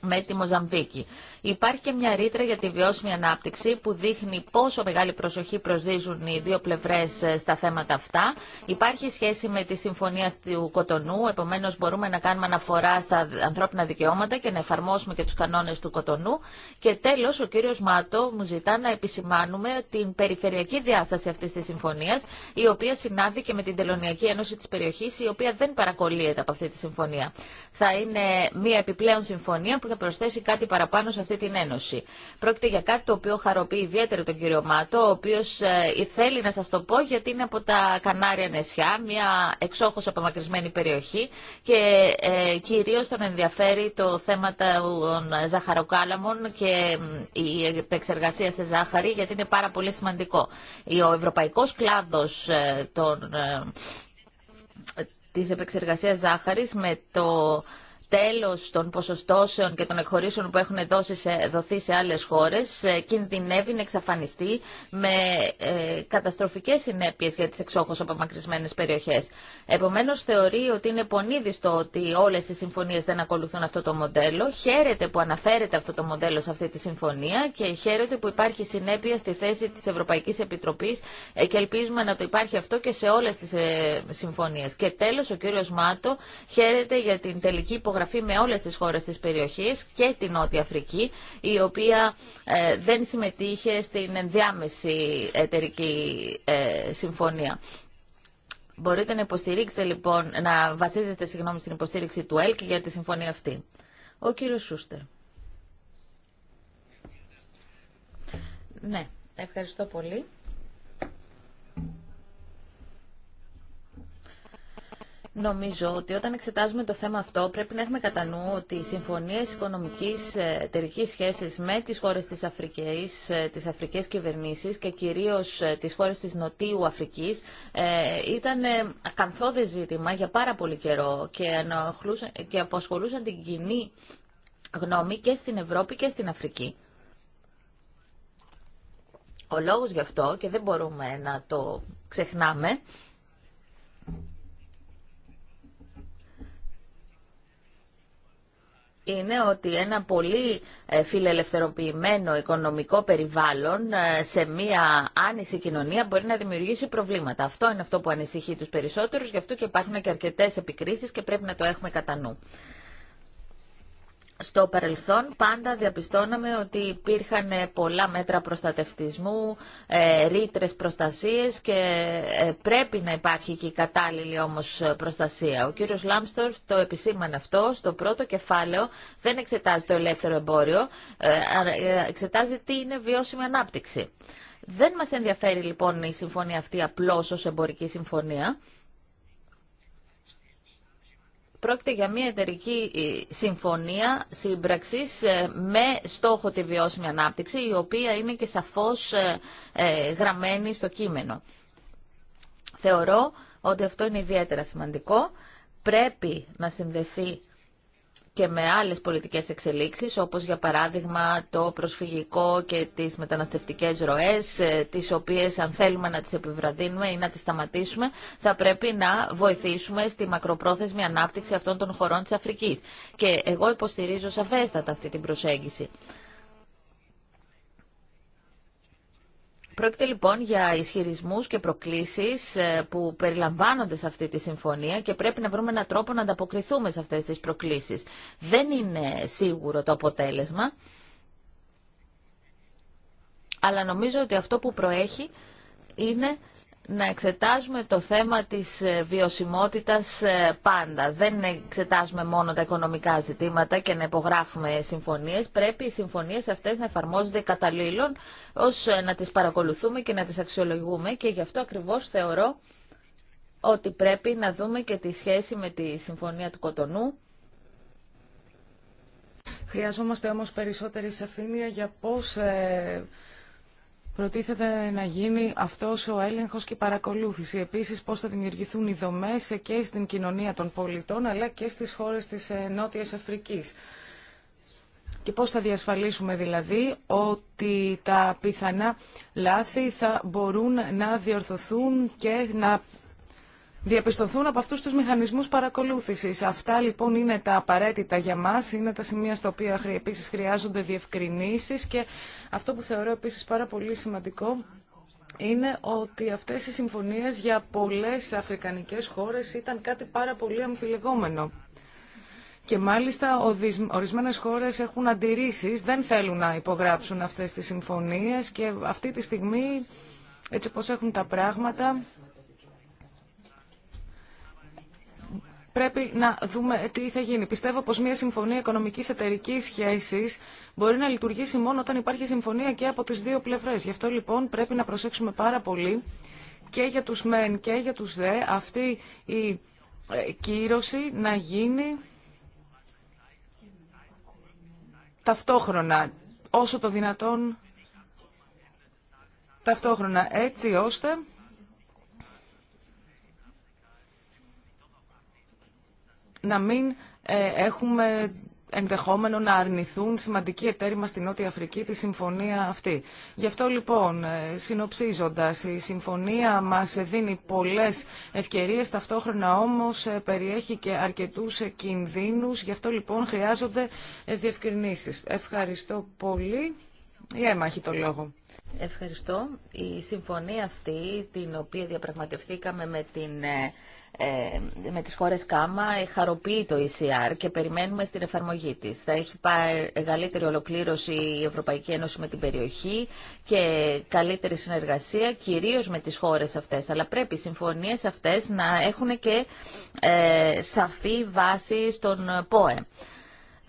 με τη Μοζαμβίκη. Υπάρχει και μια ρήτρα για τη βιώσιμη ανάπτυξη που δείχνει πόσο μεγάλη προσοχή προσδίζουν οι δύο πλευρέ ε, στα θέματα αυτά. Υπάρχει σχέση με τη Συμφωνία του Κοτονού, επομένω μπορούμε να κάνουμε αναφορά στα ανθρώπινα δικαιώματα και να εφαρμόσουμε και του κανόνε του Κοτονού. Και τέλο, ο κύριο Μάτο μου ζητά να επισημάνουμε την περιφερειακή διάσταση αυτή τη συμφωνία, η οποία συνάδει και με την Τελωνιακή Ένωση τη περιοχή, η οποία δεν παρακολύεται από αυτή τη συμφωνία. Θα είναι μια επιπλέον συμφωνία που θα προσθέσει κάτι παραπάνω σε αυτή την ένωση. Πρόκειται για κάτι το οποίο χαροποιεί ιδιαίτερα τον κύριο Μάτο, ο οποίο ε, ε, θέλει να σα το πω γιατί είναι από τα Κανάρια νησιά, μια εξόχω απομακρυσμένη περιοχή και ε, κυρίω τον ενδιαφέρει το θέμα των ζαχαροκάλαμων και η επεξεργασία σε ζάχαρη, γιατί είναι πάρα πολύ σημαντικό. Ο ευρωπαϊκός κλάδος ε, των, της επεξεργασίας ζάχαρης με το τέλος των ποσοστώσεων και των εκχωρήσεων που έχουν δώσει σε, δοθεί σε άλλες χώρες ε, κινδυνεύει να εξαφανιστεί με ε, καταστροφικές συνέπειες για τις εξόχως απομακρυσμένες περιοχές. Επομένως θεωρεί ότι είναι πονίδιστο ότι όλες οι συμφωνίες δεν ακολουθούν αυτό το μοντέλο. Χαίρεται που αναφέρεται αυτό το μοντέλο σε αυτή τη συμφωνία και χαίρεται που υπάρχει συνέπεια στη θέση της Ευρωπαϊκής Επιτροπής ε, και ελπίζουμε να το υπάρχει αυτό και σε όλες τις ε, συμφωνίε. Και τέλος ο κύριος Μάτο χαίρεται για την τελική υπογραφή με όλες τις χώρες της περιοχής και την Νότια Αφρική, η οποία ε, δεν συμμετείχε στην ενδιάμεση εταιρική ε, συμφωνία. Μπορείτε να υποστηρίξετε λοιπόν, να βασίζετε συγγνώμη στην υποστήριξη του ΕΛΚ για τη συμφωνία αυτή. Ο κύριο Σούστερ. Ναι, ευχαριστώ πολύ. Νομίζω ότι όταν εξετάζουμε το θέμα αυτό πρέπει να έχουμε κατά νου ότι οι συμφωνίες οικονομικής ε, εταιρικής σχέσης με τις χώρες της Αφρικής, ε, τις αφρικές κυβερνήσεις και κυρίως ε, τις χώρες της Νοτιού Αφρικής ήταν ακαθόδες ζήτημα για πάρα πολύ καιρό και αποσχολούσαν την κοινή γνώμη και στην Ευρώπη και στην Αφρική. Ο λόγος γι' αυτό, και δεν μπορούμε να το ξεχνάμε, είναι ότι ένα πολύ ε, φιλελευθερωποιημένο οικονομικό περιβάλλον ε, σε μία άνηση κοινωνία μπορεί να δημιουργήσει προβλήματα. Αυτό είναι αυτό που ανησυχεί τους περισσότερους, γι' αυτό και υπάρχουν και αρκετές επικρίσεις και πρέπει να το έχουμε κατά νου στο παρελθόν πάντα διαπιστώναμε ότι υπήρχαν ε, πολλά μέτρα προστατευτισμού, ε, ρήτρε προστασίες και ε, πρέπει να υπάρχει και η κατάλληλη όμως προστασία. Ο κύριος Λάμστορ το επισήμανε αυτό, στο πρώτο κεφάλαιο δεν εξετάζει το ελεύθερο εμπόριο, εξετάζει τι είναι βιώσιμη ανάπτυξη. Δεν μας ενδιαφέρει λοιπόν η συμφωνία αυτή απλώς ως εμπορική συμφωνία. Πρόκειται για μια εταιρική ε, συμφωνία σύμπραξη ε, με στόχο τη βιώσιμη ανάπτυξη, η οποία είναι και σαφώς ε, γραμμένη στο κείμενο. Θεωρώ ότι αυτό είναι ιδιαίτερα σημαντικό. Πρέπει να συνδεθεί και με άλλες πολιτικές εξελίξεις, όπως για παράδειγμα το προσφυγικό και τις μεταναστευτικές ροές, ε, τις οποίες αν θέλουμε να τις επιβραδύνουμε ή να τις σταματήσουμε, θα πρέπει να βοηθήσουμε στη μακροπρόθεσμη ανάπτυξη αυτών των χωρών της Αφρικής. Και εγώ υποστηρίζω σαφέστατα αυτή την προσέγγιση. Πρόκειται λοιπόν για ισχυρισμούς και προκλήσεις ε, που περιλαμβάνονται σε αυτή τη συμφωνία και πρέπει να βρούμε έναν τρόπο να ανταποκριθούμε σε αυτές τις προκλήσεις. Δεν είναι σίγουρο το αποτέλεσμα, αλλά νομίζω ότι αυτό που προέχει είναι να εξετάζουμε το θέμα της ε, βιωσιμότητας ε, πάντα. Δεν εξετάζουμε μόνο τα οικονομικά ζητήματα και να υπογράφουμε συμφωνίες. Πρέπει οι συμφωνίες αυτές να εφαρμόζονται καταλήλων, ως ε, να τις παρακολουθούμε και να τις αξιολογούμε και γι' αυτό ακριβώς θεωρώ ότι πρέπει να δούμε και τη σχέση με τη Συμφωνία του Κοτονού. Χρειαζόμαστε όμως περισσότερη σαφήνεια για πώς προτίθεται να γίνει αυτός ο έλεγχος και η παρακολούθηση. Επίσης πώς θα δημιουργηθούν οι δομές και στην κοινωνία των πολιτών αλλά και στις χώρες της ε, Νότιας Αφρικής. Και πώς θα διασφαλίσουμε δηλαδή ότι τα πιθανά λάθη θα μπορούν να διορθωθούν και να διαπιστωθούν από αυτούς τους μηχανισμούς παρακολούθησης. Αυτά λοιπόν είναι τα απαραίτητα για μας, είναι τα σημεία στα οποία επίσης χρειάζονται διευκρινήσεις και αυτό που θεωρώ επίσης πάρα πολύ σημαντικό είναι ότι αυτές οι συμφωνίες για πολλές αφρικανικές χώρες ήταν κάτι πάρα πολύ αμφιλεγόμενο. Και μάλιστα ορισμένες χώρες έχουν αντιρρήσεις, δεν θέλουν να υπογράψουν αυτές τις συμφωνίες και αυτή τη στιγμή, έτσι όπως έχουν τα πράγματα, πρέπει να δούμε τι θα γίνει. Πιστεύω πως μια συμφωνία οικονομικής εταιρικής σχέσης μπορεί να λειτουργήσει μόνο όταν υπάρχει συμφωνία και από τις δύο πλευρές. Γι' αυτό λοιπόν πρέπει να προσέξουμε πάρα πολύ και για τους μεν και για τους δε αυτή η ε, κύρωση να γίνει ταυτόχρονα, όσο το δυνατόν ταυτόχρονα, έτσι ώστε να μην ε, έχουμε ενδεχόμενο να αρνηθούν σημαντικοί εταίροι μας στην Νότια Αφρική τη συμφωνία αυτή. Γι' αυτό λοιπόν, ε, συνοψίζοντας, η συμφωνία μας δίνει πολλές ευκαιρίες, ταυτόχρονα όμως ε, περιέχει και αρκετούς κινδύνους, γι' αυτό λοιπόν χρειάζονται διευκρινήσεις. Ευχαριστώ πολύ. Η Έμα έχει το λόγο. Ευχαριστώ. Η συμφωνία αυτή, την οποία διαπραγματευθήκαμε με την ε, με τις χώρες ΚΑΜΑ χαροποιεί το ECR και περιμένουμε στην εφαρμογή της. Θα έχει πάει μεγαλύτερη ολοκλήρωση η Ευρωπαϊκή Ένωση με την περιοχή και καλύτερη συνεργασία κυρίως με τις χώρες αυτές. Αλλά πρέπει οι συμφωνίες αυτές να έχουν και ε, σαφή βάση στον ΠΟΕ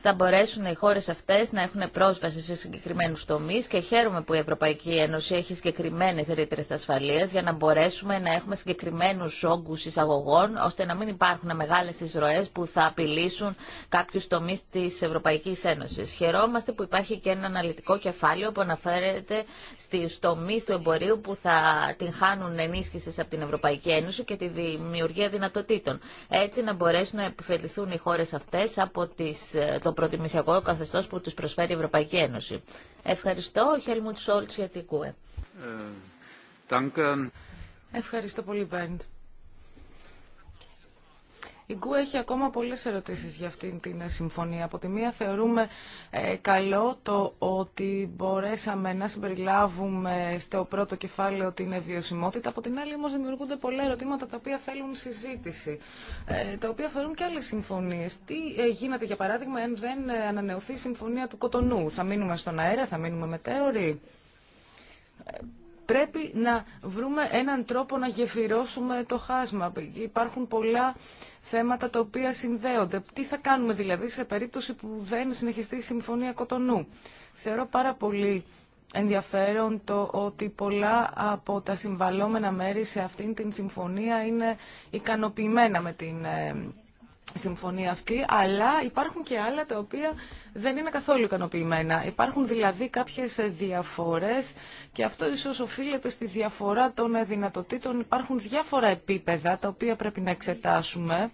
θα μπορέσουν οι χώρες αυτές να έχουν πρόσβαση σε συγκεκριμένους τομείς και χαίρομαι που η Ευρωπαϊκή Ένωση έχει συγκεκριμένες ρήτρες ασφαλείας για να μπορέσουμε να έχουμε συγκεκριμένους όγκους εισαγωγών ώστε να μην υπάρχουν μεγάλες εισρωές που θα απειλήσουν κάποιους τομείς της Ευρωπαϊκής Ένωσης. Χαιρόμαστε που υπάρχει και ένα αναλυτικό κεφάλαιο που αναφέρεται στις τομείς του εμπορίου που θα την χάνουν ενίσχυση από την Ευρωπαϊκή Ένωση και τη δημιουργία δυνατοτήτων. Έτσι να μπορέσουν να οι χώρες αυτές από τις, ε, προτιμησιακό καθεστώ που του προσφέρει η Ευρωπαϊκή Ένωση. Ευχαριστώ, Χέλμουντ Σόλτ, για την ΚΟΕ. Ε, Ευχαριστώ πολύ, Μπέντ. Η ΚΟΥ έχει ακόμα πολλές ερωτήσεις για αυτήν την ε, συμφωνία. Από τη μία θεωρούμε ε, καλό το ότι μπορέσαμε να συμπεριλάβουμε στο πρώτο κεφάλαιο την βιωσιμότητα. Από την άλλη όμως δημιουργούνται πολλά ερωτήματα τα οποία θέλουν συζήτηση, ε, τα οποία αφορούν και άλλες συμφωνίες. Τι ε, γίνεται για παράδειγμα αν δεν ανανεωθεί η συμφωνία του Κοτονού. Θα μείνουμε στον αέρα, θα μείνουμε μετέωροι. Πρέπει να βρούμε έναν τρόπο να γεφυρώσουμε το χάσμα. Υπάρχουν πολλά θέματα τα οποία συνδέονται. Τι θα κάνουμε δηλαδή σε περίπτωση που δεν συνεχιστεί η Συμφωνία Κοτονού. Θεωρώ πάρα πολύ ενδιαφέρον το ότι πολλά από τα συμβαλώμενα μέρη σε αυτήν την συμφωνία είναι ικανοποιημένα με την ε, συμφωνία αυτή, αλλά υπάρχουν και άλλα τα οποία δεν είναι καθόλου ικανοποιημένα. Υπάρχουν δηλαδή κάποιες διαφορές και αυτό ίσως οφείλεται στη διαφορά των δυνατοτήτων. Υπάρχουν διάφορα επίπεδα τα οποία πρέπει να εξετάσουμε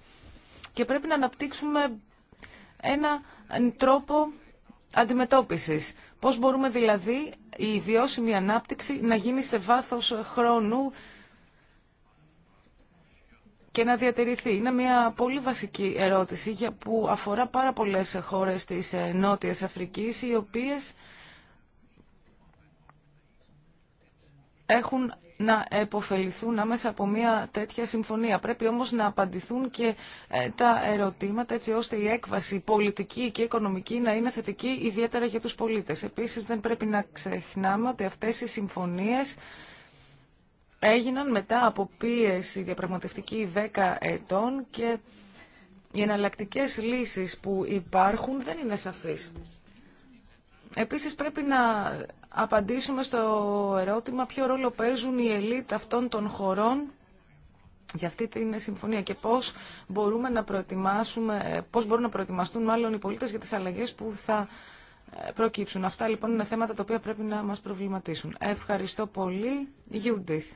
και πρέπει να αναπτύξουμε ένα τρόπο αντιμετώπισης. Πώς μπορούμε δηλαδή η βιώσιμη ανάπτυξη να γίνει σε βάθος χρόνου και να διατηρηθεί. Είναι μια πολύ βασική ερώτηση για που αφορά πάρα πολλές χώρες της ε, Νότιας Αφρικής οι οποίες έχουν να επωφεληθούν άμεσα από μια τέτοια συμφωνία. Πρέπει όμως να απαντηθούν και ε, τα ερωτήματα έτσι ώστε η έκβαση πολιτική και οικονομική να είναι θετική ιδιαίτερα για τους πολίτες. Επίσης δεν πρέπει να ξεχνάμε ότι αυτές οι συμφωνίες έγιναν μετά από πίεση διαπραγματευτική 10 ετών και οι εναλλακτικέ λύσεις που υπάρχουν δεν είναι σαφείς. Επίσης πρέπει να απαντήσουμε στο ερώτημα ποιο ρόλο παίζουν οι ελίτ αυτών των χωρών για αυτή την συμφωνία και πώς, μπορούμε να προετοιμάσουμε, πώς μπορούν να προετοιμαστούν μάλλον οι πολίτες για τις αλλαγές που θα ε, προκύψουν. Αυτά λοιπόν είναι θέματα τα οποία πρέπει να μας προβληματίσουν. Ευχαριστώ πολύ. Γιούντιθ.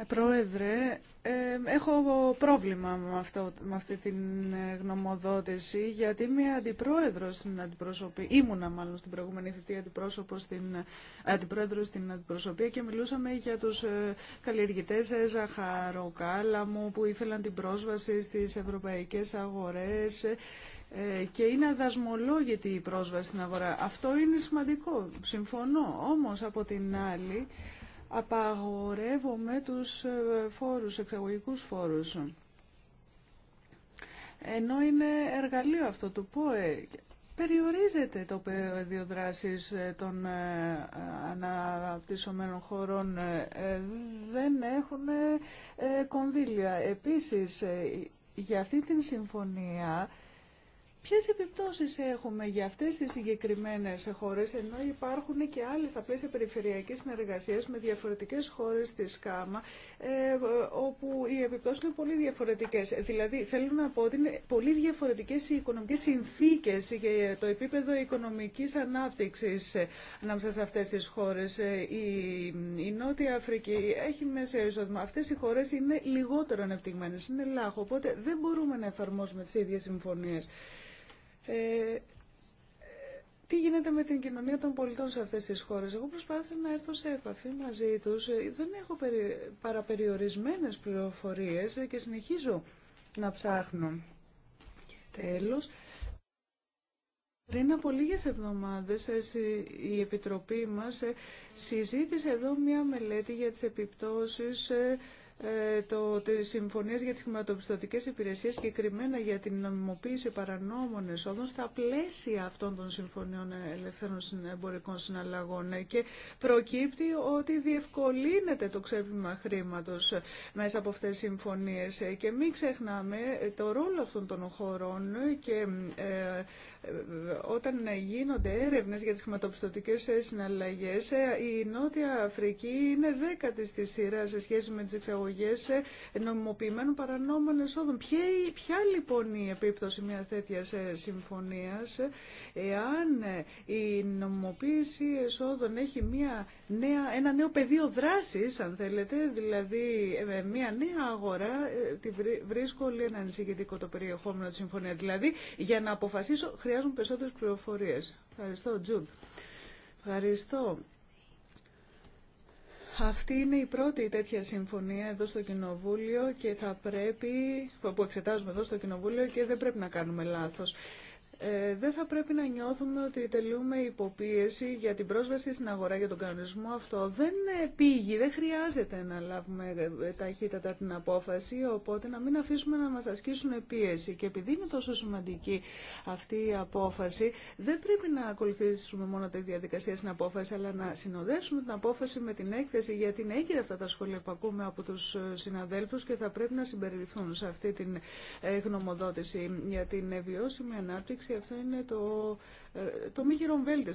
Ε, πρόεδρε, ε, έχω πρόβλημα με, αυτό, με αυτή την ε, γνωμοδότηση, γιατί είμαι αντιπρόεδρος στην αντιπροσωπή, ήμουνα μάλλον στην προηγούμενη θητεία αντιπρόσωπο στην, αντιπροσωπή στην αντιπροσωπεία και μιλούσαμε για τους καλλιεργητές ζαχαροκάλαμου που ήθελαν την πρόσβαση στις ευρωπαϊκές αγορές και είναι αδασμολόγητη η πρόσβαση στην αγορά. Αυτό είναι σημαντικό, συμφωνώ. Όμως από την άλλη, απαγορεύουμε τους ε, φόρους, εξαγωγικούς φόρους. Ενώ είναι εργαλείο αυτό του ΠΟΕ, περιορίζεται το πεδίο δράση ε, των ε, αναπτυσσομένων χωρών. Δεν έχουν κονδύλια. Επίσης, για αυτή την συμφωνία Ποιε επιπτώσει έχουμε για αυτέ τι συγκεκριμένε χώρε ενώ υπάρχουν και άλλε στα πλαίσια περιφερειακή συνεργασία με διαφορετικέ χώρε τη ΚΑΜΑ, ε, όπου οι επιπτώσει είναι πολύ διαφορετικέ. Δηλαδή, θέλω να πω ότι είναι πολύ διαφορετικέ οι οικονομικέ συνθήκε και το επίπεδο οικονομική ανάπτυξη ανάμεσα σε αυτέ τι χώρε. Ε, η, Νότια Αφρική έχει μέσα εισόδημα. αυτέ οι χώρε είναι λιγότερο ανεπτυγμένε είναι λάχο, οπότε δεν μπορούμε να εφαρμόσουμε τι ίδιε συμφωνίε. Ε, τι γίνεται με την κοινωνία των πολιτών σε αυτές τις χώρες. Εγώ προσπάθησα να έρθω σε επαφή μαζί τους. Ε, δεν έχω περι... παραπεριορισμένες πληροφορίες ε, και συνεχίζω να ψάχνω. Και τέλος, πριν από λίγες εβδομάδες η Επιτροπή μας συζήτησε εδώ μια μελέτη για τις επιπτώσεις ε, το, τη συμφωνίες για τις χρηματοπιστωτικές υπηρεσίες συγκεκριμένα για την νομιμοποίηση παρανόμων εσόδων στα πλαίσια αυτών των συμφωνιών ελευθέρων εμπορικών συναλλαγών ε, και προκύπτει ότι διευκολύνεται το ξέπλυμα χρήματος μέσα από αυτές τις συμφωνίες ε, και μην ξεχνάμε το ρόλο αυτών των χωρών και όταν γίνονται έρευνες για τις χρηματοπιστωτικές συναλλαγές, ε, η Νότια Αφρική είναι δέκατη στη σειρά σε σχέση με τις εξαγωγές ε, νομιμοποιημένων παρανόμων εσόδων. Ποια, ποια λοιπόν η επίπτωση μια τέτοιας ε, συμφωνίας, εάν η νομιμοποίηση εσόδων έχει μια νέα, ένα νέο πεδίο δράσης, αν θέλετε, δηλαδή μια νέα αγορά, τη βρίσκω ένα ανησυχητικό το περιεχόμενο της συμφωνίας. Δηλαδή, για να αποφασίσω, χρειάζονται περισσότερες πληροφορίες. Ευχαριστώ, Τζουντ. Ευχαριστώ. Αυτή είναι η πρώτη τέτοια συμφωνία εδώ στο Κοινοβούλιο και θα πρέπει, που εξετάζουμε εδώ στο Κοινοβούλιο και δεν πρέπει να κάνουμε λάθος. Ε, δεν θα πρέπει να νιώθουμε ότι τελούμε υποπίεση για την πρόσβαση στην αγορά, για τον κανονισμό αυτό. Δεν ε, πήγε, δεν χρειάζεται να λάβουμε ε, ταχύτατα την απόφαση, οπότε να μην αφήσουμε να μας ασκήσουν πίεση. Και επειδή είναι τόσο σημαντική αυτή η απόφαση, δεν πρέπει να ακολουθήσουμε μόνο τη διαδικασία στην απόφαση, αλλά να συνοδεύσουμε την απόφαση με την έκθεση, γιατί είναι έγκυρα αυτά τα σχόλια που ακούμε από τους συναδέλφους και θα πρέπει να συμπεριληφθούν σε αυτή την γνωμοδότηση για την βιώσιμη ανάπτυξη και Αυτό είναι το, ε, το μη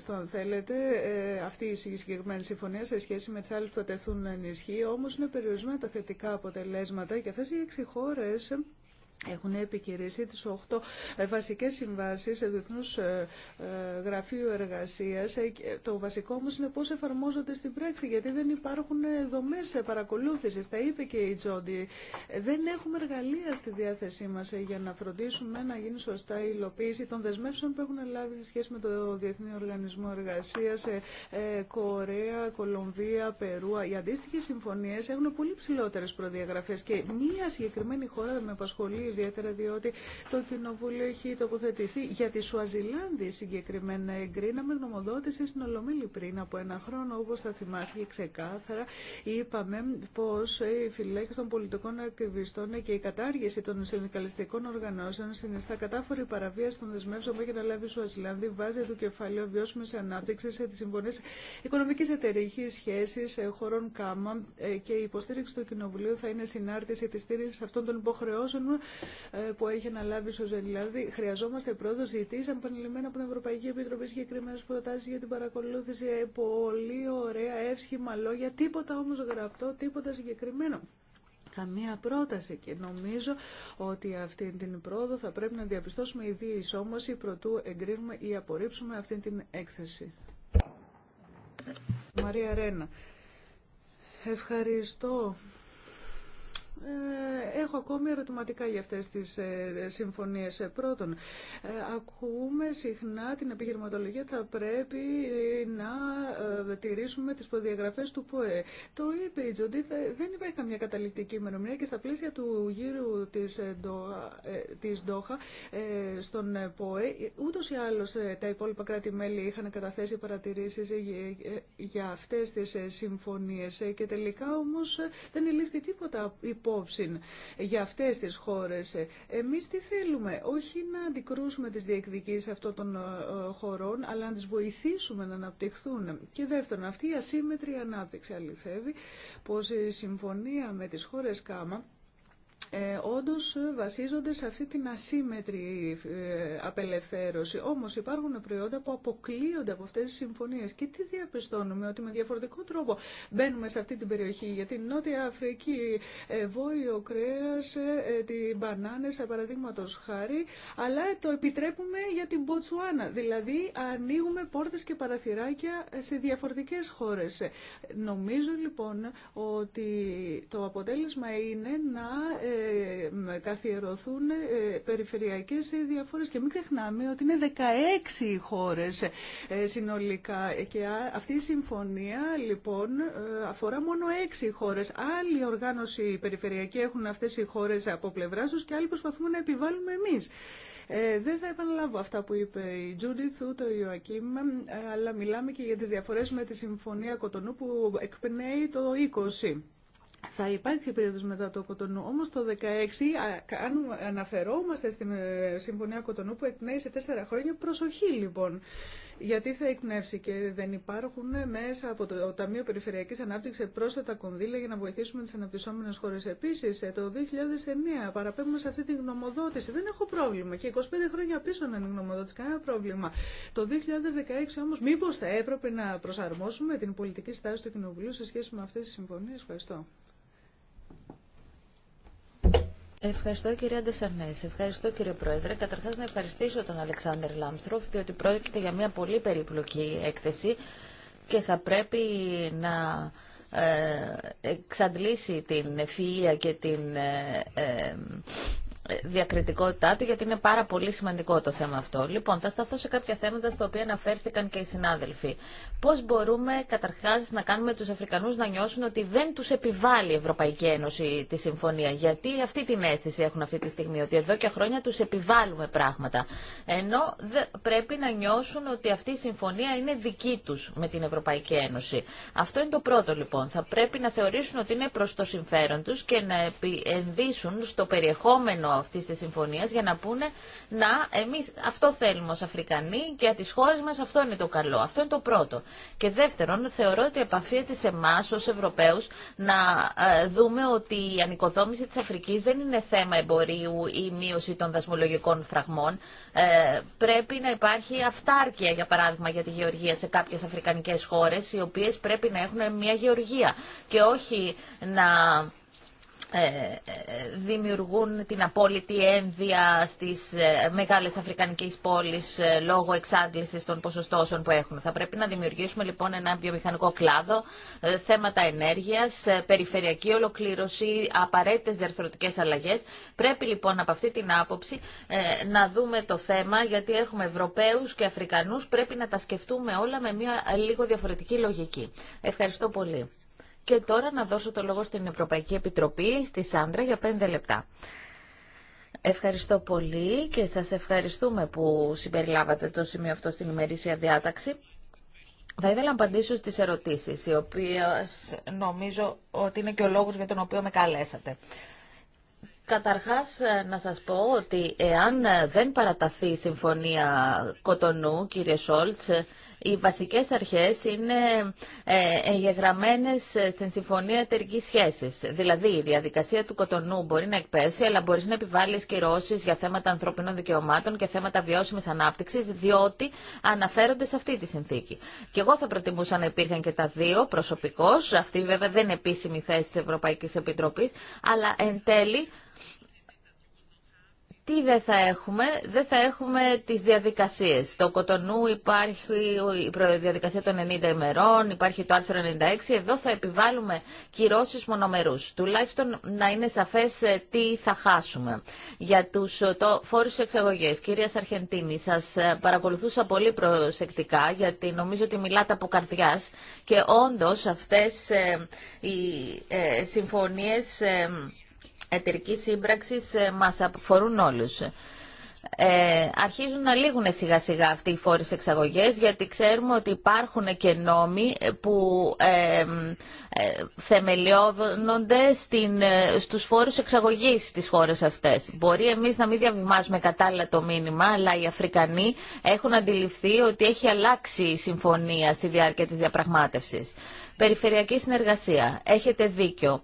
το αν θέλετε, ε, αυτή η συγκεκριμένη συμφωνία σε σχέση με τι άλλε που θα τεθούν ενισχύ. Όμω είναι περιορισμένα τα θετικά αποτελέσματα και αυτέ οι έξι χώρε έχουν επικυρήσει τις 8 ε, βασικές συμβάσεις σε Διεθνούς ε, ε, Γραφείου Εργασίας. Το βασικό όμως είναι πώς εφαρμόζονται στην πράξη, γιατί δεν υπάρχουν δομές παρακολούθησης. Τα είπε και η Τζόντι. Δεν έχουμε εργαλεία στη διάθεσή μας για να φροντίσουμε να γίνει σωστά η υλοποίηση των δεσμεύσεων που έχουν λάβει σχέση με το Διεθνή Οργανισμό Εργασίας, Κορέα, Κολομβία, Περού. Οι αντίστοιχε συμφωνίες έχουν πολύ ψηλότερες προδιαγραφές και μία συγκεκριμένη χώρα με απασχολεί ιδιαίτερα διότι το Κοινοβούλιο έχει τοποθετηθεί για τη Σουαζιλάνδη συγκεκριμένα. Εγκρίναμε γνωμοδότηση στην Ολομήλη πριν από ένα χρόνο, όπως θα θυμάστε και ξεκάθαρα. Είπαμε πως οι φυλάκες των πολιτικών ακτιβιστών και η κατάργηση των συνδικαλιστικών οργανώσεων συνιστά κατάφορη παραβίαση των δεσμεύσεων που έχει αναλάβει η Σουαζιλάνδη βάζει του κεφαλαίου βιώσιμη ανάπτυξη σε τι συμφωνίε οικονομική εταιρική σχέση ε, χωρών ΚΑΜΑ ε, και η υποστήριξη του Κοινοβουλίου θα είναι συνάρτηση τη στήριξη αυτών των υποχρεώσεων ε, που έχει αναλάβει ο Ζελιλάδη. Δηλαδή, χρειαζόμαστε πρώτο. Ζητήσαμε επανειλημμένα από την Ευρωπαϊκή Επιτροπή συγκεκριμένε προτάσει για την παρακολούθηση. Ε, πολύ ωραία, εύσχημα λόγια. Τίποτα όμω γραπτό, τίποτα συγκεκριμένο καμία πρόταση και νομίζω ότι αυτή την πρόοδο θα πρέπει να διαπιστώσουμε η δύο ισόμωση προτού εγκρίνουμε ή απορρίψουμε αυτή την έκθεση. Μαρία Ρένα. Ευχαριστώ. Ε, έχω ακόμη ερωτηματικά για αυτές τις ε, συμφωνίες. Ε, πρώτον, ακούμε συχνά την επιχειρηματολογία θα πρέπει να τηρήσουμε τις προδιαγραφές του ΠΟΕ. Το είπε η Τζοντή, δεν υπάρχει καμία καταληκτική ημερομηνία και στα πλαίσια του γύρου της, της Ντόχα στον ΠΟΕ, ούτως ή άλλως τα υπόλοιπα κράτη-μέλη είχαν καταθέσει παρατηρήσεις για αυτές τις συμφωνίες και τελικά όμως δεν ελήφθη τίποτα υπόψη για αυτές τις χώρες. Εμείς τι θέλουμε, όχι να αντικρούσουμε τις διεκδικήσεις αυτών των ε, χωρών, αλλά να τις βοηθήσουμε να αναπτυχθούν. Και δεύτερον, αυτή η ασύμμετρη ανάπτυξη αληθεύει πως η συμφωνία με τις χώρες ΚΑΜΑ ε, όντως ε, βασίζονται σε αυτή την ασύμετρη ε, απελευθέρωση. Όμως υπάρχουν προϊόντα που αποκλείονται από αυτές τις συμφωνίες. Και τι διαπιστώνουμε, ότι με διαφορετικό τρόπο μπαίνουμε σε αυτή την περιοχή. γιατί την Νότια Αφρική, ε, Βόρειο κρέας, την μπανάνες, παραδείγματο χάρη, αλλά το επιτρέπουμε για την Μποτσουάνα. Δηλαδή ανοίγουμε πόρτες και παραθυράκια σε διαφορετικές χώρες. Νομίζω λοιπόν ότι το αποτέλεσμα είναι να ε, καθιερωθούν ε, περιφερειακές διαφορές και μην ξεχνάμε ότι είναι 16 χώρες χώρες συνολικά και αυτή η συμφωνία λοιπόν ε, αφορά μόνο 6 χώρες. Άλλη οργάνωση περιφερειακή έχουν αυτές οι χώρες από πλευρά τους και άλλοι προσπαθούμε να επιβάλλουμε εμείς. Ε, δεν θα επαναλάβω αυτά που είπε η Τζούντιθ, ούτε ο Ιωακήμ, αλλά μιλάμε και για τις διαφορές με τη Συμφωνία Κοτονού που εκπνέει το 20 θα υπάρξει περίοδο μετά το Κοτονού, Όμω το 2016 αναφερόμαστε στην ε, Συμφωνία Κοτονού που εκπνέει σε τέσσερα χρόνια. Προσοχή λοιπόν, γιατί θα εκπνεύσει και δεν υπάρχουν μέσα από το Ταμείο Περιφερειακής Ανάπτυξης πρόσθετα κονδύλια για να βοηθήσουμε τι αναπτυσσόμενε χώρε. Επίση, ε, το 2009 παραπέμπουμε σε αυτή τη γνωμοδότηση. Δεν έχω πρόβλημα και 25 χρόνια πίσω να είναι γνωμοδότηση, κανένα πρόβλημα. Το 2016 όμω μήπω θα έπρεπε να προσαρμόσουμε την πολιτική στάση του Κοινοβουλίου σε σχέση με αυτέ τι συμφωνίε. Ευχαριστώ. Ευχαριστώ κυρία Ντεσαρνές, ευχαριστώ κύριε Πρόεδρε. Καταρχάς να ευχαριστήσω τον Αλεξάνδρ Λάμστροφ, διότι πρόκειται για μια πολύ περίπλοκη έκθεση και θα πρέπει να ε, εξαντλήσει την ευφυΐα και την ε, ε, διακριτικότητά του, γιατί είναι πάρα πολύ σημαντικό το θέμα αυτό. Λοιπόν, θα σταθώ σε κάποια θέματα στα οποία αναφέρθηκαν και οι συνάδελφοι. Πώ μπορούμε καταρχά να κάνουμε του Αφρικανού να νιώσουν ότι δεν του επιβάλλει η Ευρωπαϊκή Ένωση τη συμφωνία. Γιατί αυτή την αίσθηση έχουν αυτή τη στιγμή, ότι εδώ και χρόνια του επιβάλλουμε πράγματα. Ενώ πρέπει να νιώσουν ότι αυτή η συμφωνία είναι δική του με την Ευρωπαϊκή Ένωση. Αυτό είναι το πρώτο λοιπόν. Θα πρέπει να θεωρήσουν ότι είναι προ το συμφέρον του και να επενδύσουν στο περιεχόμενο αυτή της συμφωνίας για να πούνε να εμείς αυτό θέλουμε ως Αφρικανοί και για τις χώρες μας αυτό είναι το καλό. Αυτό είναι το πρώτο. Και δεύτερον, θεωρώ ότι επαφείται σε εμά ως Ευρωπαίους να ε, δούμε ότι η ανοικοδόμηση της Αφρικής δεν είναι θέμα εμπορίου ή μείωση των δασμολογικών φραγμών. Ε, πρέπει να υπάρχει αυτάρκεια, για παράδειγμα, για τη γεωργία σε κάποιε Αφρικανικέ χώρε, οι οποίε πρέπει να έχουν μια γεωργία και όχι να ε, ε, δημιουργούν την απόλυτη ένδυα στις ε, μεγάλες αφρικανικές πόλεις λόγω εξάντλησης των ποσοστώσεων που έχουν. Θα πρέπει να δημιουργήσουμε λοιπόν ένα βιομηχανικό κλάδο, θέματα ενέργειας, περιφερειακή ολοκλήρωση, απαραίτητες διαρθρωτικές αλλαγές. Πρέπει λοιπόν από αυτή την άποψη να δούμε το θέμα γιατί έχουμε Ευρωπαίους και Αφρικανούς, πρέπει να τα σκεφτούμε όλα με μια λίγο διαφορετική λογική. Ευχαριστώ πολύ. Και τώρα να δώσω το λόγο στην Ευρωπαϊκή Επιτροπή, στη Σάντρα, για πέντε λεπτά. Ευχαριστώ πολύ και σας ευχαριστούμε που συμπεριλάβατε το σημείο αυτό στην ημερήσια διάταξη. Θα ήθελα να απαντήσω στις ερωτήσεις, οι οποίες νομίζω ότι είναι και ο λόγος για τον οποίο με καλέσατε. Καταρχάς ε, να σας πω ότι εάν δεν παραταθεί η Συμφωνία Κοτονού, κύριε Σόλτς, οι βασικές αρχές είναι ε, εγγεγραμμένες στην Συμφωνία εταιρική Σχέσης. Δηλαδή, η διαδικασία του Κοτονού μπορεί να εκπέσει, αλλά μπορεί να επιβάλλει κυρώσει για θέματα ανθρωπίνων δικαιωμάτων και θέματα βιώσιμης ανάπτυξης, διότι αναφέρονται σε αυτή τη συνθήκη. Και εγώ θα προτιμούσα να υπήρχαν και τα δύο προσωπικώς. Αυτή βέβαια δεν είναι επίσημη θέση της Ευρωπαϊκής Επιτροπής, αλλά εν τέλει τι δεν θα έχουμε, δεν θα έχουμε τις διαδικασίες. Στο Κοτονού υπάρχει η διαδικασία των 90 ημερών, υπάρχει το άρθρο 96, εδώ θα επιβάλλουμε κυρώσεις μονομερούς. Τουλάχιστον να είναι σαφές ε, τι θα χάσουμε. Για τους ε, το, φόρους εξαγωγές, κυρία Αρχεντίνη, σας ε, παρακολουθούσα πολύ προσεκτικά, γιατί νομίζω ότι μιλάτε από καρδιάς και όντως αυτές οι ε, Εταιρική σύμπραξη ε, μας αφορούν όλους. Ε, αρχίζουν να λήγουν σιγά σιγά αυτοί οι φόροι εξαγωγές γιατί ξέρουμε ότι υπάρχουν και νόμοι που ε, ε, θεμελιώνονται στην, στους φόρους εξαγωγής στις χώρες αυτές. Μπορεί εμείς να μην διαβημάζουμε κατάλληλα το μήνυμα αλλά οι Αφρικανοί έχουν αντιληφθεί ότι έχει αλλάξει η συμφωνία στη διάρκεια της διαπραγμάτευσης. Περιφερειακή συνεργασία. Έχετε δίκιο.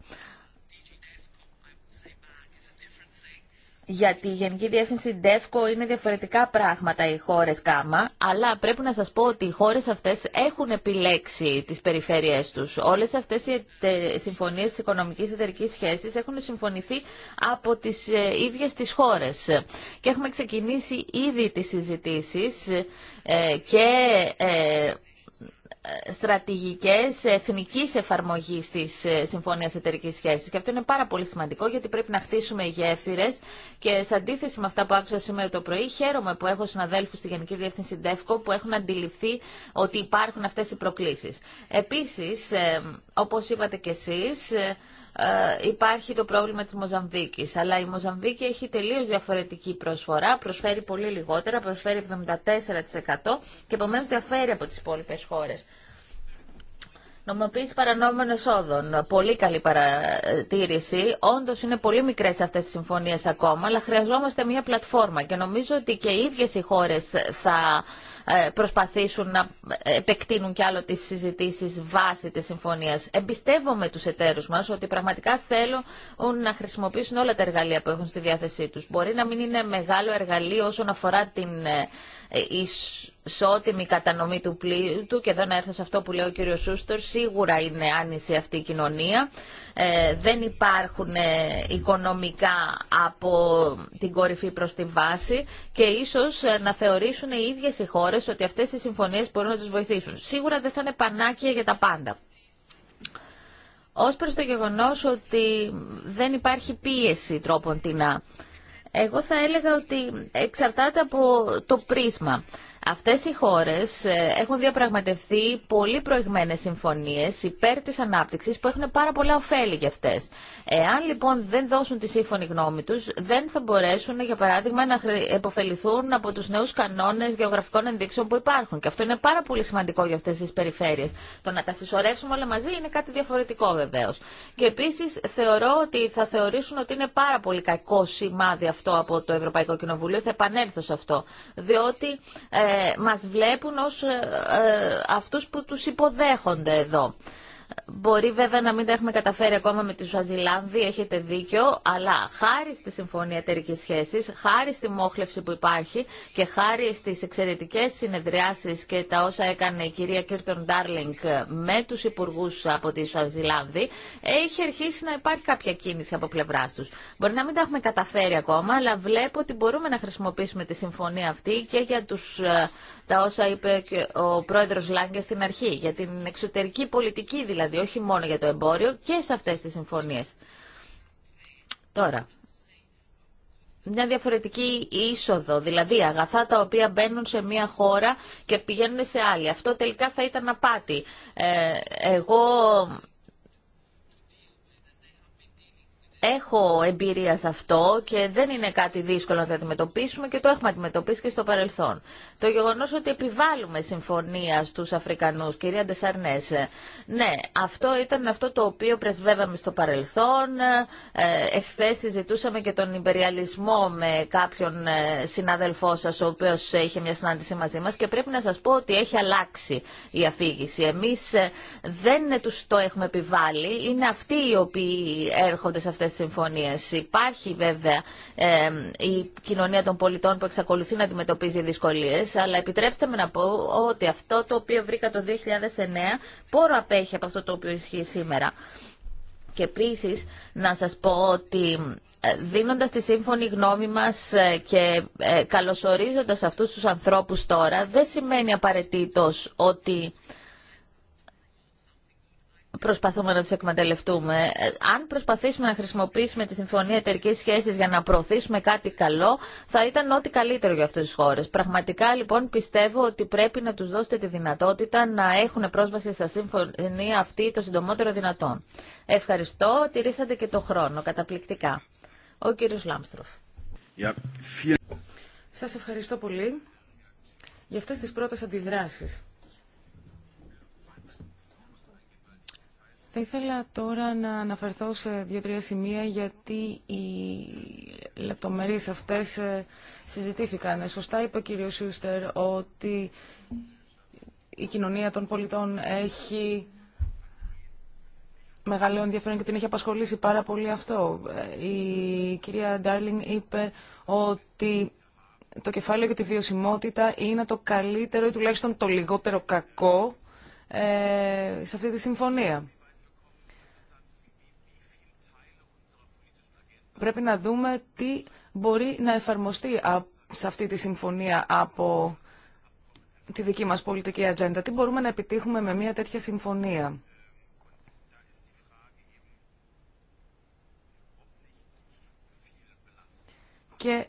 Γιατί η Γενική Διεύθυνση ΔΕΦΚΟ είναι διαφορετικά πράγματα οι χώρες ΚΑΜΑ, αλλά πρέπει να σας πω ότι οι χώρες αυτές έχουν επιλέξει τις περιφέρειές τους. Όλες αυτές οι συμφωνίες τη οικονομικής εταιρική σχέσης έχουν συμφωνηθεί από τις ε, ίδιες τις χώρες. Και έχουμε ξεκινήσει ήδη τι συζητήσει. Ε, και ε, στρατηγικές εθνικής εφαρμογής της ε, Συμφωνίας Εταιρικής σχέση Και αυτό είναι πάρα πολύ σημαντικό γιατί πρέπει να χτίσουμε γέφυρες και σε αντίθεση με αυτά που άκουσα σήμερα το πρωί χαίρομαι που έχω συναδέλφους στη Γενική Διεύθυνση ΔΕΦΚΟ που έχουν αντιληφθεί ότι υπάρχουν αυτές οι προκλήσεις. Επίσης, ε, όπως είπατε κι εσείς, ε, ε, υπάρχει το πρόβλημα της Μοζαμβίκης. Αλλά η Μοζαμβίκη έχει τελείως διαφορετική προσφορά, προσφέρει πολύ λιγότερα, προσφέρει 74% και επομένως διαφέρει από τις υπόλοιπε χώρες. Νομοποίηση παρανόμων εσόδων. Πολύ καλή παρατήρηση. Όντω είναι πολύ μικρέ αυτέ τι συμφωνίε ακόμα, αλλά χρειαζόμαστε μια πλατφόρμα και νομίζω ότι και οι ίδιε οι χώρε θα ε, προσπαθήσουν να επεκτείνουν κι άλλο τις συζητήσεις βάσει της συμφωνίας. Εμπιστεύομαι τους εταίρους μας ότι πραγματικά θέλουν να χρησιμοποιήσουν όλα τα εργαλεία που έχουν στη διάθεσή τους. Μπορεί να μην είναι μεγάλο εργαλείο όσον αφορά την ε, ισότιμη κατανομή του πλοίου του και εδώ να έρθω σε αυτό που λέει ο κύριος Σούστορ, σίγουρα είναι άνηση αυτή η κοινωνία. Ε, δεν υπάρχουν ε, οικονομικά από την κορυφή προς τη βάση και ίσως ε, να θεωρήσουν οι ίδιες οι χώρες ότι αυτές οι συμφωνίες μπορούν να τους βοηθήσουν. Σίγουρα δεν θα είναι πανάκια για τα πάντα. Ως προς το γεγονός ότι δεν υπάρχει πίεση τρόπον την εγώ θα έλεγα ότι εξαρτάται από το πρίσμα. Αυτές οι χώρες ε, έχουν διαπραγματευτεί πολύ προηγμένες συμφωνίες υπέρ της ανάπτυξης που έχουν πάρα πολλά ωφέλη για αυτές. Εάν λοιπόν δεν δώσουν τη σύμφωνη γνώμη τους, δεν θα μπορέσουν για παράδειγμα να επωφεληθούν από τους νέους κανόνες γεωγραφικών ενδείξεων που υπάρχουν. Και αυτό είναι πάρα πολύ σημαντικό για αυτές τις περιφέρειες. Το να τα συσσωρεύσουμε όλα μαζί είναι κάτι διαφορετικό βεβαίω. Και επίσης θεωρώ ότι θα θεωρήσουν ότι είναι πάρα πολύ κακό σημάδι αυτό από το Ευρωπαϊκό Κοινοβουλίο. Θα επανέλθω σε αυτό. Διότι ε, μας βλέπουν ως ε, ε, αυτούς που τους υποδέχονται εδώ. Μπορεί βέβαια να μην τα έχουμε καταφέρει ακόμα με τη Σουαζιλάνδη, έχετε δίκιο, αλλά χάρη στη Συμφωνία Εταιρική Σχέση, χάρη στη μόχλευση που υπάρχει και χάρη στι εξαιρετικέ συνεδριάσει και τα όσα έκανε η κυρία Κίρτον Ντάρλινγκ με του υπουργού από τη Σουαζιλάνδη, έχει αρχίσει να υπάρχει κάποια κίνηση από πλευρά του. Μπορεί να μην τα έχουμε καταφέρει ακόμα, αλλά βλέπω ότι μπορούμε να χρησιμοποιήσουμε τη συμφωνία αυτή και για του ε, τα όσα είπε ο πρόεδρος Λάγκε στην αρχή, για την εξωτερική πολιτική δηλαδή, όχι μόνο για το εμπόριο και σε αυτές τις συμφωνίες. Τώρα, μια διαφορετική είσοδο, δηλαδή αγαθά τα οποία μπαίνουν σε μια χώρα και πηγαίνουν σε άλλη. Αυτό τελικά θα ήταν απάτη. Ε, εγώ έχω εμπειρία σε αυτό και δεν είναι κάτι δύσκολο να το αντιμετωπίσουμε και το έχουμε αντιμετωπίσει και στο παρελθόν. Το γεγονό ότι επιβάλλουμε συμφωνία στου Αφρικανού, κυρία Ντεσαρνέσε, ναι, αυτό ήταν αυτό το οποίο πρεσβεύαμε στο παρελθόν. Ε, Εχθέ συζητούσαμε και τον υπεριαλισμό με κάποιον ε, συνάδελφό σα, ο οποίο είχε μια συνάντηση μαζί μα και πρέπει να σα πω ότι έχει αλλάξει η αφήγηση. Εμεί ε, δεν του το έχουμε επιβάλει, είναι αυτοί οι οποίοι έρχονται σε αυτέ συμφωνίες. Υπάρχει βέβαια η κοινωνία των πολιτών που εξακολουθεί να αντιμετωπίζει δυσκολίες, αλλά επιτρέψτε με να πω ότι αυτό το οποίο βρήκα το 2009 πόρο απέχει από αυτό το οποίο ισχύει σήμερα. Και επίση να σας πω ότι ε, δίνοντας τη σύμφωνη γνώμη μας ε, και ε, καλωσορίζοντας αυτούς τους ανθρώπους τώρα, δεν σημαίνει απαραίτητο ότι προσπαθούμε να του εκμεταλλευτούμε. Ε, αν προσπαθήσουμε να χρησιμοποιήσουμε τη Συμφωνία Εταιρική Σχέση για να προωθήσουμε κάτι καλό, θα ήταν ό,τι καλύτερο για αυτέ τι χώρε. Πραγματικά λοιπόν πιστεύω ότι πρέπει να του δώσετε τη δυνατότητα να έχουν πρόσβαση στα Συμφωνία αυτή το συντομότερο δυνατόν. Ευχαριστώ. Τηρήσατε και το χρόνο. Καταπληκτικά. Ο κύριο Λάμστροφ. Yeah. Σας ευχαριστώ πολύ για αυτέ τι πρώτε αντιδράσει. Θα ήθελα τώρα να αναφερθώ σε δύο-τρία σημεία γιατί οι λεπτομέρειες αυτές ε, συζητήθηκαν. Σωστά είπε ο κύριος Σούστερ ότι η κοινωνία των πολιτών έχει μεγάλο ενδιαφέρον και την έχει απασχολήσει πάρα πολύ αυτό. Ε, η κυρία Ντάρλινγκ είπε ότι το κεφάλαιο για τη βιωσιμότητα είναι το καλύτερο ή τουλάχιστον το λιγότερο κακό ε, σε αυτή τη συμφωνία. πρέπει να δούμε τι μπορεί να εφαρμοστεί σε αυτή τη συμφωνία από τη δική μας πολιτική ατζέντα. Τι μπορούμε να επιτύχουμε με μια τέτοια συμφωνία. Και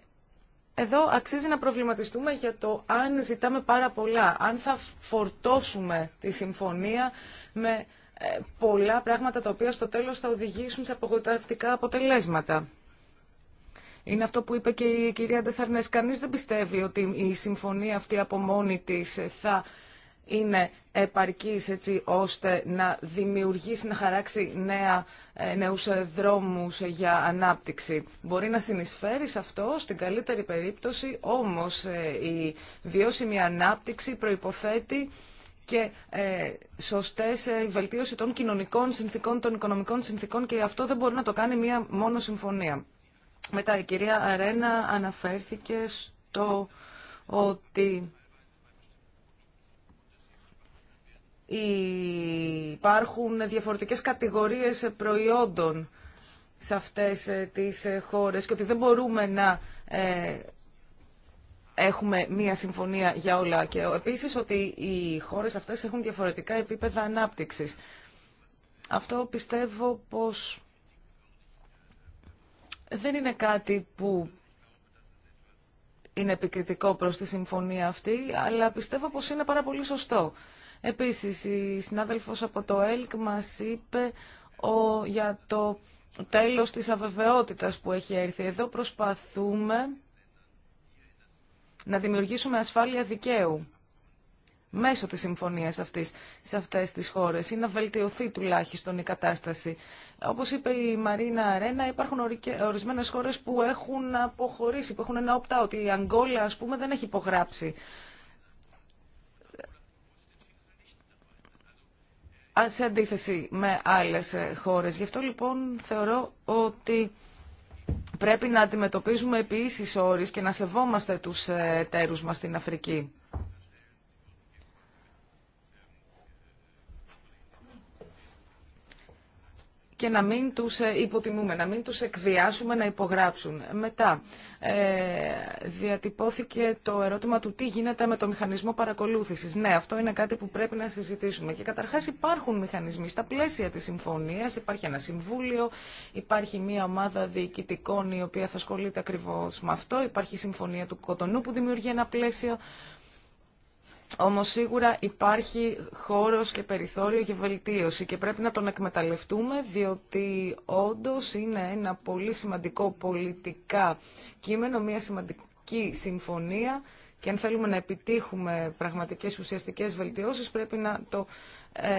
εδώ αξίζει να προβληματιστούμε για το αν ζητάμε πάρα πολλά, αν θα φορτώσουμε τη συμφωνία με ε, πολλά πράγματα τα οποία στο τέλος θα οδηγήσουν σε απογοητευτικά αποτελέσματα. Είναι αυτό που είπε και η κυρία Ντεσσαρνές. Κανείς δεν πιστεύει ότι η συμφωνία αυτή από μόνη της θα είναι επαρκής έτσι ώστε να δημιουργήσει, να χαράξει νέα, ε, νέους δρόμους για ανάπτυξη. Μπορεί να συνεισφέρει σε αυτό στην καλύτερη περίπτωση, όμως ε, η βιώσιμη ανάπτυξη προϋποθέτει και ε, σωστές ε, βελτίωση των κοινωνικών συνθήκων, των οικονομικών συνθήκων και αυτό δεν μπορεί να το κάνει μία μόνο συμφωνία. Μετά η κυρία Αρένα αναφέρθηκε στο ότι υπάρχουν διαφορετικές κατηγορίες προϊόντων σε αυτές ε, τις ε, χώρες και ότι δεν μπορούμε να ε, έχουμε μία συμφωνία για όλα και επίσης ότι οι χώρες αυτές έχουν διαφορετικά επίπεδα ανάπτυξης. Αυτό πιστεύω πως δεν είναι κάτι που είναι επικριτικό προς τη συμφωνία αυτή, αλλά πιστεύω πως είναι πάρα πολύ σωστό. Επίσης, η συνάδελφος από το ΕΛΚ μας είπε ο, για το τέλος της αβεβαιότητας που έχει έρθει. Εδώ προσπαθούμε να δημιουργήσουμε ασφάλεια δικαίου μέσω της συμφωνίας αυτής σε αυτές τις χώρες ή να βελτιωθεί τουλάχιστον η κατάσταση. Όπως είπε η Μαρίνα Αρένα, υπάρχουν ορισμένες χώρες που έχουν αποχωρήσει, που έχουν ένα opt-out. Η Αγγόλα, ας πούμε, δεν έχει υπογράψει. σε αντίθεση με άλλες ε, χώρες. Γι' αυτό λοιπόν θεωρώ ότι πρέπει να αντιμετωπίζουμε επίσης όρις και να σεβόμαστε τους ε, εταίρους μας στην Αφρική. και να μην τους ε, υποτιμούμε, να μην τους εκβιάσουμε να υπογράψουν. Μετά, ε, διατυπώθηκε το ερώτημα του τι γίνεται με το μηχανισμό παρακολούθησης. Ναι, αυτό είναι κάτι που πρέπει να συζητήσουμε. Και καταρχάς υπάρχουν μηχανισμοί στα πλαίσια της συμφωνίας, υπάρχει ένα συμβούλιο, υπάρχει μια ομάδα διοικητικών η οποία θα ασχολείται ακριβώς με αυτό, υπάρχει η συμφωνία του Κοτονού που δημιουργεί ένα πλαίσιο όμως σίγουρα υπάρχει χώρος και περιθώριο για βελτίωση και πρέπει να τον εκμεταλλευτούμε διότι όντως είναι ένα πολύ σημαντικό πολιτικά κείμενο, μια σημαντική συμφωνία και αν θέλουμε να επιτύχουμε πραγματικές ουσιαστικές βελτιώσεις πρέπει να το ε,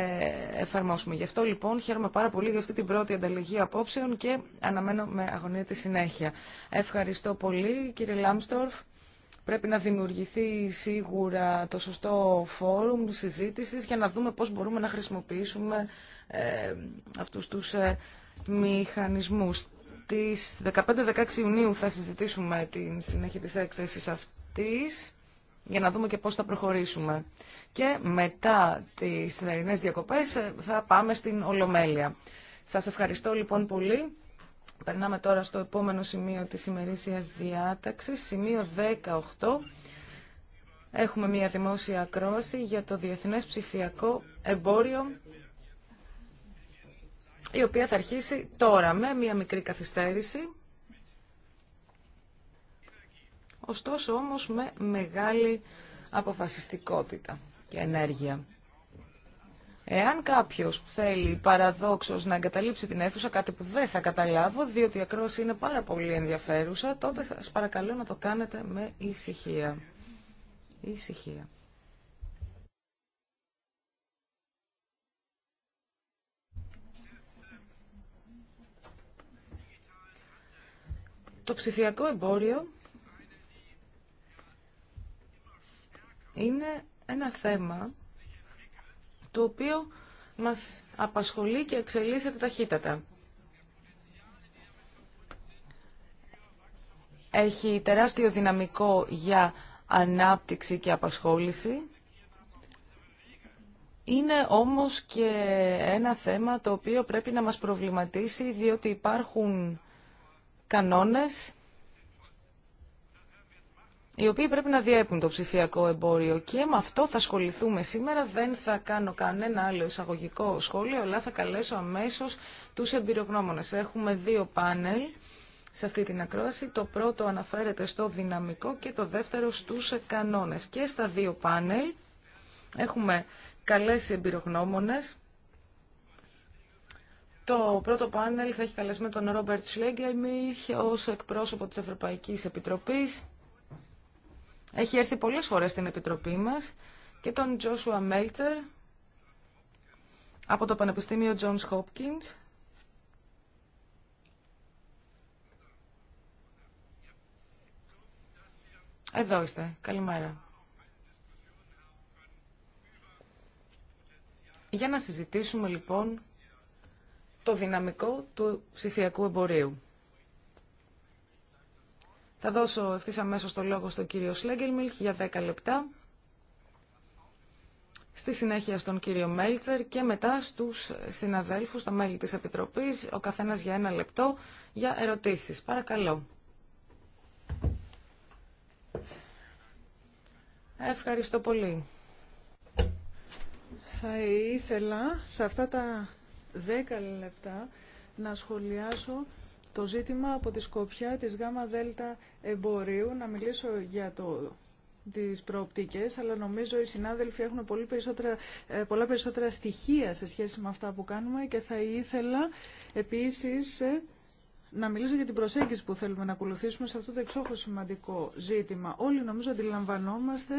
εφαρμόσουμε. Γι' αυτό λοιπόν χαίρομαι πάρα πολύ για αυτή την πρώτη ανταλλαγή απόψεων και αναμένω με αγωνία τη συνέχεια. Ευχαριστώ πολύ κύριε Λάμστορφ. Πρέπει να δημιουργηθεί σίγουρα το σωστό φόρουμ συζήτησης για να δούμε πώς μπορούμε να χρησιμοποιήσουμε ε, αυτούς τους ε, μηχανισμούς. Τις 15-16 Ιουνίου θα συζητήσουμε την συνέχεια της έκθεσης αυτής για να δούμε και πώς θα προχωρήσουμε. Και μετά τις θερινές διακοπές ε, θα πάμε στην Ολομέλεια. Σας ευχαριστώ λοιπόν πολύ. Περνάμε τώρα στο επόμενο σημείο της ημερήσιας διάταξης, σημείο 18. Έχουμε μια δημόσια ακρόαση για το Διεθνές Ψηφιακό Εμπόριο, η οποία θα αρχίσει τώρα με μια μικρή καθυστέρηση, ωστόσο όμως με μεγάλη αποφασιστικότητα και ενέργεια. Εάν κάποιος θέλει παραδόξω να εγκαταλείψει την αίθουσα, κάτι που δεν θα καταλάβω, διότι η ακρόαση είναι πάρα πολύ ενδιαφέρουσα, τότε σας παρακαλώ να το κάνετε με ησυχία. Ησυχία. Το ψηφιακό εμπόριο είναι ένα θέμα το οποίο μας απασχολεί και εξελίσσεται ταχύτατα. Έχει τεράστιο δυναμικό για ανάπτυξη και απασχόληση. Είναι όμως και ένα θέμα το οποίο πρέπει να μας προβληματίσει, διότι υπάρχουν κανόνες οι οποίοι πρέπει να διέπουν το ψηφιακό εμπόριο. Και με αυτό θα ασχοληθούμε σήμερα. Δεν θα κάνω κανένα άλλο εισαγωγικό σχόλιο, αλλά θα καλέσω αμέσως τους εμπειρογνώμονες. Έχουμε δύο πάνελ σε αυτή την ακρόαση. Το πρώτο αναφέρεται στο δυναμικό και το δεύτερο στους κανόνες. Και στα δύο πάνελ έχουμε καλέσει εμπειρογνώμονες. Το πρώτο πάνελ θα έχει καλέσει με τον Ρόμπερτ Σλέγκερμιλχ ως εκπρόσωπο της Ευρωπαϊκής Επιτροπής έχει έρθει πολλές φορές στην Επιτροπή μας και τον Τζόσουα Μέλτσερ από το Πανεπιστήμιο Johns Hopkins Εδώ είστε. Καλημέρα. Για να συζητήσουμε λοιπόν το δυναμικό του ψηφιακού εμπορίου. Θα δώσω ευθύ αμέσω το λόγο στον κύριο Σλέγγελμιλχ για 10 λεπτά. Στη συνέχεια στον κύριο Μέλτσερ και μετά στους συναδέλφους, τα μέλη της Επιτροπής, ο καθένας για ένα λεπτό για ερωτήσεις. Παρακαλώ. Ευχαριστώ πολύ. Θα ήθελα σε αυτά τα 10 λεπτά να σχολιάσω το ζήτημα από τη σκοπιά της ΓΑΜΑ ΔΕΛΤΑ εμπορίου, να μιλήσω για το τις προοπτικές, αλλά νομίζω οι συνάδελφοι έχουν πολύ περισσότερα, ε, πολλά περισσότερα στοιχεία σε σχέση με αυτά που κάνουμε και θα ήθελα επίσης ε, να μιλήσω για την προσέγγιση που θέλουμε να ακολουθήσουμε σε αυτό το εξόχως σημαντικό ζήτημα. Όλοι νομίζω αντιλαμβανόμαστε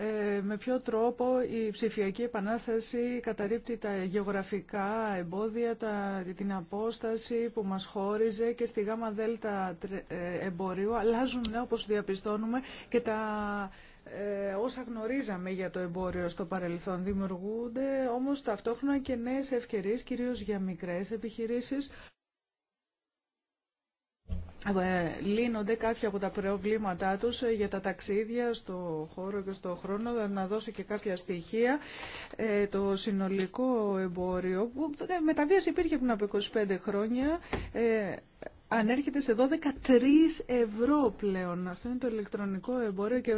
ε, με ποιο τρόπο η ψηφιακή επανάσταση καταρρύπτει τα γεωγραφικά εμπόδια, τα, την απόσταση που μας χώριζε και στη γάμα δέλτα ε, εμπορίου αλλάζουν, όπως διαπιστώνουμε, και τα ε, όσα γνωρίζαμε για το εμπόριο στο παρελθόν. Δημιουργούνται όμως ταυτόχρονα και νέες ευκαιρίες, κυρίως για μικρές επιχειρήσεις. Ε, λύνονται κάποια από τα προβλήματά τους ε, για τα ταξίδια στο χώρο και στο χρόνο. Να δώσω και κάποια στοιχεία. Ε, το συνολικό εμπόριο, που μεταβίαση υπήρχε πριν από 25 χρόνια, ανέρχεται σε 12-3 ευρώ πλέον. Αυτό είναι το ηλεκτρονικό εμπόριο και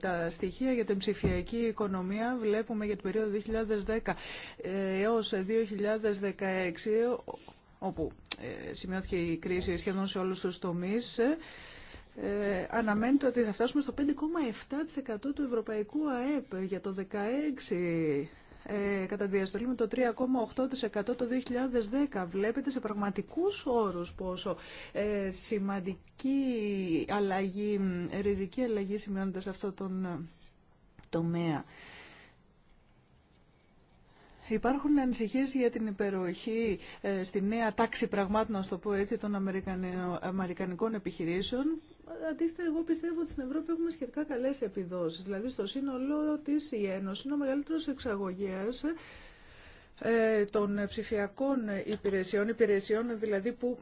τα στοιχεία για την ψηφιακή οικονομία βλέπουμε για την περίοδο 2010 έως 2016 όπου ε, σημειώθηκε η κρίση σχεδόν σε όλους τους τομείς, ε, αναμένεται ότι θα φτάσουμε στο 5,7% του ευρωπαϊκού ΑΕΠ για το 2016 ε, κατά διαστολή με το 3,8% το 2010. Βλέπετε σε πραγματικούς όρους πόσο ε, σημαντική αλλαγή, ριζική αλλαγή σημειώνεται σε αυτό τον ε, τομέα. Υπάρχουν ανησυχίες για την υπεροχή ε, στη νέα τάξη πραγμάτων, να το πω έτσι, των αμερικανικών επιχειρήσεων. Αντίθετα, εγώ πιστεύω ότι στην Ευρώπη έχουμε σχετικά καλές επιδόσεις. Δηλαδή, στο σύνολό της η Ένωση είναι ο μεγαλύτερος εξαγωγέας ε, των ψηφιακών υπηρεσιών, υπηρεσιών δηλαδή που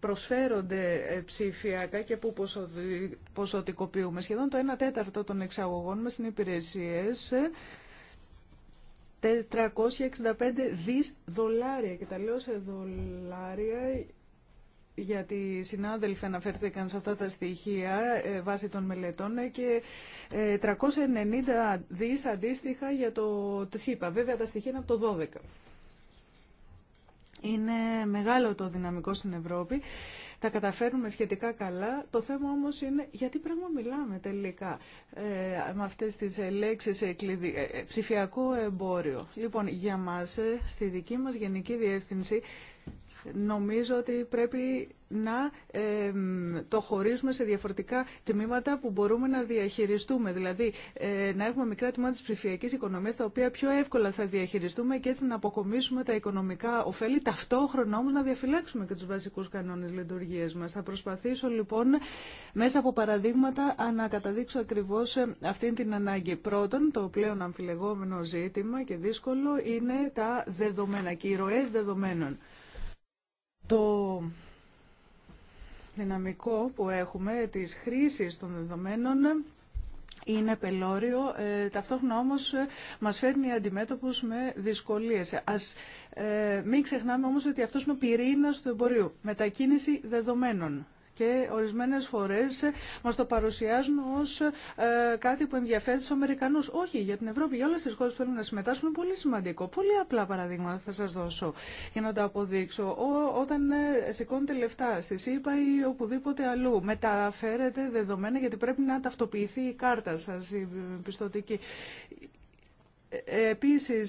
προσφέρονται ε, ψηφιακά και που ποσοτικοποιούμε. Σχεδόν το 1 τέταρτο των εξαγωγών μας είναι υπηρεσίες 465 δις δολάρια και τα λέω σε δολάρια γιατί οι συνάδελφοι αναφέρθηκαν σε αυτά τα στοιχεία ε, βάσει των μελετών ε, και 390 ε, δις αντίστοιχα για το ΣΥΠΑ. Βέβαια τα στοιχεία είναι από το 12. Είναι μεγάλο το δυναμικό στην Ευρώπη τα καταφέρνουμε σχετικά καλά. Το θέμα όμως είναι γιατί πράγμα μιλάμε τελικά ε, με αυτές τις ε, λέξεις ε, ψηφιακό εμπόριο. Λοιπόν, για μας, στη δική μας Γενική Διεύθυνση, Νομίζω ότι πρέπει να ε, το χωρίσουμε σε διαφορετικά τμήματα που μπορούμε να διαχειριστούμε. Δηλαδή, ε, να έχουμε μικρά τμήματα τη ψηφιακή οικονομία, τα οποία πιο εύκολα θα διαχειριστούμε και έτσι να αποκομίσουμε τα οικονομικά ωφέλη, ταυτόχρονα όμω να διαφυλάξουμε και του βασικού κανόνε λειτουργία μα. Θα προσπαθήσω λοιπόν μέσα από παραδείγματα να καταδείξω ακριβώ ε, αυτή την ανάγκη. Πρώτον, το πλέον αμφιλεγόμενο ζήτημα και δύσκολο είναι τα δεδομένα και οι ροέ δεδομένων. Το δυναμικό που έχουμε της χρήσης των δεδομένων είναι πελώριο, ε, ταυτόχρονα όμως ε, μας φέρνει αντιμέτωπους με δυσκολίες. Ας ε, μην ξεχνάμε όμως ότι αυτός είναι ο πυρήνας του εμπορίου, μετακίνηση δεδομένων και ορισμένες φορές μας το παρουσιάζουν ως ε, κάτι που ενδιαφέρει τους Αμερικανούς. Όχι, για την Ευρώπη, για όλες τις χώρες που θέλουν να συμμετάσχουν είναι πολύ σημαντικό. Πολύ απλά παραδείγματα θα σας δώσω για να το αποδείξω. όταν ε, σηκώνετε λεφτά στη ΣΥΠΑ ή οπουδήποτε αλλού, μεταφέρετε δεδομένα γιατί πρέπει να ταυτοποιηθεί η κάρτα σας, η πιστοτική. Επίση,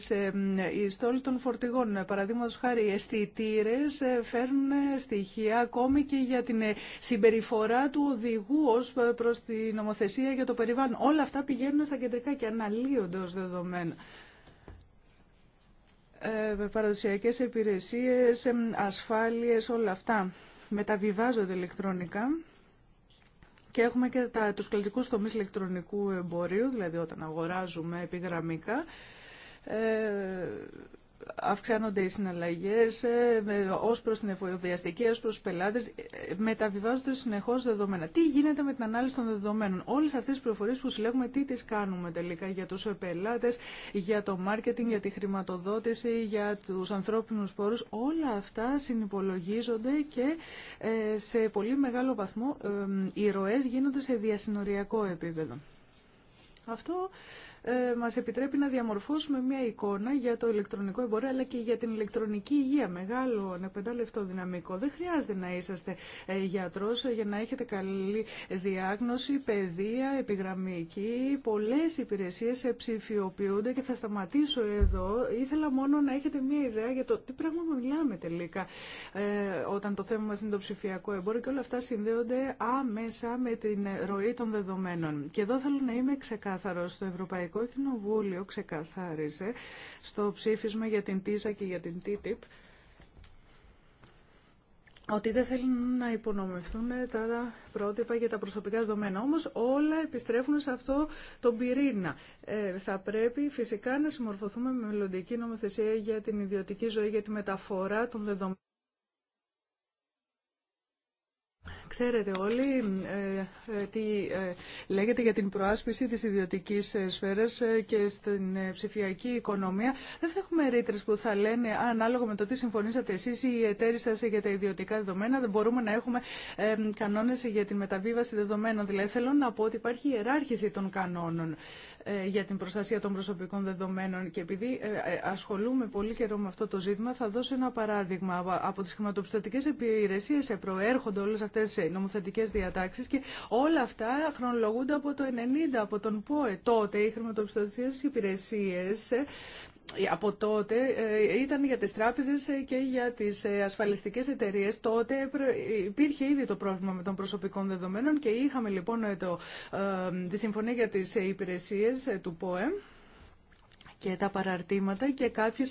οι στόλοι των φορτηγών, παραδείγματο χάρη, οι αισθητήρε ε, φέρνουν στοιχεία ακόμη και για την ε, συμπεριφορά του οδηγού ω ε, προς τη νομοθεσία για το περιβάλλον. Όλα αυτά πηγαίνουν στα κεντρικά και αναλύονται ω δεδομένα παραδοσιακές υπηρεσίε, ασφάλειες, όλα αυτά μεταβιβάζονται ηλεκτρονικά. Και έχουμε και τα, τους κλασικούς τομείς ηλεκτρονικού εμπορίου, δηλαδή όταν αγοράζουμε επιγραμμικά, ε, αυξάνονται οι συναλλαγές ε, ως προς την εφοδιαστική, ως προς τους πελάτες, ε, μεταβιβάζονται συνεχώς δεδομένα. Τι γίνεται με την ανάλυση των δεδομένων. Όλες αυτές τις πληροφορίες που συλλέγουμε, τι τις κάνουμε τελικά για τους πελάτες, για το μάρκετινγκ, για τη χρηματοδότηση, για τους ανθρώπινους πόρους, όλα αυτά συνυπολογίζονται και ε, σε πολύ μεγάλο βαθμό οι ροές γίνονται σε διασυνοριακό επίπεδο. Αυτό ε, μας επιτρέπει να διαμορφώσουμε μια εικόνα για το ηλεκτρονικό εμπόριο αλλά και για την ηλεκτρονική υγεία. Μεγάλο ανεπενταλευτό, δυναμικό. Δεν χρειάζεται να είσαστε ε, γιατρός ε, για να έχετε καλή διάγνωση, παιδεία, επιγραμμική. Πολλές υπηρεσίες ψηφιοποιούνται και θα σταματήσω εδώ. Ήθελα μόνο να έχετε μια ιδέα για το τι πράγμα μιλάμε τελικά όταν το θέμα μας είναι το ψηφιακό εμπόριο και όλα αυτά συνδέονται άμεσα με την ροή των δεδομένων. Και εδώ θέλω να είμαι ξεκάθαρο στο ευρωπαϊκό Ευρωπαϊκό Κοινοβούλιο ξεκαθάριζε στο ψήφισμα για την ΤΙΖΑ και για την ΤΙΤΙΠ ότι δεν θέλουν να υπονομευθούν τα πρότυπα για τα προσωπικά δεδομένα. Όμως όλα επιστρέφουν σε αυτό τον πυρήνα. Ε, θα πρέπει φυσικά να συμμορφωθούμε με μελλοντική νομοθεσία για την ιδιωτική ζωή, για τη μεταφορά των δεδομένων Ξέρετε όλοι ε, ε, τι ε, λέγεται για την προάσπιση της ιδιωτικής σφαίρας και στην ψηφιακή οικονομία. Δεν θα έχουμε ρήτρε που θα λένε ανάλογα με το τι συμφωνήσατε εσείς ή οι εταίροι σας για τα ιδιωτικά δεδομένα. Δεν μπορούμε να έχουμε κανόνες για την μεταβίβαση δεδομένων. Δηλαδή θέλω να πω ότι υπάρχει ιεράρχηση των κανόνων. Ε, για την προστασία των προσωπικών δεδομένων και επειδή ε, ε, ασχολούμαι πολύ καιρό με αυτό το ζήτημα θα δώσω ένα παράδειγμα. Από τις χρηματοπιστωτικές υπηρεσίες προέρχονται όλες αυτές οι νομοθετικές διατάξεις και όλα αυτά χρονολογούνται από το 90, από τον ΠΟΕ. Τότε οι χρηματοπιστωτικές υπηρεσίες ε, από τότε ε, ήταν για τις τράπεζες ε, και για τις ασφαλιστικές εταιρείες. Τότε υπήρχε ήδη το πρόβλημα με των προσωπικών δεδομένων και είχαμε λοιπόν το, τη συμφωνία για τις υπηρεσίες του ΠΟΕΜ και τα παραρτήματα και κάποιε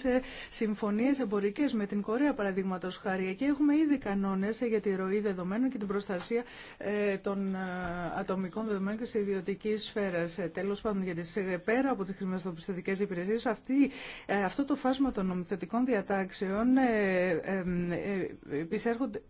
συμφωνίε εμπορικέ με την Κορέα παραδείγματο χάρη. και έχουμε ήδη κανόνε για τη ροή δεδομένων και την προστασία ε, των ε, ατομικών δεδομένων και τη ιδιωτική σφαίρα. Ε, Τέλο πάντων, γιατί πέρα από τι χρηματοπιστωτικέ υπηρεσίε, αυτό το φάσμα των νομοθετικών διατάξεων επισέρχονται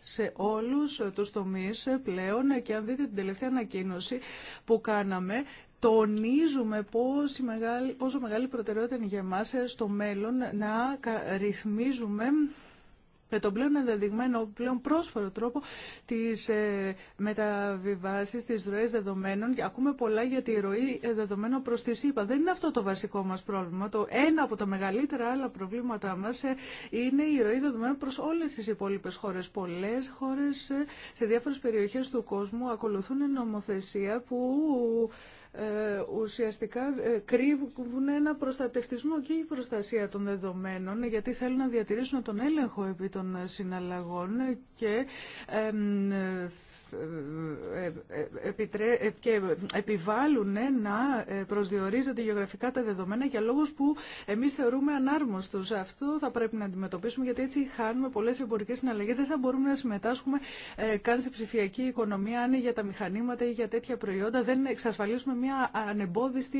σε όλους τους τομείς πλέον και αν δείτε την τελευταία ανακοίνωση που κάναμε τονίζουμε πόσο μεγάλη, πόσο μεγάλη προτεραιότητα είναι για εμάς ε, στο μέλλον να ρυθμίζουμε με τον πλέον ενδεδειγμένο, πλέον πρόσφορο τρόπο τις ε, μεταβιβάσεις, τις ροές δεδομένων. ακούμε πολλά για τη ροή ε, δεδομένων προς τη ΣΥΠΑ. Δεν είναι αυτό το βασικό μας πρόβλημα. Το ένα από τα μεγαλύτερα άλλα προβλήματά μας ε, είναι η ροή δεδομένων προς όλες τις υπόλοιπες χώρες. Πολλές χώρες σε διάφορες περιοχές του κόσμου ακολουθούν νομοθεσία που ε, ουσιαστικά ε, κρύβουν ένα προστατευτισμό και η προστασία των δεδομένων γιατί θέλουν να διατηρήσουν τον έλεγχο επί των συναλλαγών και και επιβάλλουν να ε, προσδιορίζονται γεωγραφικά τα δεδομένα για λόγους που εμείς θεωρούμε ανάρμοστου. Αυτό θα πρέπει να αντιμετωπίσουμε γιατί έτσι χάνουμε πολλές εμπορικές συναλλαγές. Δεν θα μπορούμε να συμμετάσχουμε ε, καν σε ψηφιακή οικονομία αν για τα μηχανήματα ή για τέτοια προϊόντα δεν εξασφαλίσουμε μια ανεμπόδιστη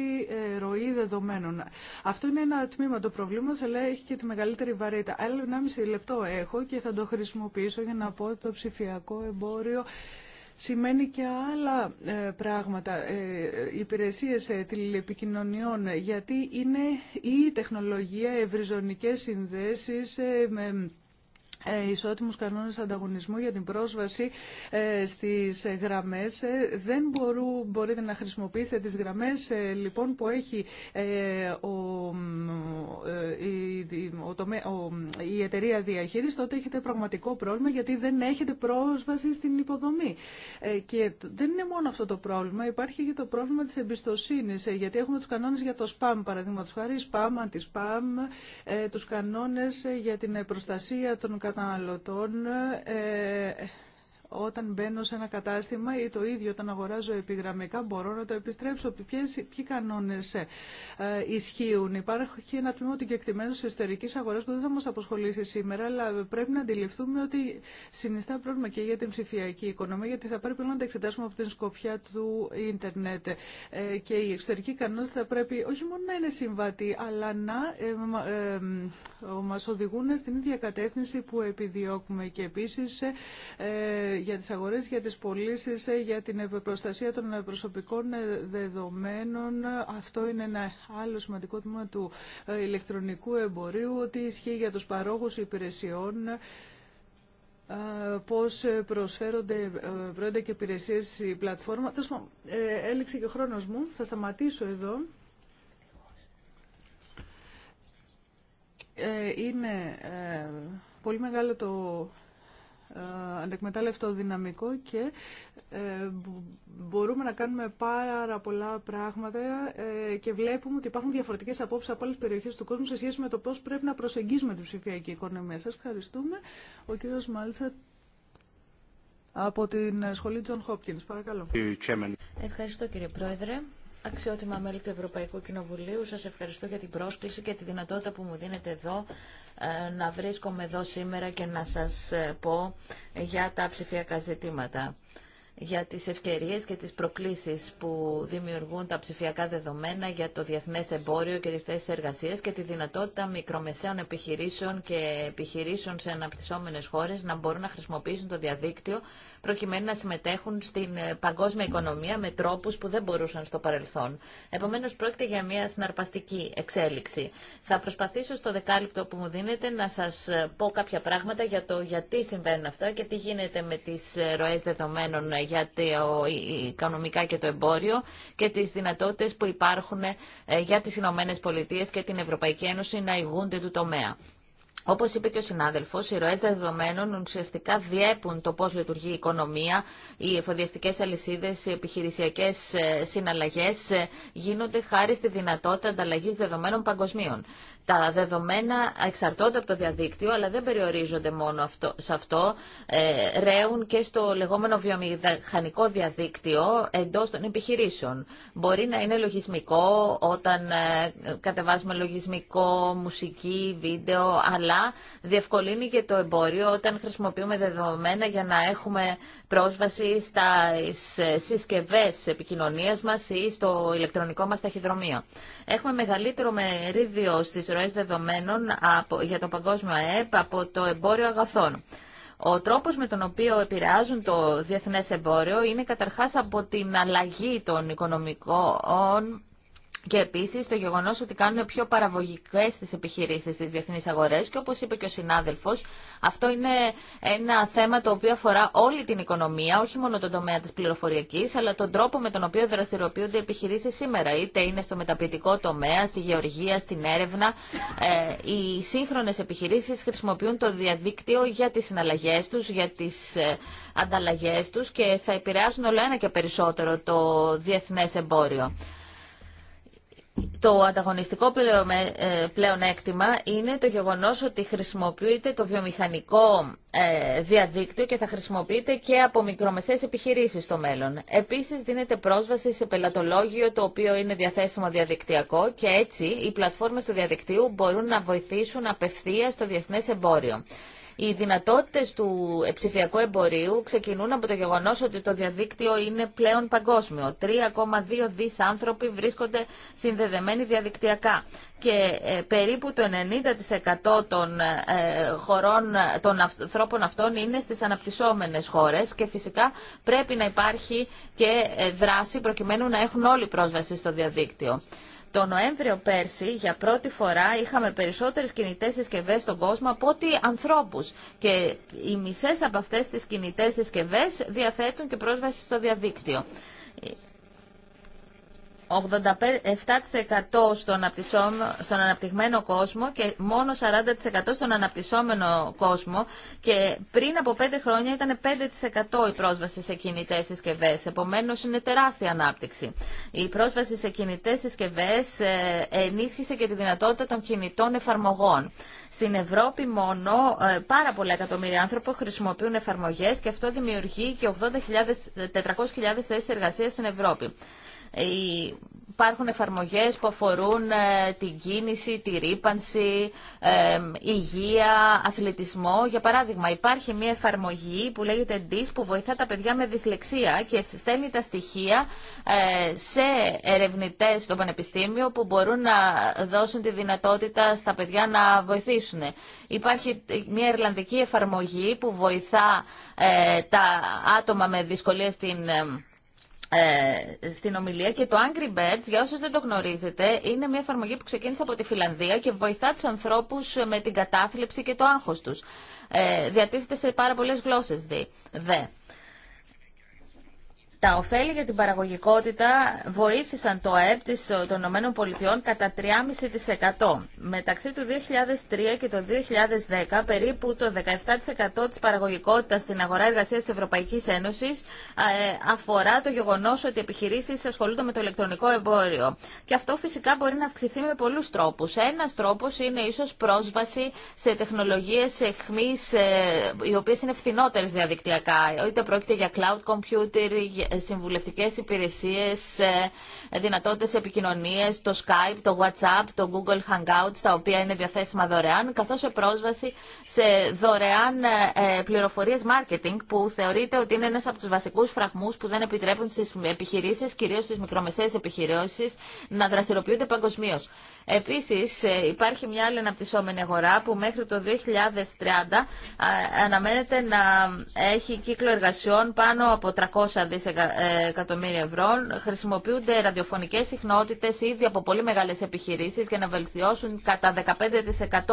ε, ροή δεδομένων. Αυτό είναι ένα τμήμα του πρόβλημα αλλά έχει και τη μεγαλύτερη βαρύτητα. Άλλο 1,5 λεπτό έχω και θα το χρησιμοποιήσω για να πω το ψηφιακό εμπόριο σημαίνει και άλλα ε, πράγματα, ε, υπηρεσίες ε, τηλεπικοινωνιών, γιατί είναι η τεχνολογία, ευρυζωνικές συνδέσεις με ε, ισότιμους κανόνες ανταγωνισμού για την πρόσβαση ε, στις γραμμές. Ε, δεν μπορού, μπορείτε να χρησιμοποιήσετε τις γραμμές λοιπόν που έχει ο, η, η εταιρεία διαχείρισης, τότε έχετε πραγματικό πρόβλημα γιατί δεν έχετε πρόσβαση στην υποδομή. και δεν είναι μόνο αυτό το πρόβλημα, υπάρχει και το πρόβλημα της εμπιστοσύνης, γιατί έχουμε τους κανόνες για το spam, παραδείγματος χάρη, spam, anti-spam, τους κανόνες για την προστασία των καταναλωτών ε, όταν μπαίνω σε ένα κατάστημα ή το ίδιο όταν αγοράζω επιγραμμικά μπορώ να το επιστρέψω. Ποιες, ποιοι κανόνε ε, ισχύουν. Υπάρχει ένα τμήμα του κεκτημένου τη εσωτερική αγορά που δεν θα μα αποσχολήσει σήμερα, αλλά πρέπει να αντιληφθούμε ότι συνιστά πρόβλημα και για την ψηφιακή οικονομία, γιατί θα πρέπει να τα εξετάσουμε από την σκοπιά του ίντερνετ. Ε, και οι εξωτερικοί κανόνε θα πρέπει όχι μόνο να είναι συμβατοί, αλλά να ε, μα οδηγούν στην ίδια κατεύθυνση που επιδιώκουμε. Και επίση για τις αγορές, για τις πωλήσει, ε, για την προστασία των προσωπικών ε, δεδομένων. Αυτό είναι ένα άλλο σημαντικό τμήμα του ε, ηλεκτρονικού εμπορίου, ότι ισχύει για τους παρόχους υπηρεσιών πώς προσφέρονται προϊόντα και υπηρεσίες η πλατφόρμα. Έληξε και ο χρόνος μου. Θα σταματήσω εδώ. Είναι πολύ μεγάλο το ε, ανεκμετάλλευτο δυναμικό και ε, μπορούμε να κάνουμε πάρα πολλά πράγματα ε, και βλέπουμε ότι υπάρχουν διαφορετικές απόψεις από άλλες περιοχές του κόσμου σε σχέση με το πώς πρέπει να προσεγγίσουμε την ψηφιακή οικονομία. Σας ευχαριστούμε. Ο κύριος Μάλιστα από την Σχολή Τζον Χόπκινς. Παρακαλώ. Ευχαριστώ κύριε Πρόεδρε. Αξιότιμα μέλη του Ευρωπαϊκού Κοινοβουλίου, σας ευχαριστώ για την πρόσκληση και τη δυνατότητα που μου δίνετε εδώ ε, να βρίσκομαι εδώ σήμερα και να σας ε, πω για τα ψηφιακά ζητήματα για τις ευκαιρίες και τις προκλήσεις που δημιουργούν τα ψηφιακά δεδομένα για το διεθνές εμπόριο και τις θέσεις εργασίας και τη δυνατότητα μικρομεσαίων επιχειρήσεων και επιχειρήσεων σε αναπτυσσόμενες χώρες να μπορούν να χρησιμοποιήσουν το διαδίκτυο προκειμένου να συμμετέχουν στην παγκόσμια οικονομία με τρόπους που δεν μπορούσαν στο παρελθόν. Επομένως, πρόκειται για μια συναρπαστική εξέλιξη. Θα προσπαθήσω στο δεκάλυπτο που μου δίνετε να σας πω κάποια πράγματα για το γιατί συμβαίνουν αυτά και τι γίνεται με τις ροές δεδομένων για τα οικονομικά και το εμπόριο και τις δυνατότητες που υπάρχουν ε, για τις Ηνωμένε Πολιτείε και την Ευρωπαϊκή Ένωση να ηγούνται του τομέα. Όπω είπε και ο συνάδελφο, οι ροέ δεδομένων ουσιαστικά διέπουν το πώ λειτουργεί η οικονομία, οι εφοδιαστικέ αλυσίδε, οι επιχειρησιακέ ε, συναλλαγέ ε, γίνονται χάρη στη δυνατότητα ανταλλαγή δεδομένων παγκοσμίων. Τα δεδομένα εξαρτώνται από το διαδίκτυο, αλλά δεν περιορίζονται μόνο αυτό, σε αυτό. Ε, ρέουν και στο λεγόμενο βιομηχανικό διαδίκτυο εντό των επιχειρήσεων. Μπορεί να είναι λογισμικό όταν ε, κατεβάζουμε λογισμικό, μουσική, βίντεο, αλλά διευκολύνει και το εμπόριο όταν χρησιμοποιούμε δεδομένα για να έχουμε πρόσβαση στα ε, συσκευέ επικοινωνία μα ή στο ηλεκτρονικό μα ταχυδρομείο. Έχουμε μεγαλύτερο μερίδιο ροές δεδομένων από, για το παγκόσμιο ΑΕΠ από το εμπόριο αγαθών. Ο τρόπος με τον οποίο επηρεάζουν το διεθνές εμπόριο είναι καταρχάς από την αλλαγή των οικονομικών και επίση, το γεγονό ότι κάνουν πιο παραγωγικέ τι επιχειρήσει στις διεθνεί αγορέ, και όπω είπε και ο συνάδελφο, αυτό είναι ένα θέμα το οποίο αφορά όλη την οικονομία, όχι μόνο τον τομέα τη πληροφοριακή, αλλά τον τρόπο με τον οποίο δραστηριοποιούνται οι επιχειρήσει σήμερα, είτε είναι στο μεταπληκτικό τομέα, στη γεωργία, στην έρευνα. Ε, οι σύγχρονε επιχειρήσει χρησιμοποιούν το διαδίκτυο για τι συναλλαγές του, για τις ε, ανταλλαγέ του και θα επηρεάσουν όλο ένα και περισσότερο το διεθνέ εμπόριο. Το ανταγωνιστικό πλέον ε, έκτημα είναι το γεγονός ότι χρησιμοποιείται το βιομηχανικό ε, διαδίκτυο και θα χρησιμοποιείται και από μικρομεσαίες επιχειρήσεις στο μέλλον. Επίσης δίνεται πρόσβαση σε πελατολόγιο το οποίο είναι διαθέσιμο διαδικτυακό και έτσι οι πλατφόρμες του διαδικτύου μπορούν να βοηθήσουν απευθεία στο διεθνές εμπόριο. Οι δυνατότητες του ψηφιακού εμπορίου ξεκινούν από το γεγονός ότι το διαδίκτυο είναι πλέον παγκόσμιο. 3,2 δι άνθρωποι βρίσκονται συνδεδεμένοι διαδικτυακά και ε, περίπου το 90% των ε, χωρών των ανθρώπων αυτών είναι στις αναπτυσσόμενες χώρες και φυσικά πρέπει να υπάρχει και ε, δράση προκειμένου να έχουν όλοι πρόσβαση στο διαδίκτυο. Το Νοέμβριο πέρσι για πρώτη φορά είχαμε περισσότερες κινητές συσκευέ στον κόσμο από ό,τι ανθρώπους και οι μισές από αυτές τις κινητές συσκευέ διαθέτουν και πρόσβαση στο διαδίκτυο. 87% στον, αναπτυγμένο κόσμο και μόνο 40% στον αναπτυσσόμενο κόσμο και πριν από 5 χρόνια ήταν 5% η πρόσβαση σε κινητές συσκευές. Επομένως είναι τεράστια ανάπτυξη. Η πρόσβαση σε κινητές συσκευές ε, ενίσχυσε και τη δυνατότητα των κινητών εφαρμογών. Στην Ευρώπη μόνο ε, πάρα πολλά εκατομμύρια άνθρωποι χρησιμοποιούν εφαρμογές και αυτό δημιουργεί και 400.000 θέσεις εργασίας στην Ευρώπη. Ε, υπάρχουν εφαρμογές που αφορούν ε, την κίνηση, τη ρήπανση, ε, υγεία, αθλητισμό. Για παράδειγμα, υπάρχει μια εφαρμογή που λέγεται DIS που βοηθά τα παιδιά με δυσλεξία και στέλνει τα στοιχεία σε ερευνητές στο πανεπιστήμιο που μπορούν να δώσουν τη δυνατότητα στα παιδιά να βοηθήσουν. Υπάρχει μια Ιρλανδική εφαρμογή που βοηθά τα άτομα με δυσκολίες στην ε, στην ομιλία και το Angry Birds, για όσους δεν το γνωρίζετε, είναι μια εφαρμογή που ξεκίνησε από τη Φιλανδία και βοηθά τους ανθρώπους με την κατάθλιψη και το άγχος τους. Ε, διατίθεται σε πάρα πολλές γλώσσες δε. Τα ωφέλη για την παραγωγικότητα βοήθησαν το ΑΕΠ ε, των ΗΠΑ κατά 3,5%. Μεταξύ του 2003 και το 2010 περίπου το 17% της παραγωγικότητας στην αγορά εργασίας της Ευρωπαϊκής Ένωσης ε, αφορά το γεγονός ότι οι επιχειρήσεις ασχολούνται με το ηλεκτρονικό εμπόριο. Και αυτό φυσικά μπορεί να αυξηθεί με πολλούς τρόπους. Ένας τρόπος είναι ίσως πρόσβαση σε τεχνολογίες εχμής ε, οι οποίες είναι φθηνότερες διαδικτυακά. Είτε πρόκειται για cloud computer, συμβουλευτικές υπηρεσίες, ε, δυνατότητες επικοινωνίες, το Skype, το WhatsApp, το Google Hangouts, τα οποία είναι διαθέσιμα δωρεάν, καθώς σε πρόσβαση σε δωρεάν ε, ε, πληροφορίες marketing, που θεωρείται ότι είναι ένας από τους βασικούς φραγμούς που δεν επιτρέπουν στις επιχειρήσεις, κυρίως στις μικρομεσαίες επιχειρήσεις, να δραστηριοποιούνται παγκοσμίω. Επίσης, υπάρχει μια άλλη αναπτυσσόμενη αγορά που μέχρι το 2030 αναμένεται να έχει κύκλο εργασιών πάνω από 300 δισεκατομμύρια ε, εκατομμύρια ευρώ. Χρησιμοποιούνται ραδιοφωνικές συχνότητες ήδη από πολύ μεγάλες επιχειρήσεις για να βελτιώσουν κατά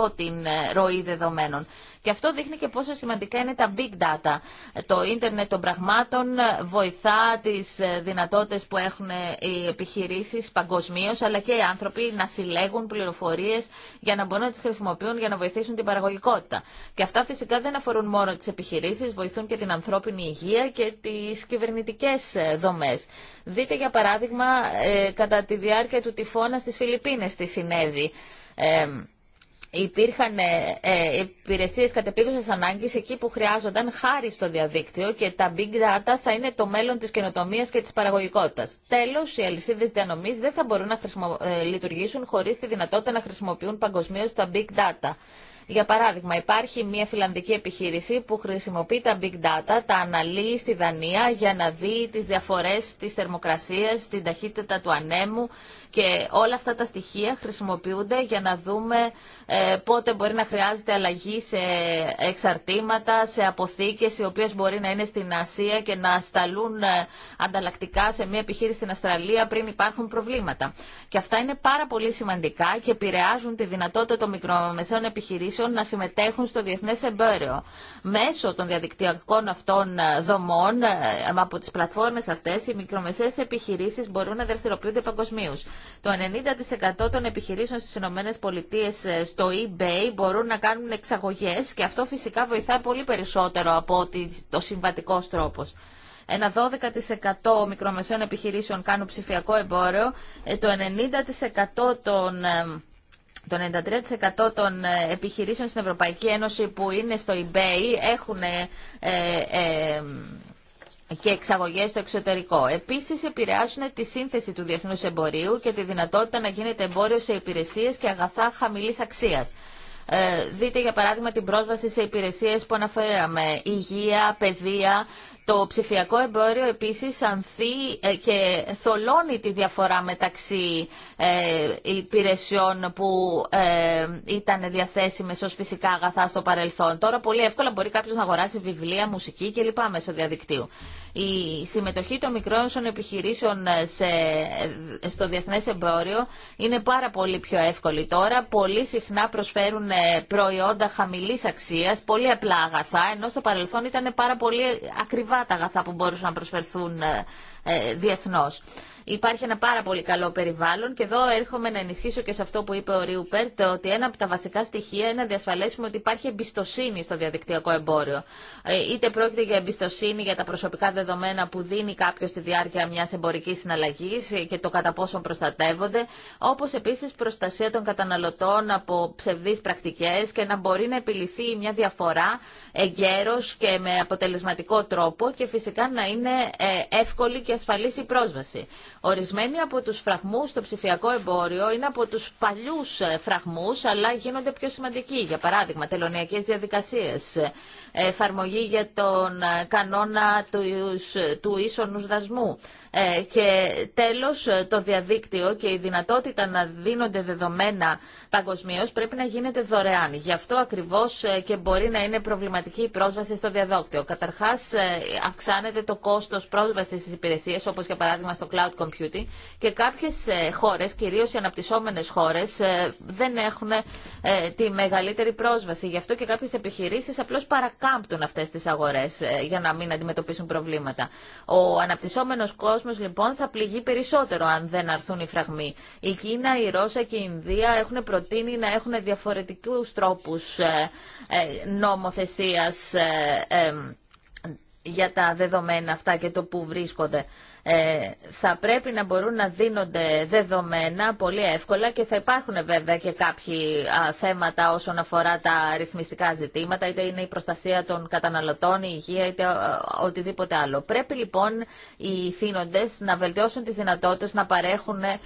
15% την ε, ροή δεδομένων. Και αυτό δείχνει και πόσο σημαντικά είναι τα big data. Το ίντερνετ των πραγμάτων ε, βοηθά τις δυνατότητες που έχουν οι επιχειρήσεις παγκοσμίω, αλλά και οι άνθρωποι να συλλέγουν πληροφορίες για να μπορούν να τις χρησιμοποιούν για να βοηθήσουν την παραγωγικότητα. Και αυτά φυσικά δεν αφορούν μόνο τις επιχειρήσεις, βοηθούν και την ανθρώπινη υγεία και τις κυβερνητικέ. Ε, Δείτε για παράδειγμα ε, κατά τη διάρκεια του τυφώνα στις Φιλιππίνες τι συνέβη. Ε, υπήρχαν ε, υπηρεσίες κατεπίγουσας ανάγκης εκεί που χρειάζονταν χάρη στο διαδίκτυο και τα big data θα είναι το μέλλον της καινοτομία και της παραγωγικότητας. Τέλος, οι αλυσίδες διανομής δεν θα μπορούν να λειτουργήσουν χωρίς τη δυνατότητα να χρησιμοποιούν παγκοσμίως τα big data. Για παράδειγμα, υπάρχει μια φιλανδική επιχείρηση που χρησιμοποιεί τα big data, τα αναλύει στη Δανία για να δει τις διαφορές της θερμοκρασίας, την ταχύτητα του ανέμου και όλα αυτά τα στοιχεία χρησιμοποιούνται για να δούμε ε, πότε μπορεί να χρειάζεται αλλαγή σε εξαρτήματα, σε αποθήκες οι οποίες μπορεί να είναι στην Ασία και να σταλούν ε, ανταλλακτικά σε μια επιχείρηση στην Αυστραλία πριν υπάρχουν προβλήματα. Και αυτά είναι πάρα πολύ σημαντικά και επηρεάζουν τη δυνατότητα των μικρομεσαίων επιχειρήσεων να συμμετέχουν στο διεθνές εμπόριο. Μέσω των διαδικτυακών αυτών ε, δομών από τις πλατφόρμες αυτές οι μικρομεσαίες επιχειρήσεις μπορούν να δραστηριοποιούνται παγκοσμίω. Το 90% των επιχειρήσεων στις ΗΠΑ ε, στο eBay μπορούν να κάνουν εξαγωγέ και αυτό φυσικά βοηθάει πολύ περισσότερο από το συμβατικό τρόπος. Ένα 12% μικρομεσαίων επιχειρήσεων κάνουν ψηφιακό εμπόριο, ε, το 90% των ε, το 93% των επιχειρήσεων στην Ευρωπαϊκή Ένωση που είναι στο eBay έχουν και εξαγωγέ στο εξωτερικό. Επίση, επηρεάζουν τη σύνθεση του διεθνού εμπορίου και τη δυνατότητα να γίνεται εμπόριο σε υπηρεσίε και αγαθά χαμηλή αξία. Ε, δείτε για παράδειγμα την πρόσβαση σε υπηρεσίες που αναφέραμε, υγεία, παιδεία, το ψηφιακό εμπόριο επίσης ανθεί ε, και θολώνει τη διαφορά μεταξύ ε, υπηρεσιών που ε, ήταν διαθέσιμες ως φυσικά αγαθά στο παρελθόν. Τώρα πολύ εύκολα μπορεί κάποιος να αγοράσει βιβλία, μουσική κλπ. μέσω διαδικτύου. Η συμμετοχή των μικρών επιχειρήσεων ε, σε, ε, στο διεθνές εμπόριο είναι πάρα πολύ πιο εύκολη τώρα. Πολύ συχνά προσφέρουν ε, προϊόντα χαμηλής αξίας, πολύ απλά αγαθά, ενώ στο παρελθόν ήταν πάρα πολύ ακριβά τα αγαθά που μπορούσαν να προσφερθούν διεθνώς. Υπάρχει ένα πάρα πολύ καλό περιβάλλον και εδώ έρχομαι να ενισχύσω και σε αυτό που είπε ο Ριουπέρτ ότι ένα από τα βασικά στοιχεία είναι να διασφαλέσουμε ότι υπάρχει εμπιστοσύνη στο διαδικτυακό εμπόριο. Ε, είτε πρόκειται για εμπιστοσύνη για τα προσωπικά δεδομένα που δίνει κάποιο στη διάρκεια μια εμπορική συναλλαγή ε, και το κατά πόσο προστατεύονται, όπω επίση προστασία των καταναλωτών από ψευδεί πρακτικέ και να μπορεί να επιληθεί μια διαφορά εγκαίρω και με αποτελεσματικό τρόπο και φυσικά να είναι ε, εύκολη και ασφαλή η πρόσβαση. Ορισμένοι από τους φραγμούς στο ψηφιακό εμπόριο είναι από τους παλιούς ε, φραγμούς, αλλά γίνονται πιο σημαντικοί. Για παράδειγμα, τελωνιακές διαδικασίες, εφαρμογή για τον ε, κανόνα του, ίσονου ίσονους δασμού. Ε, και τέλος, ε, το διαδίκτυο και η δυνατότητα να δίνονται δεδομένα παγκοσμίω πρέπει να γίνεται δωρεάν. Γι' αυτό ακριβώς και μπορεί να είναι προβληματική η πρόσβαση στο διαδόκτυο. Καταρχάς, αυξάνεται το κόστος πρόσβασης στις υπηρεσίες, όπως για παράδειγμα στο cloud computing, και κάποιες χώρες, κυρίως οι αναπτυσσόμενες χώρες, δεν έχουν τη μεγαλύτερη πρόσβαση. Γι' αυτό και κάποιες επιχειρήσεις απλώς κάμπτουν αυτές τις αγορές ε, για να μην αντιμετωπίσουν προβλήματα. Ο αναπτυσσόμενο κόσμο λοιπόν θα πληγεί περισσότερο αν δεν αρθούν οι φραγμοί. Η Κίνα, η Ρώσα και η Ινδία έχουν προτείνει να έχουν διαφορετικού τρόπου ε, ε, νομοθεσία για τα δεδομένα αυτά και το που βρίσκονται. Ε, θα πρέπει να μπορούν να δίνονται δεδομένα πολύ εύκολα και θα υπάρχουν βέβαια και κάποιοι θέματα όσον αφορά τα ρυθμιστικά ζητήματα, είτε είναι η προστασία των καταναλωτών, η υγεία, είτε οτιδήποτε άλλο. Πρέπει λοιπόν οι θύνοντες να βελτιώσουν τις δυνατότητες να παρέχουν ε,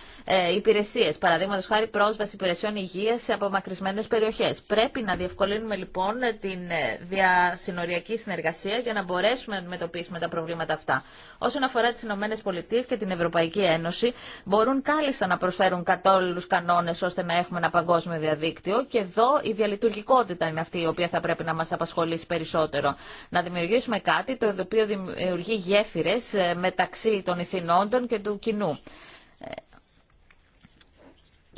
υπηρεσίες, παραδείγματος χάρη πρόσβαση υπηρεσιών υγείας σε απομακρυσμένες περιοχές. Πρέπει να διευκολύνουμε λοιπόν την ε, διασυνοριακή συνεργασία για να μπορέσουμε να αντιμετωπίσουμε τα προβλήματα αυτά. Όσον αφορά τις Ηνωμένες Πολιτείες και την Ευρωπαϊκή Ένωση μπορούν κάλλιστα να προσφέρουν κατόλους κανόνες ώστε να έχουμε ένα παγκόσμιο διαδίκτυο και εδώ η διαλειτουργικότητα είναι αυτή η οποία θα πρέπει να μας απασχολήσει περισσότερο. Να δημιουργήσουμε κάτι το οποίο δημιουργεί γέφυρες ε, μεταξύ των ηθινόντων και του κοινού. Ε,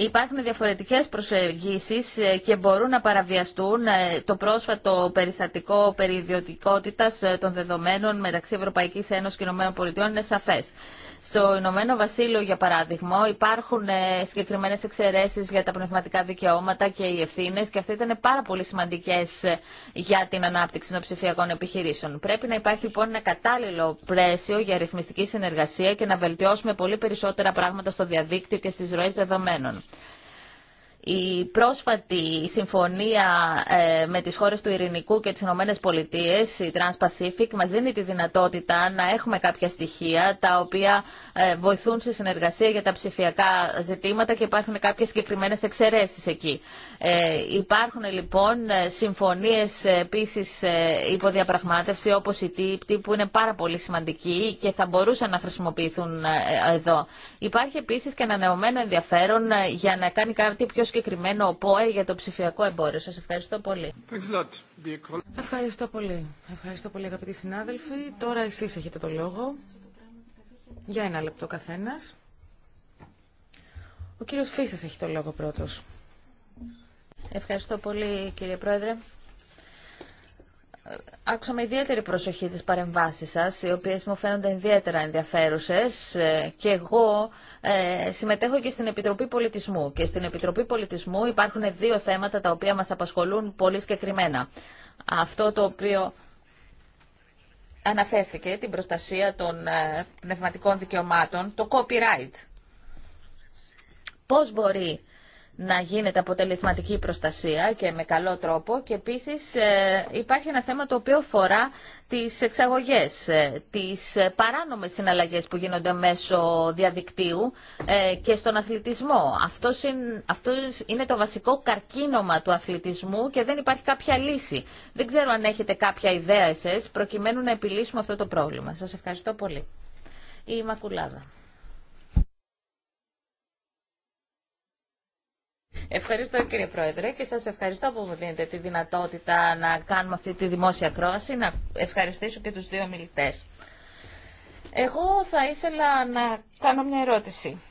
Υπάρχουν διαφορετικές προσεγγίσεις ε, και μπορούν να παραβιαστούν ε, το πρόσφατο περιστατικό ιδιωτικότητας ε, των δεδομένων μεταξύ Ευρωπαϊκής Ένωσης και ΗΠΑ είναι σαφές. Στο Ηνωμένο Βασίλειο, για παράδειγμα, υπάρχουν ε, συγκεκριμένε εξαιρέσει για τα πνευματικά δικαιώματα και οι ευθύνε και αυτέ ήταν πάρα πολύ σημαντικέ ε, για την ανάπτυξη των ψηφιακών επιχειρήσεων. Πρέπει να υπάρχει λοιπόν ένα κατάλληλο πλαίσιο για ρυθμιστική συνεργασία και να βελτιώσουμε πολύ περισσότερα πράγματα στο διαδίκτυο και στι ροέ δεδομένων. Η πρόσφατη συμφωνία ε, με τις χώρες του Ειρηνικού και τις Ηνωμένες Πολιτείες, η Trans-Pacific, μας δίνει τη δυνατότητα να έχουμε κάποια στοιχεία τα οποία ε, βοηθούν σε συνεργασία για τα ψηφιακά ζητήματα και υπάρχουν κάποιες συγκεκριμένες εξαιρέσεις εκεί. Ε, υπάρχουν λοιπόν συμφωνίες επίσης υποδιαπραγμάτευση όπως η TIPT που είναι πάρα πολύ σημαντική και θα μπορούσαν να χρησιμοποιηθούν εδώ. Υπάρχει επίσης και ένα ενδιαφέρον για να κάνει κάτι πιο συγκεκριμένο ΠΟΕ για το ψηφιακό εμπόριο. Σας ευχαριστώ πολύ. Ευχαριστώ πολύ. Ευχαριστώ πολύ αγαπητοί συνάδελφοι. Τώρα εσείς έχετε το λόγο. Για ένα λεπτό καθένας. Ο κύριος Φύσας έχει το λόγο πρώτος. Ευχαριστώ πολύ κύριε Πρόεδρε. Άκουσα με ιδιαίτερη προσοχή τις παρεμβάσεις σας, οι οποίες μου φαίνονται ιδιαίτερα ενδιαφέρουσες ε, και εγώ ε, συμμετέχω και στην Επιτροπή Πολιτισμού. Και στην Επιτροπή Πολιτισμού υπάρχουν δύο θέματα τα οποία μας απασχολούν πολύ συγκεκριμένα. Αυτό το οποίο αναφέρθηκε, την προστασία των ε, πνευματικών δικαιωμάτων, το copyright. Πώς μπορεί να γίνεται αποτελεσματική προστασία και με καλό τρόπο και επίσης ε, υπάρχει ένα θέμα το οποίο φορά τις εξαγωγές, ε, τις παράνομες συναλλαγές που γίνονται μέσω διαδικτύου ε, και στον αθλητισμό. είναι, αυτό είναι το βασικό καρκίνωμα του αθλητισμού και δεν υπάρχει κάποια λύση. Δεν ξέρω αν έχετε κάποια ιδέα εσείς προκειμένου να επιλύσουμε αυτό το πρόβλημα. Σας ευχαριστώ πολύ. Η Μακουλάδα. Ευχαριστώ κύριε Πρόεδρε και σας ευχαριστώ που μου δίνετε τη δυνατότητα να κάνουμε αυτή τη δημόσια κρόση, να ευχαριστήσω και τους δύο μιλητές. Εγώ θα ήθελα να κάνω μια ερώτηση.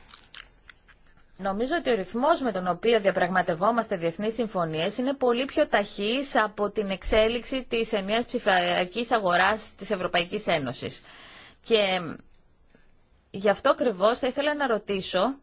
Νομίζω ότι ο ρυθμός με τον οποίο διαπραγματευόμαστε διεθνείς συμφωνίες είναι πολύ πιο ταχύς από την εξέλιξη της ενιαίας ψηφιακής αγοράς της Ευρωπαϊκής Ένωσης. Και γι' αυτό ακριβώ θα ήθελα να ρωτήσω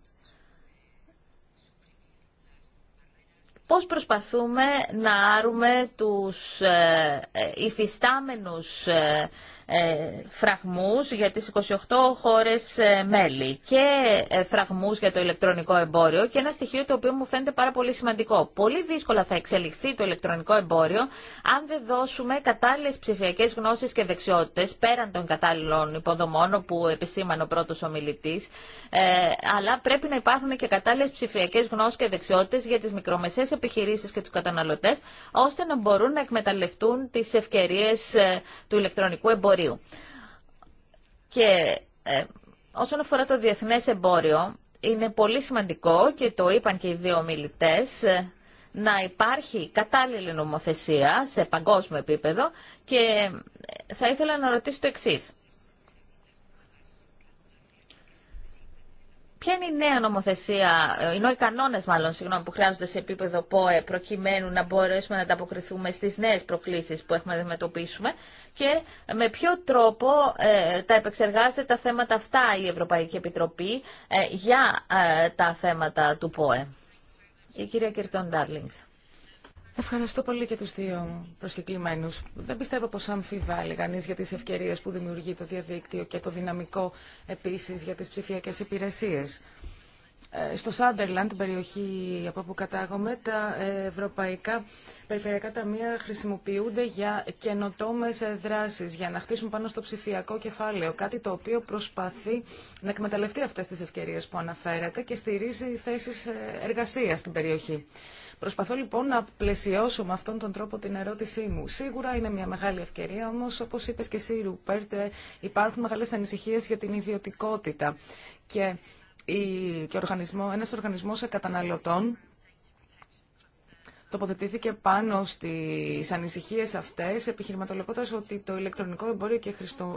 πώς προσπαθούμε να άρουμε τους ε, ε υφιστάμενους ε, ε, φραγμούς για τις 28 χώρες ε, μέλη και ε, φραγμούς για το ηλεκτρονικό εμπόριο και ένα στοιχείο το οποίο μου φαίνεται πάρα πολύ σημαντικό. Πολύ δύσκολα θα εξελιχθεί το ηλεκτρονικό εμπόριο αν δεν δώσουμε κατάλληλες ψηφιακές γνώσεις και δεξιότητες πέραν των κατάλληλων υποδομών που επισήμανε ο πρώτος ομιλητής αλλά πρέπει να υπάρχουν και κατάλληλες ψηφιακές γνώσεις και δεξιότητες για τις μικρομεσαίες επιχειρήσεις και τους καταναλωτές ώστε να μπορούν να εκμεταλλευτούν τις ευκαιρίες του ηλεκτρονικού εμπορίου και ε, όσον αφορά το διεθνές εμπόριο, είναι πολύ σημαντικό και το είπαν και οι δύο ομιλητές ε, να υπάρχει κατάλληλη νομοθεσία σε παγκόσμιο επίπεδο και ε, θα ήθελα να ρωτήσω το εξής. Ποια είναι η νέα νομοθεσία, ενώ οι κανόνε μάλλον συγγνώμη, που χρειάζονται σε επίπεδο ΠΟΕ προκειμένου να μπορέσουμε να ανταποκριθούμε στι νέε προκλήσει που έχουμε να αντιμετωπίσουμε και με ποιο τρόπο ε, τα επεξεργάζεται τα θέματα αυτά η Ευρωπαϊκή Επιτροπή ε, για ε, τα θέματα του ΠΟΕ. Η κυρία Κερτών Ντάρλινγκ. Ευχαριστώ πολύ και του δύο προσκεκλημένου. Δεν πιστεύω πως αμφιβάλλει κανεί για τι ευκαιρίε που δημιουργεί το διαδίκτυο και το δυναμικό επίση για τι ψηφιακέ υπηρεσίε. Ε, στο Σάντερλαντ, την περιοχή από όπου κατάγομαι, τα ευρωπαϊκά περιφερειακά ταμεία χρησιμοποιούνται για καινοτόμε δράσει, για να χτίσουν πάνω στο ψηφιακό κεφάλαιο. Κάτι το οποίο προσπαθεί να εκμεταλλευτεί αυτέ τι ευκαιρίε που αναφέρατε και στηρίζει θέσει ε, εργασία στην περιοχή. Προσπαθώ λοιπόν να πλαισιώσω με αυτόν τον τρόπο την ερώτησή μου. Σίγουρα είναι μια μεγάλη ευκαιρία, όμω όπω είπε και εσύ, Ρουπέρτε, υπάρχουν μεγάλε ανησυχίε για την ιδιωτικότητα. Και, η, οργανισμό, ένας οργανισμός καταναλωτών τοποθετήθηκε πάνω στι ανησυχίε αυτέ, επιχειρηματολογώντα ότι το ηλεκτρονικό εμπόριο και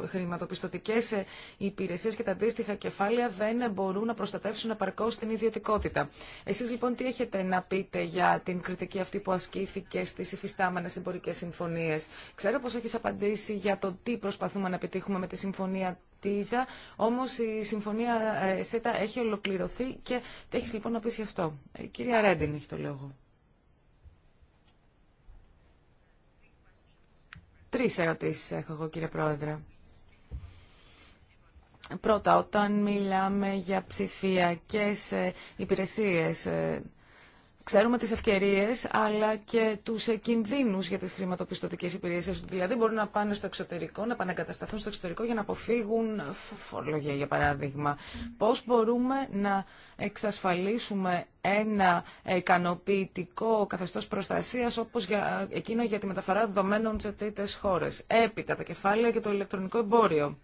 χρηματοπιστωτικέ ε, υπηρεσίε και τα αντίστοιχα κεφάλαια δεν μπορούν να προστατεύσουν επαρκώ την ιδιωτικότητα. Εσεί λοιπόν τι έχετε να πείτε για την κριτική αυτή που ασκήθηκε στι υφιστάμενε εμπορικέ συμφωνίε. Ξέρω πώ έχει απαντήσει για το τι προσπαθούμε να επιτύχουμε με τη συμφωνία ΤΙΖΑ, όμως η συμφωνία ε, ΣΕΤΑ έχει ολοκληρωθεί και τι λοιπόν να πεις γι' αυτό. Ε, κυρία Ρέντιν έχει το λόγο. Τρεις ερωτήσεις έχω εγώ κύριε Πρόεδρε. Πρώτα, όταν μιλάμε για ψηφιακές ε, υπηρεσίες, ε, Ξέρουμε τις ευκαιρίες αλλά και τους κινδύνους για τις χρηματοπιστωτικές υπηρεσίες του. Δηλαδή μπορούν να πάνε στο εξωτερικό, να επανακατασταθούν στο εξωτερικό για να αποφύγουν φορολογία για παράδειγμα. Πώς μπορούμε να εξασφαλίσουμε ένα ικανοποιητικό καθεστώς προστασίας όπως για, εκείνο για τη μεταφορά δεδομένων σε τρίτες χώρες. Έπειτα τα κεφάλαια και το ηλεκτρονικό εμπόριο.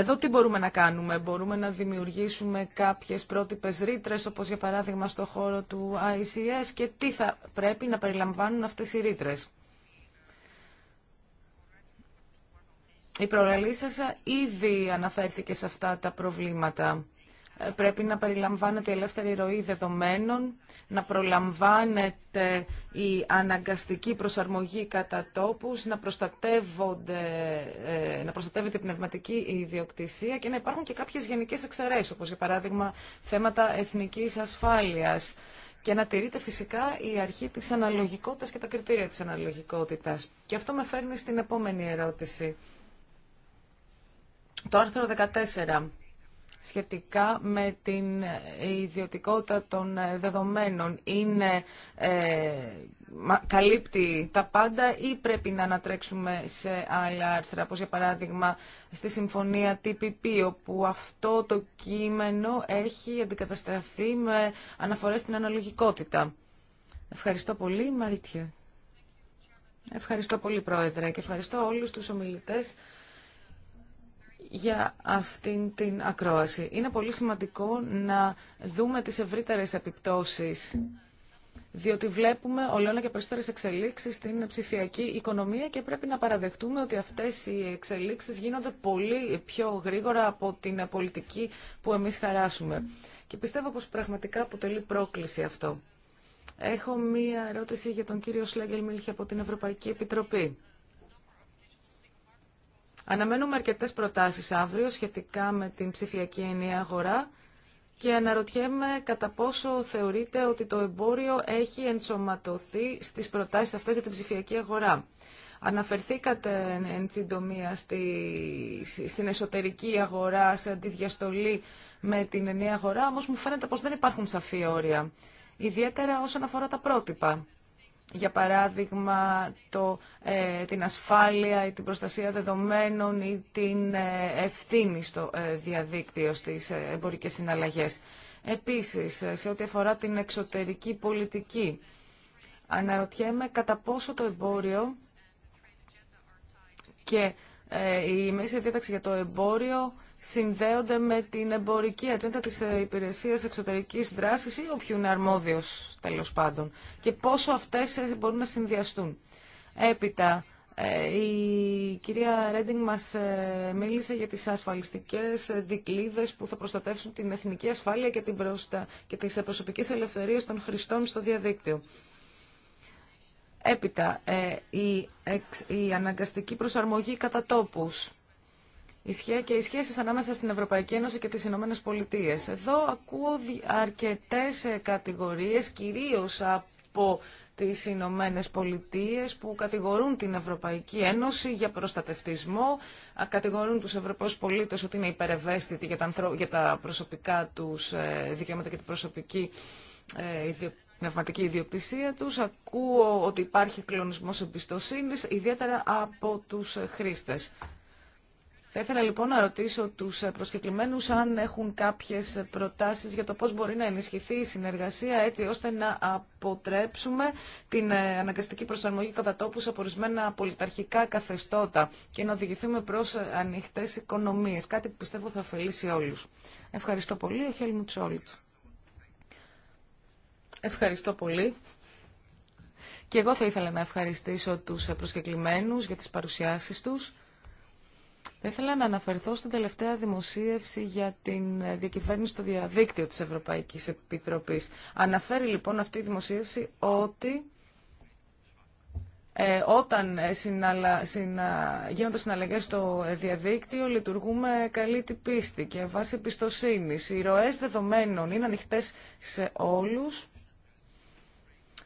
Εδώ τι μπορούμε να κάνουμε. Μπορούμε να δημιουργήσουμε κάποιες πρότυπες ρήτρε, όπως για παράδειγμα στο χώρο του ICS και τι θα πρέπει να περιλαμβάνουν αυτές οι ρήτρε. Η προλαλή σας ήδη αναφέρθηκε σε αυτά τα προβλήματα πρέπει να περιλαμβάνεται η ελεύθερη ροή δεδομένων, να προλαμβάνεται η αναγκαστική προσαρμογή κατά τόπους, να, ε, να προστατεύεται η πνευματική ιδιοκτησία και να υπάρχουν και κάποιες γενικές εξαιρέσεις, όπως για παράδειγμα θέματα εθνικής ασφάλειας και να τηρείται φυσικά η αρχή της αναλογικότητας και τα κριτήρια της αναλογικότητας. Και αυτό με φέρνει στην επόμενη ερώτηση. Το άρθρο 14 σχετικά με την ιδιωτικότητα των δεδομένων. Είναι, ε, καλύπτει τα πάντα ή πρέπει να ανατρέξουμε σε άλλα άρθρα, όπως για παράδειγμα στη Συμφωνία TPP, όπου αυτό το κείμενο έχει αντικατασταθεί με αναφορές στην αναλογικότητα. Ευχαριστώ πολύ, Μαρίτια. Ευχαριστώ πολύ, Πρόεδρε, και ευχαριστώ όλους τους ομιλητές για αυτήν την ακρόαση. Είναι πολύ σημαντικό να δούμε τις ευρύτερες επιπτώσεις, διότι βλέπουμε ολόνα και περισσότερες εξελίξεις στην ψηφιακή οικονομία και πρέπει να παραδεχτούμε ότι αυτές οι εξελίξεις γίνονται πολύ πιο γρήγορα από την πολιτική που εμείς χαράσουμε. Και πιστεύω πως πραγματικά αποτελεί πρόκληση αυτό. Έχω μία ερώτηση για τον κύριο Σλέγγελ Μίλχη από την Ευρωπαϊκή Επιτροπή. Αναμένουμε αρκετέ προτάσεις αύριο σχετικά με την ψηφιακή ενιαία αγορά και αναρωτιέμαι κατά πόσο θεωρείτε ότι το εμπόριο έχει ενσωματωθεί στις προτάσεις αυτές για την ψηφιακή αγορά. Αναφερθήκατε εν συντομία στη, στην εσωτερική αγορά, σε αντιδιαστολή με την ενιαία αγορά, όμως μου φαίνεται πως δεν υπάρχουν σαφή όρια, ιδιαίτερα όσον αφορά τα πρότυπα για παράδειγμα ε, την ασφάλεια ή την προστασία δεδομένων ή την ε, ευθύνη στο ε, διαδίκτυο στις εμπορικές συναλλαγές. Επίσης, σε ό,τι αφορά την εξωτερική πολιτική, αναρωτιέμαι κατά πόσο το εμπόριο και η μέση διάταξη για το εμπόριο συνδέονται με την εμπορική ατζέντα της υπηρεσίας εξωτερικής δράσης ή όποιου είναι αρμόδιος τέλος πάντων και πόσο αυτές μπορούν να συνδυαστούν. Έπειτα, ε, η κυρία Ρέντινγκ μας ε, μίλησε για τις ασφαλιστικές δικλίδες που θα προστατεύσουν την εθνική ασφάλεια και, την προστα... και τις προσωπικές ελευθερίες των χρηστών στο διαδίκτυο. Έπειτα, ε, η, η αναγκαστική προσαρμογή κατά τόπους και οι σχέσει ανάμεσα στην Ευρωπαϊκή Ένωση και τι Ηνωμένε Πολιτείε. Εδώ ακούω αρκετέ ε, κατηγορίε κυρίως από τι Ηνωμένε Πολιτείε που κατηγορούν την Ευρωπαϊκή Ένωση για προστατευτισμό, κατηγορούν τους Ευρωπαίους πολίτε ότι είναι υπερευαίσθητοι για τα προσωπικά τους ε, δικαιώματα και την προσωπική ε, πνευματική ιδιοκτησία τους. Ακούω ότι υπάρχει κλονισμός εμπιστοσύνης, ιδιαίτερα από τους χρήστες. Θα ήθελα λοιπόν να ρωτήσω τους προσκεκλημένους αν έχουν κάποιες προτάσεις για το πώς μπορεί να ενισχυθεί η συνεργασία έτσι ώστε να αποτρέψουμε την ε, αναγκαστική προσαρμογή κατά τόπους σε ορισμένα πολιταρχικά καθεστώτα και να οδηγηθούμε προς ε, ανοιχτές οικονομίες, κάτι που πιστεύω θα ωφελήσει όλους. Ευχαριστώ πολύ, ο Χέλμου Τσόλιτς. Ευχαριστώ πολύ. Και εγώ θα ήθελα να ευχαριστήσω τους ε, προσκεκλημένους για τις παρουσιάσεις τους. Θα ήθελα να αναφερθώ στην τελευταία δημοσίευση για την διακυβέρνηση στο διαδίκτυο της Ευρωπαϊκής Επιτροπής. Αναφέρει λοιπόν αυτή η δημοσίευση ότι ε, όταν ε, συνα... γίνονται συναλλαγές στο ε, διαδίκτυο λειτουργούμε καλή την πίστη και βάσει εμπιστοσύνη. Οι ροές δεδομένων είναι ανοιχτές σε όλους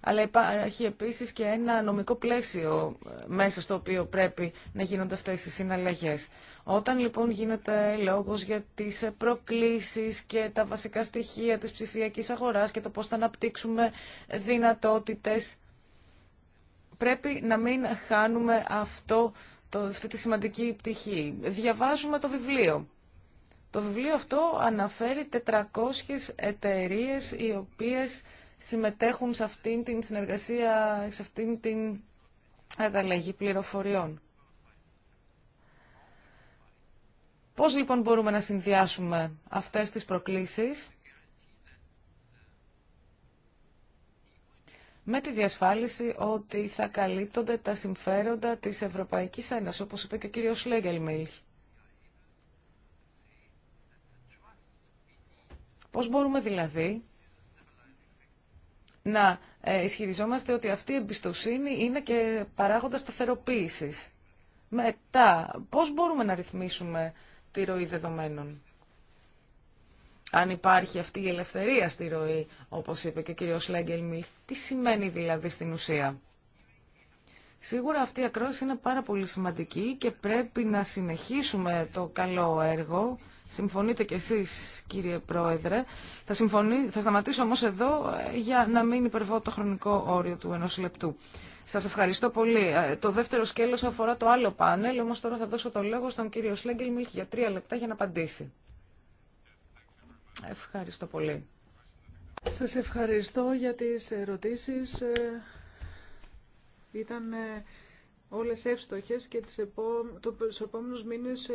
αλλά υπάρχει επίσης και ένα νομικό πλαίσιο ε, μέσα στο οποίο πρέπει να γίνονται αυτές οι συναλλαγές. Όταν λοιπόν γίνεται λόγος για τις ε, προκλήσεις και τα βασικά στοιχεία της ψηφιακής αγοράς και το πώς θα αναπτύξουμε δυνατότητες, πρέπει να μην χάνουμε αυτό, το, αυτή τη σημαντική πτυχή. Διαβάζουμε το βιβλίο. Το βιβλίο αυτό αναφέρει 400 εταιρείες οι οποίες συμμετέχουν σε αυτήν την συνεργασία, σε αυτήν την ανταλλαγή πληροφοριών. Πώς λοιπόν μπορούμε να συνδυάσουμε αυτές τις προκλήσεις με τη διασφάλιση ότι θα καλύπτονται τα συμφέροντα της Ευρωπαϊκής Ένωσης, όπως είπε και ο κύριος Πώς μπορούμε δηλαδή να ε, ισχυριζόμαστε ότι αυτή η εμπιστοσύνη είναι και παράγοντα σταθεροποίηση. Μετά, πώς μπορούμε να ρυθμίσουμε τη ροή δεδομένων. Αν υπάρχει αυτή η ελευθερία στη ροή, όπως είπε και ο κύριος Λέγκελμιλ, τι σημαίνει δηλαδή στην ουσία. Σίγουρα αυτή η ακρόαση είναι πάρα πολύ σημαντική και πρέπει να συνεχίσουμε το καλό έργο Συμφωνείτε κι εσείς κύριε Πρόεδρε. Θα, συμφωνεί, θα σταματήσω όμως εδώ ε, για να μην υπερβώ το χρονικό όριο του ενός λεπτού. Σας ευχαριστώ πολύ. Ε, το δεύτερο σκέλος αφορά το άλλο πάνελ, όμως τώρα θα δώσω το λόγο στον κύριο Σλέγγελμιλ για τρία λεπτά για να απαντήσει. Ευχαριστώ πολύ. Σας ευχαριστώ για τις ερωτήσεις. Ε, ήταν όλες εύστοχες και τις επό... τους επόμενους μήνες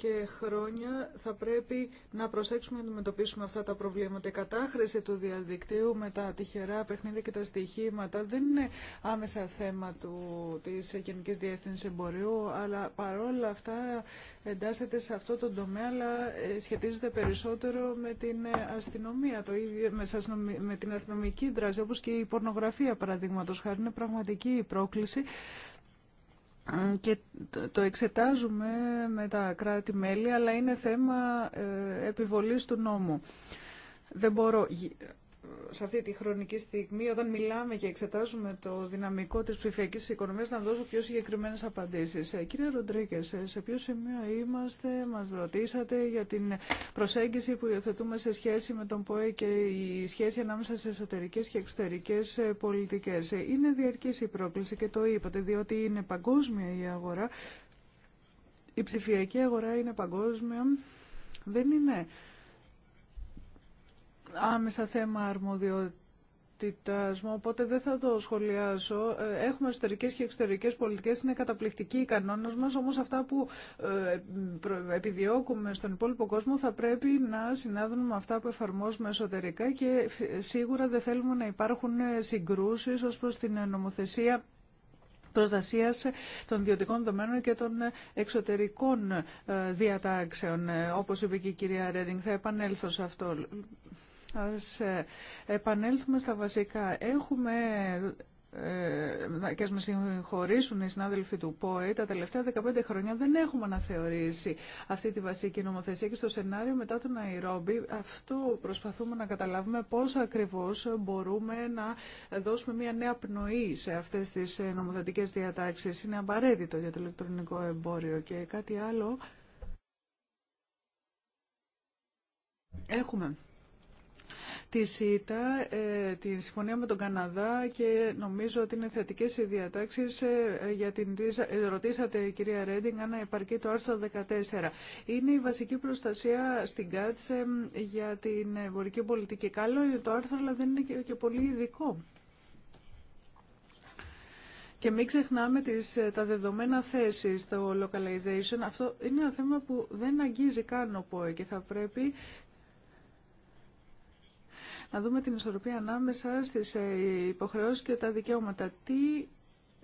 και χρόνια θα πρέπει να προσέξουμε να αντιμετωπίσουμε αυτά τα προβλήματα. Η κατάχρηση του διαδικτύου με τα τυχερά παιχνίδια και τα στοιχήματα δεν είναι άμεσα θέμα του, της Γενικής Διεύθυνσης Εμπορίου, αλλά παρόλα αυτά εντάσσεται σε αυτό το τομέα, αλλά ε, σχετίζεται περισσότερο με την ε, αστυνομία, το ίδιο με την αστυνομική δράση, όπως και η πορνογραφία παραδείγματος χάρη. Είναι πραγματική πρόκληση και το εξετάζουμε με τα κράτη-μέλη, αλλά είναι θέμα ε, επιβολής του νόμου. Δεν μπορώ σε αυτή τη χρονική στιγμή, όταν μιλάμε και εξετάζουμε το δυναμικό τη ψηφιακή οικονομία να δώσω πιο συγκεκριμένες απαντήσει. Ε, κύριε Ροντρίκε, ε, σε ποιο σημείο είμαστε, μα ρωτήσατε για την προσέγγιση που υιοθετούμε σε σχέση με τον ΠΟΕ και η σχέση ανάμεσα σε εσωτερικέ και εξωτερικές ε, πολιτικές. Είναι διαρκή η πρόκληση και το είπατε, διότι είναι παγκόσμια η αγορά. Η ψηφιακή αγορά είναι παγκόσμια. Δεν είναι άμεσα θέμα αρμοδιότητας μου, οπότε δεν θα το σχολιάσω. Ε, έχουμε εσωτερικές και εξωτερικές πολιτικές, είναι καταπληκτικοί οι κανόνες μας, όμως αυτά που ε, επιδιώκουμε στον υπόλοιπο κόσμο θα πρέπει να συνάδουν με αυτά που εφαρμόζουμε εσωτερικά και σίγουρα δεν θέλουμε να υπάρχουν συγκρούσεις ως προς την νομοθεσία προστασία των ιδιωτικών δομένων και των εξωτερικών ε, διατάξεων. Όπως είπε και η κυρία Ρέντινγκ, θα επανέλθω σε αυτό. Ας ε, επανέλθουμε στα βασικά. Έχουμε ε, και ας με συγχωρήσουν οι συνάδελφοι του ΠΟΕ, τα τελευταία 15 χρόνια δεν έχουμε αναθεωρήσει αυτή τη βασική νομοθεσία και στο σενάριο μετά τον Αϊρόμπι αυτό προσπαθούμε να καταλάβουμε πώς ακριβώς μπορούμε να δώσουμε μια νέα πνοή σε αυτές τις ε, νομοθετικές διατάξεις. Είναι απαραίτητο για το ηλεκτρονικό εμπόριο και κάτι άλλο. Έχουμε τη ΣΥΤΑ, ε, τη συμφωνία με τον Καναδά και νομίζω ότι είναι θετικέ οι διατάξει ε, για την. Ε, ρωτήσατε, κυρία Ρέντινγκ, αν επαρκεί το άρθρο 14. Είναι η βασική προστασία στην κάτσε για την εμπορική πολιτική. Καλό είναι το άρθρο, αλλά δεν είναι και πολύ ειδικό. Και μην ξεχνάμε τις, τα δεδομένα θέσεις στο localization. Αυτό είναι ένα θέμα που δεν αγγίζει καν ο ΠΟΕ και θα πρέπει να δούμε την ισορροπία ανάμεσα στις ε, υποχρεώσεις και τα δικαιώματα. Τι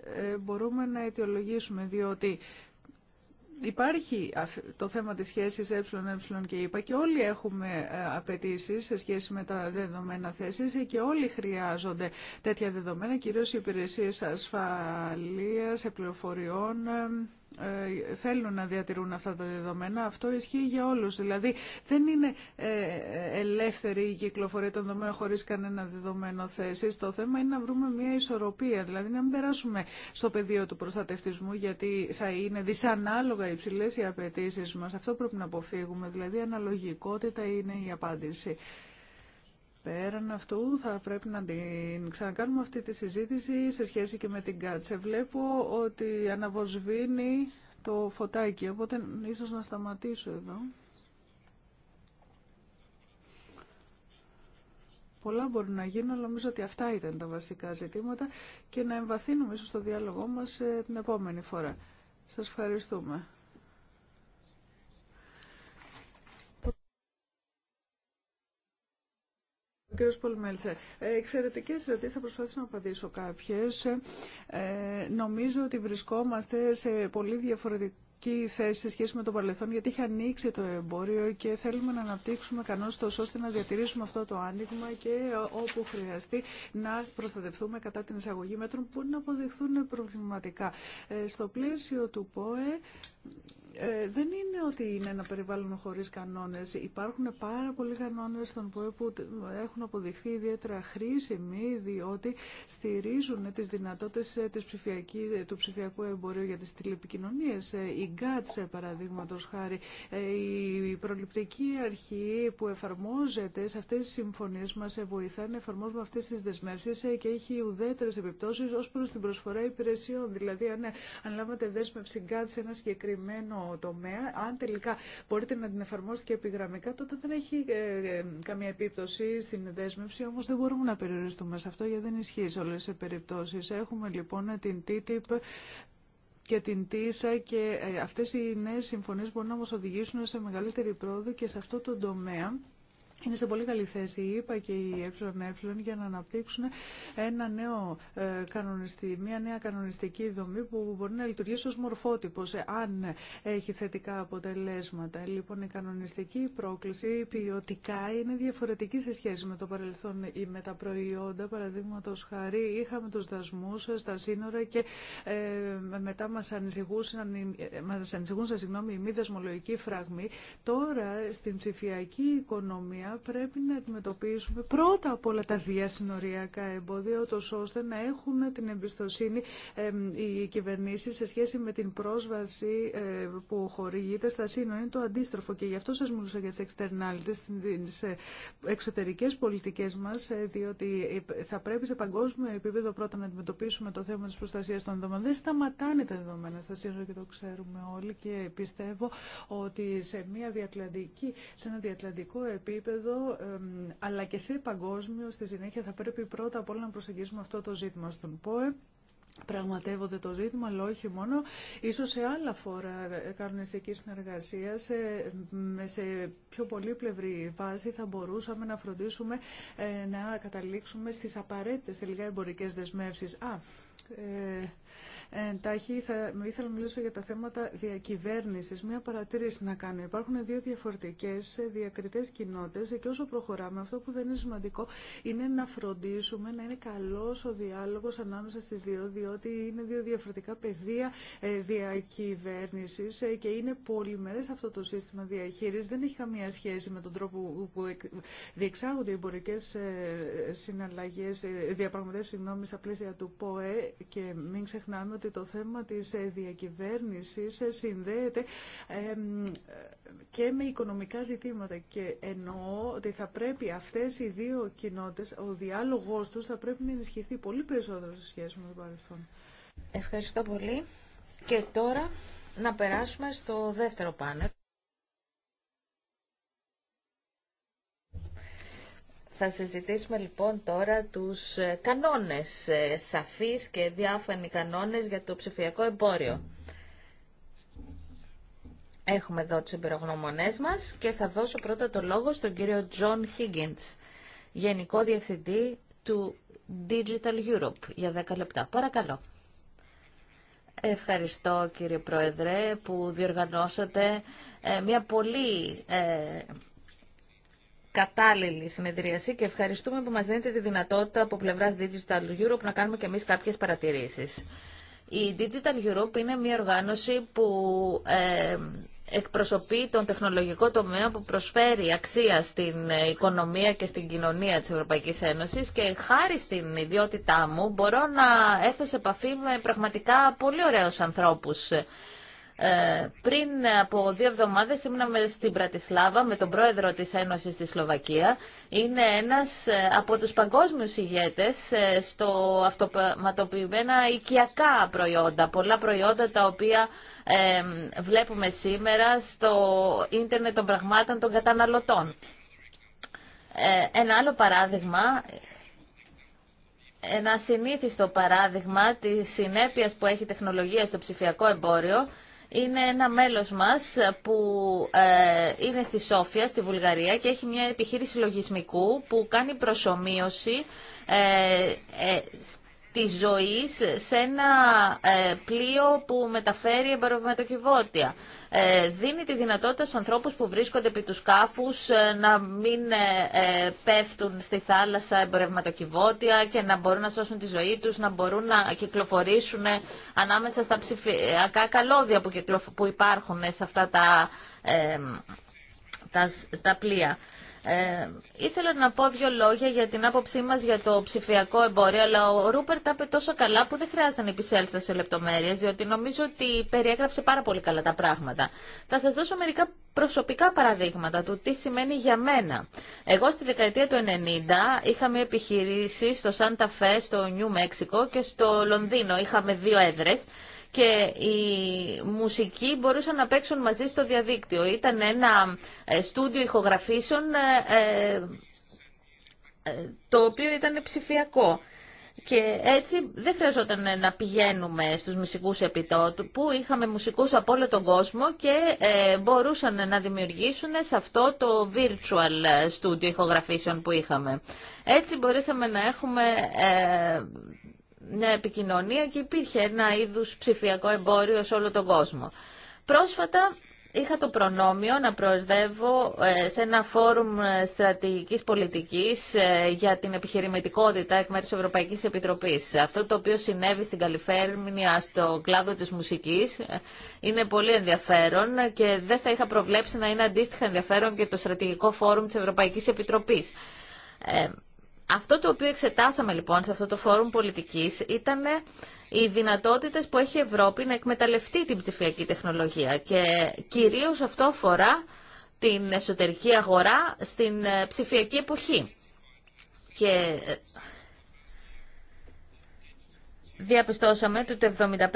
ε, μπορούμε να αιτιολογήσουμε, διότι υπάρχει το θέμα της σχέσης ΕΕ και ΕΠΑ και όλοι έχουμε απαιτήσει σε σχέση με τα δεδομένα θέσεις και όλοι χρειάζονται τέτοια δεδομένα, κυρίως οι υπηρεσίες ασφαλείας, πληροφοριών, ε, θέλουν να διατηρούν αυτά τα δεδομένα. Αυτό ισχύει για όλους. Δηλαδή δεν είναι ε, ελεύθερη η κυκλοφορία των δεδομένων χωρίς κανένα δεδομένο θέση. Το θέμα είναι να βρούμε μια ισορροπία, δηλαδή να μην περάσουμε στο πεδίο του προστατευτισμού γιατί θα είναι δυσανάλογα υψηλές οι απαιτήσει μας. Αυτό πρέπει να αποφύγουμε. Δηλαδή αναλογικότητα είναι η απάντηση. Πέραν αυτού θα πρέπει να την ξανακάνουμε αυτή τη συζήτηση σε σχέση και με την Κάτσε. Βλέπω ότι αναβοσβήνει το φωτάκι, οπότε ίσως να σταματήσω εδώ. Πολλά μπορούν να γίνουν, αλλά νομίζω ότι αυτά ήταν τα βασικά ζητήματα και να εμβαθύνουμε ίσως στο διάλογό μας ε, την επόμενη φορά. Σας ευχαριστούμε. Κύριο Πολμέλτσε, εξαιρετικέ ερωτήσει. Θα προσπαθήσω να απαντήσω κάποιε. Ε, νομίζω ότι βρισκόμαστε σε πολύ διαφορετικό η θέση σε σχέση με το παρελθόν, γιατί έχει ανοίξει το εμπόριο και θέλουμε να αναπτύξουμε κανόνε τόσο ώστε να διατηρήσουμε αυτό το άνοιγμα και όπου χρειαστεί να προστατευτούμε κατά την εισαγωγή μέτρων που να αποδειχθούν προβληματικά. Ε, στο πλαίσιο του ΠΟΕ ε, δεν είναι ότι είναι ένα περιβάλλον χωρίς κανόνες. Υπάρχουν πάρα πολλοί κανόνες στον ΠΟΕ που έχουν αποδειχθεί ιδιαίτερα χρήσιμοι διότι στηρίζουν τις δυνατότητες ε, ε, του ψηφιακού εμπορίου για τις τηλεπικοινωνίες. Η ΓΚΑΤΣ, παραδείγματο χάρη, η προληπτική αρχή που εφαρμόζεται σε αυτές τις συμφωνίες μας βοηθά να εφαρμόζουμε αυτές τις δεσμεύσεις και έχει ουδέτερες επιπτώσεις ως προς την προσφορά υπηρεσιών. Δηλαδή, αν αναλάβατε δέσμευση ΓΚΑΤΣ ένα συγκεκριμένο τομέα. Αν τελικά μπορείτε να την εφαρμόσετε και επιγραμμικά, τότε δεν έχει ε, ε, καμία επίπτωση στην δέσμευση, όμω δεν μπορούμε να περιοριστούμε σε αυτό γιατί δεν ισχύει σε όλες τις περιπτώσεις. Έχουμε λοιπόν την TTIP και την ΤΙΣΑ και ε, αυτές οι νέες συμφωνίες μπορούν να μα οδηγήσουν σε μεγαλύτερη πρόοδο και σε αυτό το τομέα είναι σε πολύ καλή θέση η και η ΕΕ για να αναπτύξουν ένα νέο, ε, κανονιστή, μια νέα κανονιστική δομή που μπορεί να λειτουργήσει ως μορφότυπος ε, αν έχει θετικά αποτελέσματα. Λοιπόν, η κανονιστική πρόκληση ποιοτικά είναι διαφορετική σε σχέση με το παρελθόν ή με τα προϊόντα. Παραδείγματο χάρη είχαμε τους δασμούς ε, στα σύνορα και μετά μας ανησυχούσαν, μας ανησυχούσαν συγγνώμη, οι μη δασμολογικοί φραγμοί. Τώρα στην ψηφιακή οικονομία πρέπει να αντιμετωπίσουμε πρώτα απ' όλα τα διασυνοριακά εμπόδια, ώστε να έχουν την εμπιστοσύνη οι κυβερνήσεις σε σχέση με την πρόσβαση ε, που χορηγείται στα σύνορα. Είναι το αντίστροφο και γι' αυτό σας μιλούσα για τις εξτernalities, τις ε, εξωτερικές πολιτικές μας, ε, διότι θα πρέπει σε παγκόσμιο επίπεδο πρώτα να αντιμετωπίσουμε το θέμα της προστασίας των δεδομένων. Δεν σταματάνε τα δεδομένα στα σύνορα και το ξέρουμε όλοι και πιστεύω ότι σε, μια διατλαντική, σε ένα διατλαντικό επίπεδο αλλά και σε παγκόσμιο στη συνέχεια θα πρέπει πρώτα απ' όλα να προσεγγίσουμε αυτό το ζήτημα στον ΠΟΕ πραγματεύονται το ζήτημα, αλλά όχι μόνο, ίσως σε άλλα φόρα κανονιστική συνεργασία, σε, σε πιο πλευρή βάση θα μπορούσαμε να φροντίσουμε ε, να καταλήξουμε στις απαραίτητες τελικά εμπορικές δεσμεύσεις. Α, ε, εντάχει. Θα, ήθελα να μιλήσω για τα θέματα διακυβέρνηση. Μία παρατήρηση να κάνω. Υπάρχουν δύο διαφορετικέ διακριτές κοινότητε και όσο προχωράμε αυτό που δεν είναι σημαντικό είναι να φροντίσουμε να είναι καλό ο διάλογο ανάμεσα στι δύο διότι είναι δύο διαφορετικά πεδία ε, διακυβέρνηση ε, και είναι πολυμερέ αυτό το σύστημα διαχείριση. Δεν έχει καμία σχέση με τον τρόπο που διεξάγονται οι εμπορικές ε, συναλλαγές, διαπραγματεύσει συγγνώμη, στα πλαίσια του ΠΟΕ και μην ξεχνάμε ότι το θέμα της ε, διακυβέρνησης ε, συνδέεται και με οικονομικά ζητήματα και εννοώ ότι θα πρέπει αυτές οι δύο κοινότητες, ο διάλογός τους θα πρέπει να ενισχυθεί πολύ περισσότερο σε σχέση με το παρελθόν. Ευχαριστώ πολύ. Και τώρα να περάσουμε στο δεύτερο πάνελ. Θα συζητήσουμε λοιπόν τώρα τους ε, κανόνες, ε, σαφείς και διάφανοι κανόνες για το ψηφιακό εμπόριο. Έχουμε εδώ τους εμπειρογνωμονές μας και θα δώσω πρώτα το λόγο στον κύριο Τζον Higgins, Γενικό Διευθυντή του Digital Europe, για 10 λεπτά. Παρακαλώ. Ευχαριστώ κύριε Πρόεδρε που διοργανώσατε ε, μια πολύ κατάλληλη συνεδρίαση και ευχαριστούμε που μας δίνετε τη δυνατότητα από πλευράς Digital Europe να κάνουμε και εμείς κάποιες παρατηρήσεις. Η Digital Europe είναι μια οργάνωση που ε, εκπροσωπεί τον τεχνολογικό τομέα που προσφέρει αξία στην οικονομία και στην κοινωνία της Ευρωπαϊκής Ένωσης και χάρη στην ιδιότητά μου μπορώ να έρθω σε επαφή με πραγματικά πολύ ωραίους ανθρώπους ε, πριν από δύο εβδομάδες ήμουν στην Πρατισλάβα με τον πρόεδρο της Ένωση στη Σλοβακία. Είναι ένας ε, από τους παγκόσμιους ηγέτες ε, στο αυτοματοποιημένα οικιακά προϊόντα. Πολλά προϊόντα τα οποία βλέπουμε σήμερα στο ίντερνετ των πραγμάτων των καταναλωτών. ένα άλλο παράδειγμα ένα συνήθιστο παράδειγμα της συνέπειας που έχει η τεχνολογία στο ψηφιακό εμπόριο είναι ένα μέλος μας που ε, είναι στη Σόφια, στη Βουλγαρία και έχει μια επιχείρηση λογισμικού που κάνει προσωμείωση ε, ε, της ζωής σε ένα πλοίο που μεταφέρει εμπορευματοκιβώτια. Ε, δίνει τη δυνατότητα στους ανθρώπους που βρίσκονται επί του σκάφους ε, να μην ε, πέφτουν στη θάλασσα εμπορευματοκιβώτια και να μπορούν να σώσουν τη ζωή τους, να μπορούν να κυκλοφορήσουν ανάμεσα στα ψηφιακά καλώδια που υπάρχουν σε αυτά τα, τα, τα πλοία. Ε, ήθελα να πω δύο λόγια για την άποψή μας για το ψηφιακό εμπόριο, αλλά ο Ρούπερ τα είπε τόσο καλά που δεν χρειάζεται να επισέλθω σε λεπτομέρειες, διότι νομίζω ότι περιέγραψε πάρα πολύ καλά τα πράγματα. Θα σας δώσω μερικά προσωπικά παραδείγματα του τι σημαίνει για μένα. Εγώ στη δεκαετία του 90 μια επιχείρηση στο Σάντα Φέ, στο Νιου Μέξικο και στο Λονδίνο. Είχαμε δύο έδρες και οι μουσικοί μπορούσαν να παίξουν μαζί στο διαδίκτυο. Ήταν ένα ε, στούντιο ηχογραφήσεων ε, ε, το οποίο ήταν ψηφιακό. Και έτσι δεν χρειαζόταν να πηγαίνουμε στους μουσικούς επιτόπου που είχαμε μουσικούς από όλο τον κόσμο και μπορούσαν να δημιουργήσουν σε αυτό το virtual studio ηχογραφήσεων που είχαμε. Έτσι μπορούσαμε να έχουμε μια επικοινωνία και υπήρχε ένα είδους ψηφιακό εμπόριο σε όλο τον κόσμο. Πρόσφατα είχα το προνόμιο να προσδεύω ε, σε ένα φόρουμ ε, στρατηγικής πολιτικής ε, για την επιχειρηματικότητα εκ μέρους της Ευρωπαϊκής Επιτροπής. Αυτό το οποίο συνέβη στην Καλιφέρμηνια στο κλάδο της μουσικής είναι πολύ ενδιαφέρον και δεν θα είχα προβλέψει να είναι αντίστοιχα ενδιαφέρον και το στρατηγικό φόρουμ της Ευρωπαϊκής Επιτροπής. Αυτό το οποίο εξετάσαμε λοιπόν σε αυτό το φόρουμ πολιτικής ήταν οι δυνατότητες που έχει η Ευρώπη να εκμεταλλευτεί την ψηφιακή τεχνολογία και κυρίως αυτό αφορά την εσωτερική αγορά στην ε, ψηφιακή εποχή. Ε, διαπιστώσαμε ότι το 75%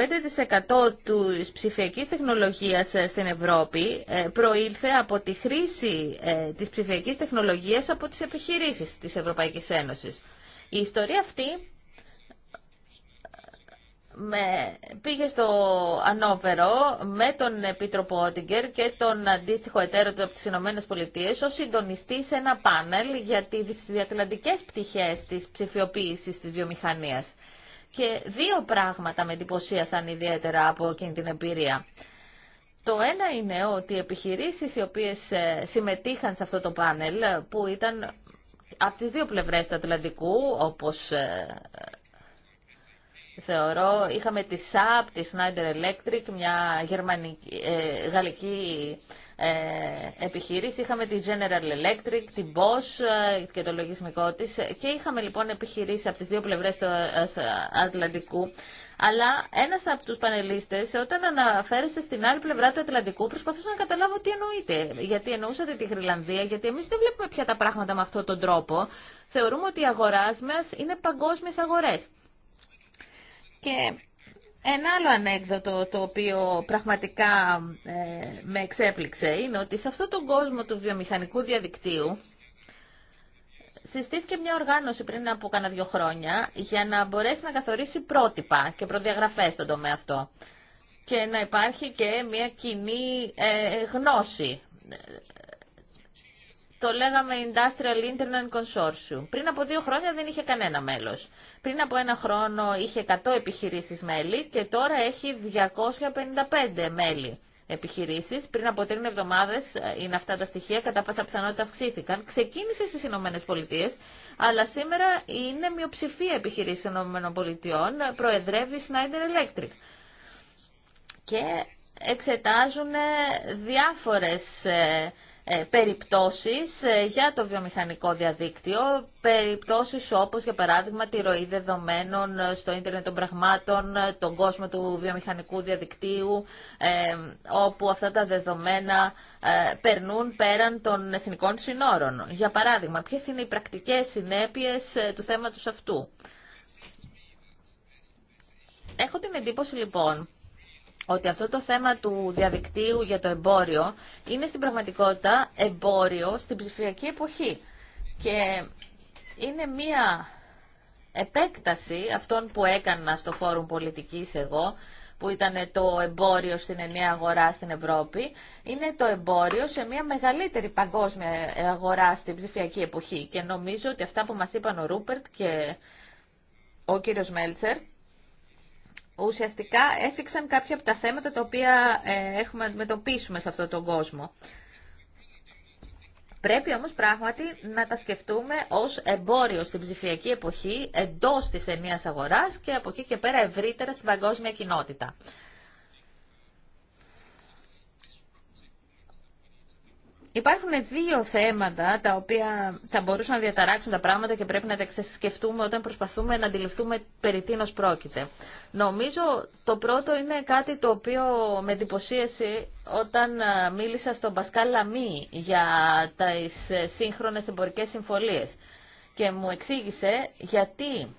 της ψηφιακής τεχνολογίας ε, στην Ευρώπη ε, προήλθε από τη χρήση ε, της ψηφιακής τεχνολογίας από τις επιχειρήσεις της Ευρωπαϊκής Ένωσης. Η ιστορία αυτή με, πήγε στο ανώβερο με τον Επίτροπο Ότιγκερ και τον αντίστοιχο εταίρο του από τις Ηνωμένες Πολιτείες ως συντονιστή σε ένα πάνελ για τις διατλαντικές πτυχές της ψηφιοποίησης της βιομηχανίας. Και δύο πράγματα με εντυπωσίασαν ιδιαίτερα από εκείνη την εμπειρία. Το ένα είναι ότι οι επιχειρήσεις οι οποίες ε, συμμετείχαν σε αυτό το πάνελ, που ήταν από τις δύο πλευρές του Ατλαντικού, όπως ε, θεωρώ, είχαμε τη ΣΑΠ, τη Schneider Electric, μια γερμανική, ε, γαλλική ε, επιχείρηση. Είχαμε τη General Electric, την Bosch ε, και το λογισμικό της και είχαμε λοιπόν επιχειρήσει από τις δύο πλευρές του ε, Ατλαντικού. Αλλά ένας από τους πανελίστε, όταν αναφέρεστε στην άλλη πλευρά του Ατλαντικού προσπαθούσε να καταλάβω τι εννοείτε. Γιατί εννοούσατε τη Γρυλανδία, γιατί εμείς δεν βλέπουμε πια τα πράγματα με αυτόν τον τρόπο. Θεωρούμε ότι η αγορά μα είναι παγκόσμιε αγορέ. Και ένα άλλο ανέκδοτο το οποίο πραγματικά ε, με εξέπληξε είναι ότι σε αυτόν τον κόσμο του βιομηχανικού διαδικτύου συστήθηκε μια οργάνωση πριν από κάνα δύο χρόνια για να μπορέσει να καθορίσει πρότυπα και προδιαγραφές στον τομέα αυτό και να υπάρχει και μια κοινή ε, γνώση το λέγαμε Industrial Internet Consortium. Πριν από δύο χρόνια δεν είχε κανένα μέλος. Πριν από ένα χρόνο είχε 100 επιχειρήσεις μέλη και τώρα έχει 255 μέλη επιχειρήσεις. Πριν από τρεις εβδομάδες ε, είναι αυτά τα στοιχεία, κατά πάσα πιθανότητα αυξήθηκαν. Ξεκίνησε στις Ηνωμένε Πολιτείε, αλλά σήμερα είναι μειοψηφία επιχειρήσεις Ηνωμένων Πολιτειών, προεδρεύει Schneider Electric. Και εξετάζουν διάφορες ε, ε, περιπτώσεις ε, για το βιομηχανικό διαδίκτυο, περιπτώσεις όπως για παράδειγμα τη ροή δεδομένων ε, στο ίντερνετ των πραγμάτων, τον κόσμο του βιομηχανικού διαδικτύου, όπου αυτά τα δεδομένα περνούν πέραν των εθνικών συνόρων. Για παράδειγμα, ποιες είναι οι πρακτικές συνέπειες του θέματος αυτού. Έχω την εντύπωση λοιπόν ότι αυτό το θέμα του διαδικτύου για το εμπόριο είναι στην πραγματικότητα εμπόριο στην ψηφιακή εποχή. Και είναι μία επέκταση αυτών που έκανα στο Φόρουμ Πολιτικής εγώ, που ήταν το εμπόριο στην ενιαία αγορά στην Ευρώπη, είναι το εμπόριο σε μια μεγαλύτερη παγκόσμια αγορά στην ψηφιακή εποχή. Και νομίζω ότι αυτά που μας είπαν ο Ρούπερτ και ο κύριος Μέλτσερ, ουσιαστικά έφυξαν κάποια από τα θέματα τα οποία ε, έχουμε να αντιμετωπίσουμε σε αυτόν τον κόσμο. Πρέπει όμως πράγματι να τα σκεφτούμε ως εμπόριο στην ψηφιακή εποχή εντός της ενίας αγοράς και από εκεί και πέρα ευρύτερα στην παγκόσμια κοινότητα. Υπάρχουν δύο θέματα τα οποία θα μπορούσαν να διαταράξουν τα πράγματα και πρέπει να τα ξεσκεφτούμε όταν προσπαθούμε να αντιληφθούμε περί τίνος πρόκειται. Νομίζω το πρώτο είναι κάτι το οποίο με εντυπωσίασε όταν ε, μίλησα στον Πασκάλ Λαμή για τις ε, σύγχρονες εμπορικές συμφωνίες και μου εξήγησε γιατί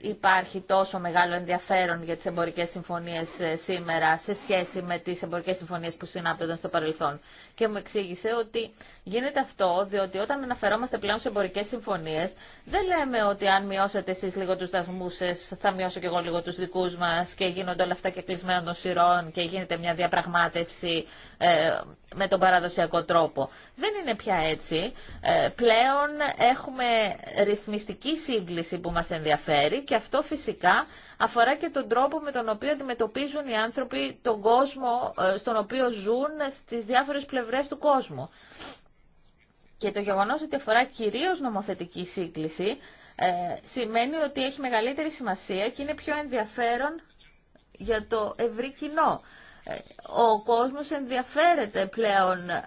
υπάρχει τόσο μεγάλο ενδιαφέρον για τις εμπορικές συμφωνίες ε, σήμερα σε σχέση με τις εμπορικές συμφωνίες που συνάπτονταν στο παρελθόν. Και μου εξήγησε ότι γίνεται αυτό διότι όταν αναφερόμαστε πλέον σε εμπορικές συμφωνίες δεν λέμε ότι αν μειώσετε εσείς λίγο τους δασμούς θα μειώσω και εγώ λίγο τους δικούς μας και γίνονται όλα αυτά και κλεισμένων των σειρών και γίνεται μια διαπραγμάτευση ε, με τον παραδοσιακό τρόπο. Δεν είναι πια έτσι. Ε, πλέον έχουμε ρυθμιστική σύγκληση που μας ενδιαφέρει και αυτό φυσικά αφορά και τον τρόπο με τον οποίο αντιμετωπίζουν οι άνθρωποι τον κόσμο ε, στον οποίο ζουν στις διάφορες πλευρές του κόσμου. Και το γεγονός ότι αφορά κυρίως νομοθετική σύγκληση σημαίνει ότι έχει μεγαλύτερη σημασία και είναι πιο ενδιαφέρον για το ευρύ κοινό ο κόσμος ενδιαφέρεται πλέον ε,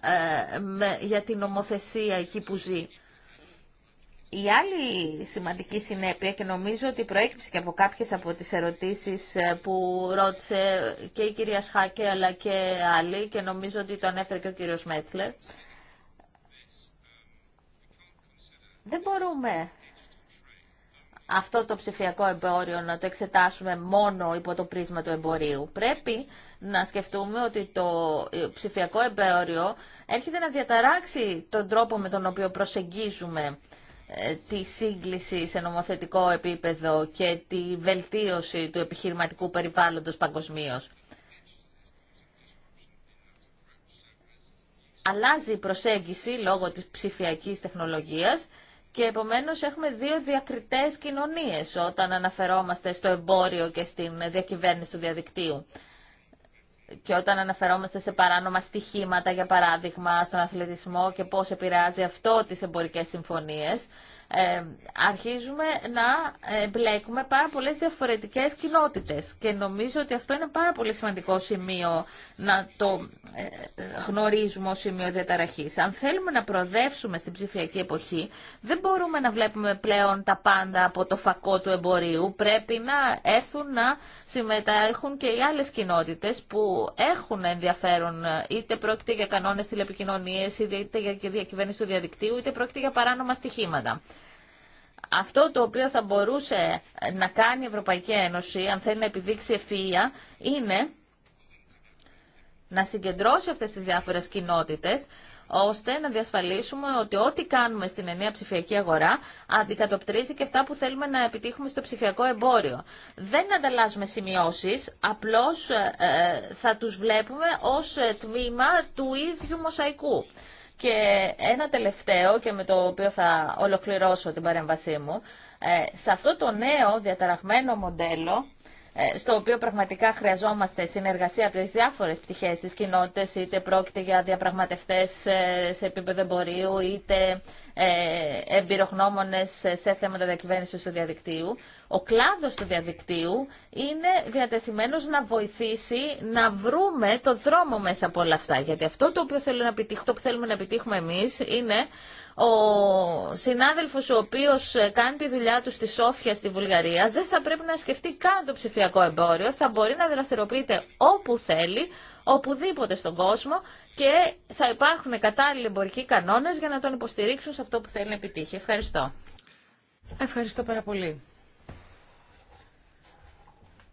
για την νομοθεσία εκεί που ζει. Η άλλη σημαντική συνέπεια και νομίζω ότι προέκυψε και από κάποιες από τις ερωτήσεις ε, που ρώτησε και η κυρία Σχάκε αλλά και άλλοι και νομίζω ότι το ανέφερε και ο κύριος Μέτσλερ. Δεν μπορούμε αυτό το ψηφιακό εμπόριο να το εξετάσουμε μόνο υπό το πρίσμα του εμπορίου. Πρέπει να σκεφτούμε ότι το ε, ψηφιακό εμπέριο έρχεται να διαταράξει τον τρόπο με τον οποίο προσεγγίζουμε ε, τη σύγκληση σε νομοθετικό επίπεδο και τη βελτίωση του επιχειρηματικού περιβάλλοντος παγκοσμίω. Αλλάζει η προσέγγιση λόγω της ψηφιακής τεχνολογίας και επομένως έχουμε δύο διακριτές κοινωνίες όταν αναφερόμαστε στο εμπόριο και στην διακυβέρνηση του διαδικτύου και όταν αναφερόμαστε σε παράνομα στοιχήματα, για παράδειγμα, στον αθλητισμό και πώς επηρεάζει αυτό τις εμπορικές συμφωνίες, ε, αρχίζουμε να εμπλέκουμε πάρα πολλές διαφορετικές κοινότητες και νομίζω ότι αυτό είναι πάρα πολύ σημαντικό σημείο να το ε, γνωρίζουμε ως σημείο διαταραχής. Αν θέλουμε να προοδεύσουμε στην ψηφιακή εποχή δεν μπορούμε να βλέπουμε πλέον τα πάντα από το φακό του εμπορίου. Πρέπει να έρθουν να συμμετέχουν και οι άλλες κοινότητες που έχουν ενδιαφέρον είτε πρόκειται για κανόνες τηλεπικοινωνίες είτε για διακυβέρνηση του διαδικτύου είτε πρόκειται για παράνομα στοιχήματα αυτό το οποίο θα μπορούσε να κάνει η Ευρωπαϊκή Ένωση, αν θέλει να επιδείξει ευφυΐα, είναι να συγκεντρώσει αυτές τις διάφορες κοινότητες, ώστε να διασφαλίσουμε ότι ό,τι κάνουμε στην ενιαία ψηφιακή αγορά αντικατοπτρίζει και αυτά που θέλουμε να επιτύχουμε στο ψηφιακό εμπόριο. Δεν ανταλλάσσουμε σημειώσεις, απλώς ε, ε, θα τους βλέπουμε ως ε, τμήμα του ίδιου μοσαϊκού. Και ένα τελευταίο και με το οποίο θα ολοκληρώσω την παρέμβασή μου. Ε, σε αυτό το νέο διαταραγμένο μοντέλο ε, στο οποίο πραγματικά χρειαζόμαστε συνεργασία από τις διάφορες πτυχές της κοινότητας, είτε πρόκειται για διαπραγματευτές ε, σε επίπεδο εμπορίου, είτε ε, εμπειρογνώμονες σε θέματα διακυβέρνηση του διαδικτύου. Ο κλάδος του διαδικτύου είναι διατεθειμένος να βοηθήσει να βρούμε το δρόμο μέσα από όλα αυτά. Γιατί αυτό το που θέλουμε να επιτύχουμε εμείς είναι ο συνάδελφος ο οποίος ε, κάνει τη δουλειά του στη Σόφια στη Βουλγαρία δεν θα πρέπει να σκεφτεί καν το ψηφιακό εμπόριο, θα μπορεί να δραστηριοποιείται όπου θέλει, οπουδήποτε στον κόσμο και θα υπάρχουν κατάλληλοι εμπορικοί κανόνες για να τον υποστηρίξουν σε αυτό που θέλει να επιτύχει. Ευχαριστώ. Ευχαριστώ πάρα πολύ.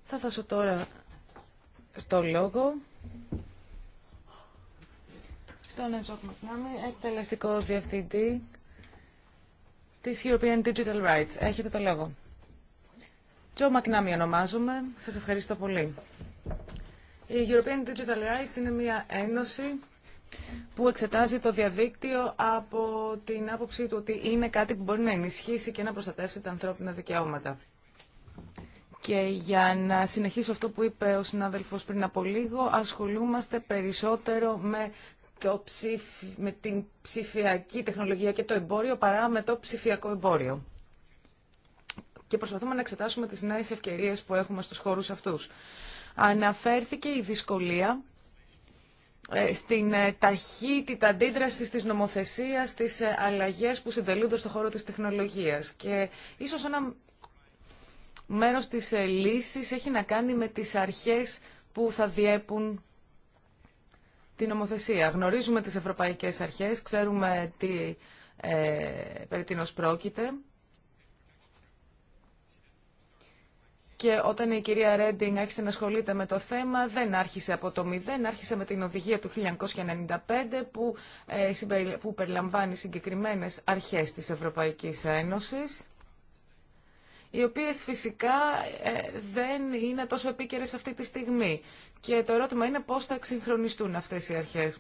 Θα δώσω τώρα στο λόγο τον Ετζόκ Μακνάμι, εκτελεστικό διευθυντή της European Digital Rights. Έχετε το λόγο. Τζο Μακνάμι ονομάζομαι. Σας ευχαριστώ πολύ. Η European Digital Rights είναι μια ένωση που εξετάζει το διαδίκτυο από την άποψή του ότι είναι κάτι που μπορεί να ενισχύσει και να προστατεύσει τα ανθρώπινα δικαιώματα. Και για να συνεχίσω αυτό που είπε ο συνάδελφος πριν από λίγο, ασχολούμαστε περισσότερο με το με την ψηφιακή τεχνολογία και το εμπόριο παρά με το ψηφιακό εμπόριο. Και προσπαθούμε να εξετάσουμε τις νέες ευκαιρίες που έχουμε στους χώρους αυτούς. Αναφέρθηκε η δυσκολία ε, στην ε, ταχύτητα αντίδραση της νομοθεσίας, στις ε, αλλαγές που συντελούνται στον χώρο της τεχνολογίας. Και ίσως ένα μέρος της λύσης έχει να κάνει με τις αρχές που θα διέπουν την νομοθεσία. Γνωρίζουμε τις ευρωπαϊκές αρχές, ξέρουμε τι ε, περί πρόκειται. Και όταν η κυρία Ρέντινγκ άρχισε να ασχολείται με το θέμα, δεν άρχισε από το μηδέν, άρχισε με την οδηγία του 1995 που, ε, που περιλαμβάνει συγκεκριμένες αρχές της Ευρωπαϊκής Ένωσης οι οποίες φυσικά ε, δεν είναι τόσο επίκαιρες αυτή τη στιγμή. Και το ερώτημα είναι πώς θα εξυγχρονιστούν αυτές οι αρχές.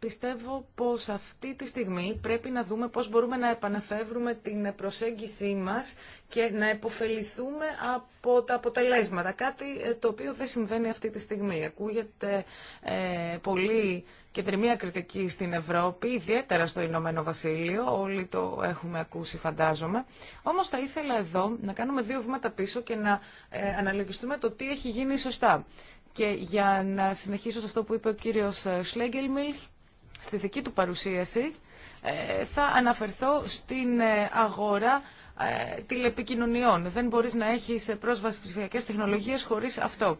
Πιστεύω πως αυτή τη στιγμή πρέπει να δούμε πώς μπορούμε να επαναφεύρουμε την προσέγγιση μας και να επωφεληθούμε από τα αποτελέσματα. Κάτι ε, το οποίο δεν συμβαίνει αυτή τη στιγμή. Ακούγεται ε, πολύ και δρυμία κριτική στην Ευρώπη, ιδιαίτερα στο Ηνωμένο Βασίλειο. Όλοι το έχουμε ακούσει φαντάζομαι. Όμως θα ήθελα εδώ να κάνουμε δύο βήματα πίσω και να ε, αναλογιστούμε το τι έχει γίνει σωστά. Και για να συνεχίσω σε αυτό που είπε ο κύριος Σλέγγελμιλ, στη δική του παρουσίαση ε, θα αναφερθώ στην ε, αγορά ε, τηλεπικοινωνιών. Δεν μπορείς να έχεις πρόσβαση ψηφιακές τεχνολογίες χωρίς αυτό.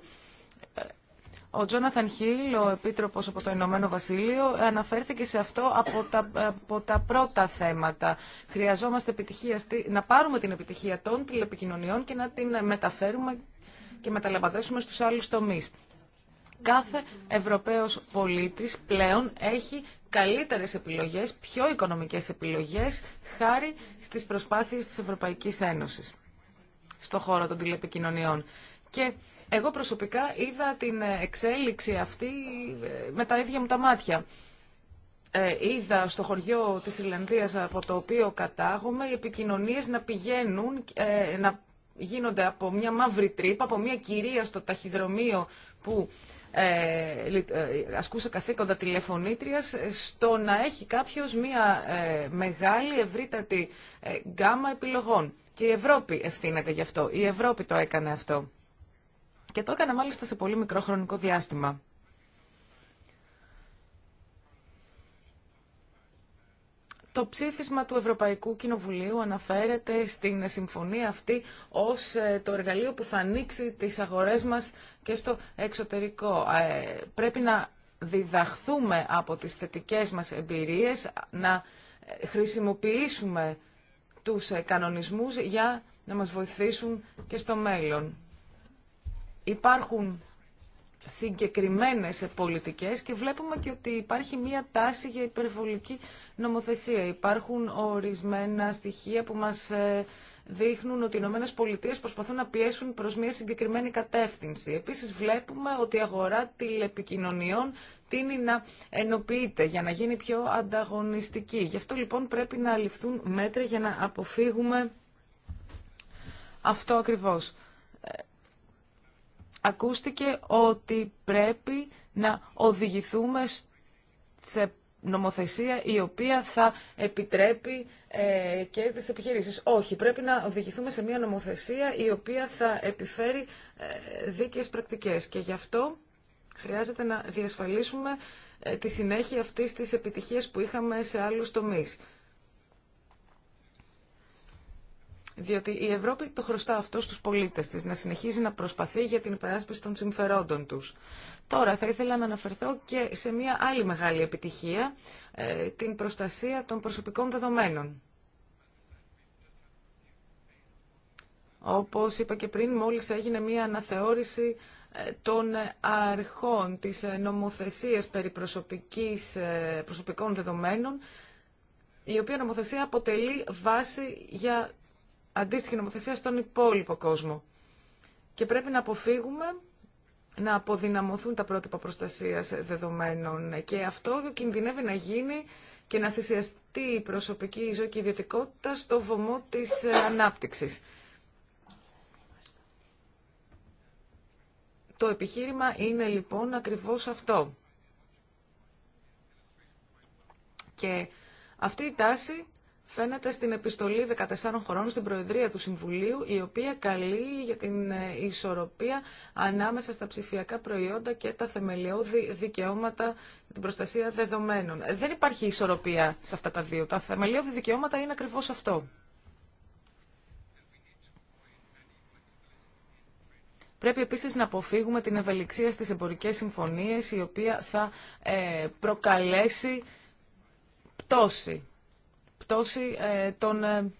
Ο Τζόναθαν Χίλ, ο Επίτροπος από το Ηνωμένο Βασίλειο, αναφέρθηκε σε αυτό από τα, από τα πρώτα θέματα. Χρειαζόμαστε επιτυχία, να πάρουμε την επιτυχία των τηλεπικοινωνιών και να την μεταφέρουμε και μεταλαμπαδέσουμε στους άλλους τομείς κάθε Ευρωπαίος πολίτης πλέον έχει καλύτερες επιλογές, πιο οικονομικές επιλογές, χάρη στις προσπάθειες της Ευρωπαϊκής Ένωσης στο χώρο των τηλεπικοινωνιών. Και εγώ προσωπικά είδα την εξέλιξη αυτή ε, με τα ίδια μου τα μάτια. Ε, είδα στο χωριό της Ιρλανδίας από το οποίο κατάγομαι οι επικοινωνίες να πηγαίνουν, ε, να γίνονται από μια μαύρη τρύπα, από μια κυρία στο ταχυδρομείο που ε, ε, ασκούσε καθήκοντα τηλεφωνήτρια ε, στο να έχει κάποιο μια μεγάλη ευρύτατη γκάμα επιλογών. Και η Ευρώπη ευθύνεται γι' αυτό. Η Ευρώπη το έκανε αυτό. Και το έκανε μάλιστα σε πολύ μικρό χρονικό διάστημα. Το ψήφισμα του Ευρωπαϊκού Κοινοβουλίου αναφέρεται στην συμφωνία αυτή ως ε, το εργαλείο που θα ανοίξει τις αγορές μας και στο εξωτερικό. Ε, πρέπει να διδαχθούμε από τις θετικές μας εμπειρίες, να ε, χρησιμοποιήσουμε τους κανονισμούς για να μας βοηθήσουν και στο μέλλον. Υπάρχουν συγκεκριμένες πολιτικές και βλέπουμε και ότι υπάρχει μία τάση για υπερβολική νομοθεσία. Υπάρχουν ορισμένα στοιχεία που μας ε, δείχνουν ότι οι Ηνωμένε Πολιτείε προσπαθούν να πιέσουν προς μία συγκεκριμένη κατεύθυνση. Επίσης βλέπουμε ότι η αγορά τηλεπικοινωνιών τίνει να ενοποιείται για να γίνει πιο ανταγωνιστική. Γι' αυτό λοιπόν πρέπει να ληφθούν μέτρα για να αποφύγουμε αυτό ακριβώς ακούστηκε ότι πρέπει να οδηγηθούμε σε νομοθεσία η οποία θα επιτρέπει ε, και τις επιχειρήσεις. Όχι, πρέπει να οδηγηθούμε σε μια νομοθεσία η οποία θα επιφέρει ε, δίκαιες πρακτικές και γι' αυτό χρειάζεται να διασφαλίσουμε ε, τη συνέχεια αυτής της επιτυχίας που είχαμε σε άλλους τομείς. Διότι η Ευρώπη το χρωστά αυτό στους πολίτες της, να συνεχίζει να προσπαθεί για την υπεράσπιση των συμφερόντων τους. Τώρα θα ήθελα να αναφερθώ και σε μια άλλη μεγάλη επιτυχία, ε, την προστασία των προσωπικών δεδομένων. Όπως είπα και πριν, μόλις έγινε μια αναθεώρηση ε, των αρχών της ε, νομοθεσίας περί προσωπικής, προσωπικών δεδομένων, η οποία νομοθεσία αποτελεί βάση για αντίστοιχη νομοθεσία στον υπόλοιπο κόσμο. Και πρέπει να αποφύγουμε να αποδυναμωθούν τα πρότυπα προστασίας δεδομένων και αυτό κινδυνεύει να γίνει και να θυσιαστεί η προσωπική ζωή και ιδιωτικότητα στο βωμό της ανάπτυξης. Το επιχείρημα είναι λοιπόν ακριβώς αυτό. Και αυτή η τάση φαίνεται στην επιστολή 14 χρόνων στην Προεδρία του Συμβουλίου, η οποία καλεί για την ε, ισορροπία ανάμεσα στα ψηφιακά προϊόντα και τα θεμελιώδη δικαιώματα, την προστασία δεδομένων. Ε, δεν υπάρχει ισορροπία σε αυτά τα δύο. Τα θεμελιώδη δικαιώματα είναι ακριβώς αυτό. Πρέπει επίσης να αποφύγουμε την ευελιξία στις εμπορικές συμφωνίες, η οποία θα ε, προκαλέσει πτώση πτώση ε, των ε,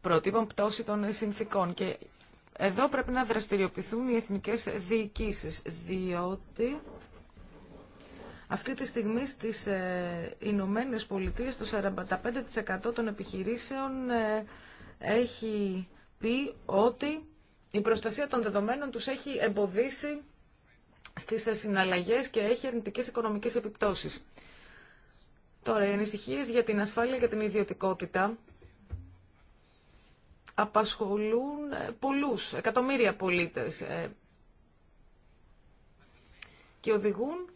προτύπων, πτώση των συνθήκων. Και εδώ πρέπει να δραστηριοποιηθούν οι εθνικές διοικήσεις, διότι αυτή τη στιγμή στις ε, Ηνωμένε Πολιτείε, το 45% των επιχειρήσεων έχει πει ότι η προστασία των δεδομένων τους έχει εμποδίσει στις συναλλαγές και έχει αρνητικές οικονομικές επιπτώσεις. Τώρα, οι ανησυχίε για την ασφάλεια και την ιδιωτικότητα απασχολούν ε, πολλούς, εκατομμύρια πολίτες ε, και οδηγούν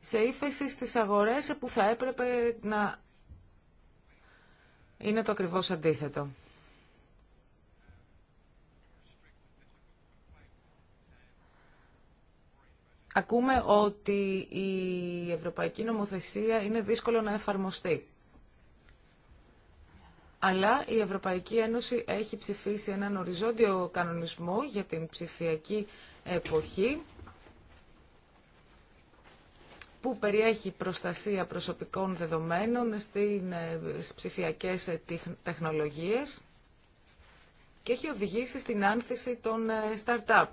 σε ύφεση στις αγορές που θα έπρεπε να είναι το ακριβώς αντίθετο. ακούμε ότι η ευρωπαϊκή νομοθεσία είναι δύσκολο να εφαρμοστεί. Αλλά η Ευρωπαϊκή Ένωση έχει ψηφίσει έναν οριζόντιο κανονισμό για την ψηφιακή εποχή που περιέχει προστασία προσωπικών δεδομένων ε, στις ψηφιακές ε, τεχνολογίες και έχει οδηγήσει στην άνθηση των ε, startup.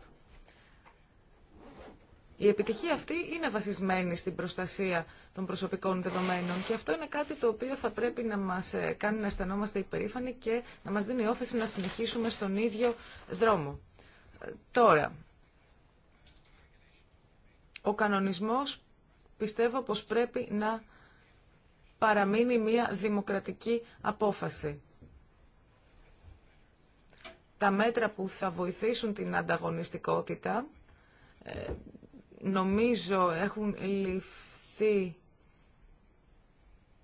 Η επιτυχία αυτή είναι βασισμένη στην προστασία των προσωπικών δεδομένων και αυτό είναι κάτι το οποίο θα πρέπει να μας ε, κάνει να αισθανόμαστε υπερήφανοι και να μας δίνει όθεση να συνεχίσουμε στον ίδιο δρόμο. Ε, τώρα, ο κανονισμός πιστεύω πως πρέπει να παραμείνει μια δημοκρατική απόφαση. Τα μέτρα που θα βοηθήσουν την ανταγωνιστικότητα ε, νομίζω έχουν ληφθεί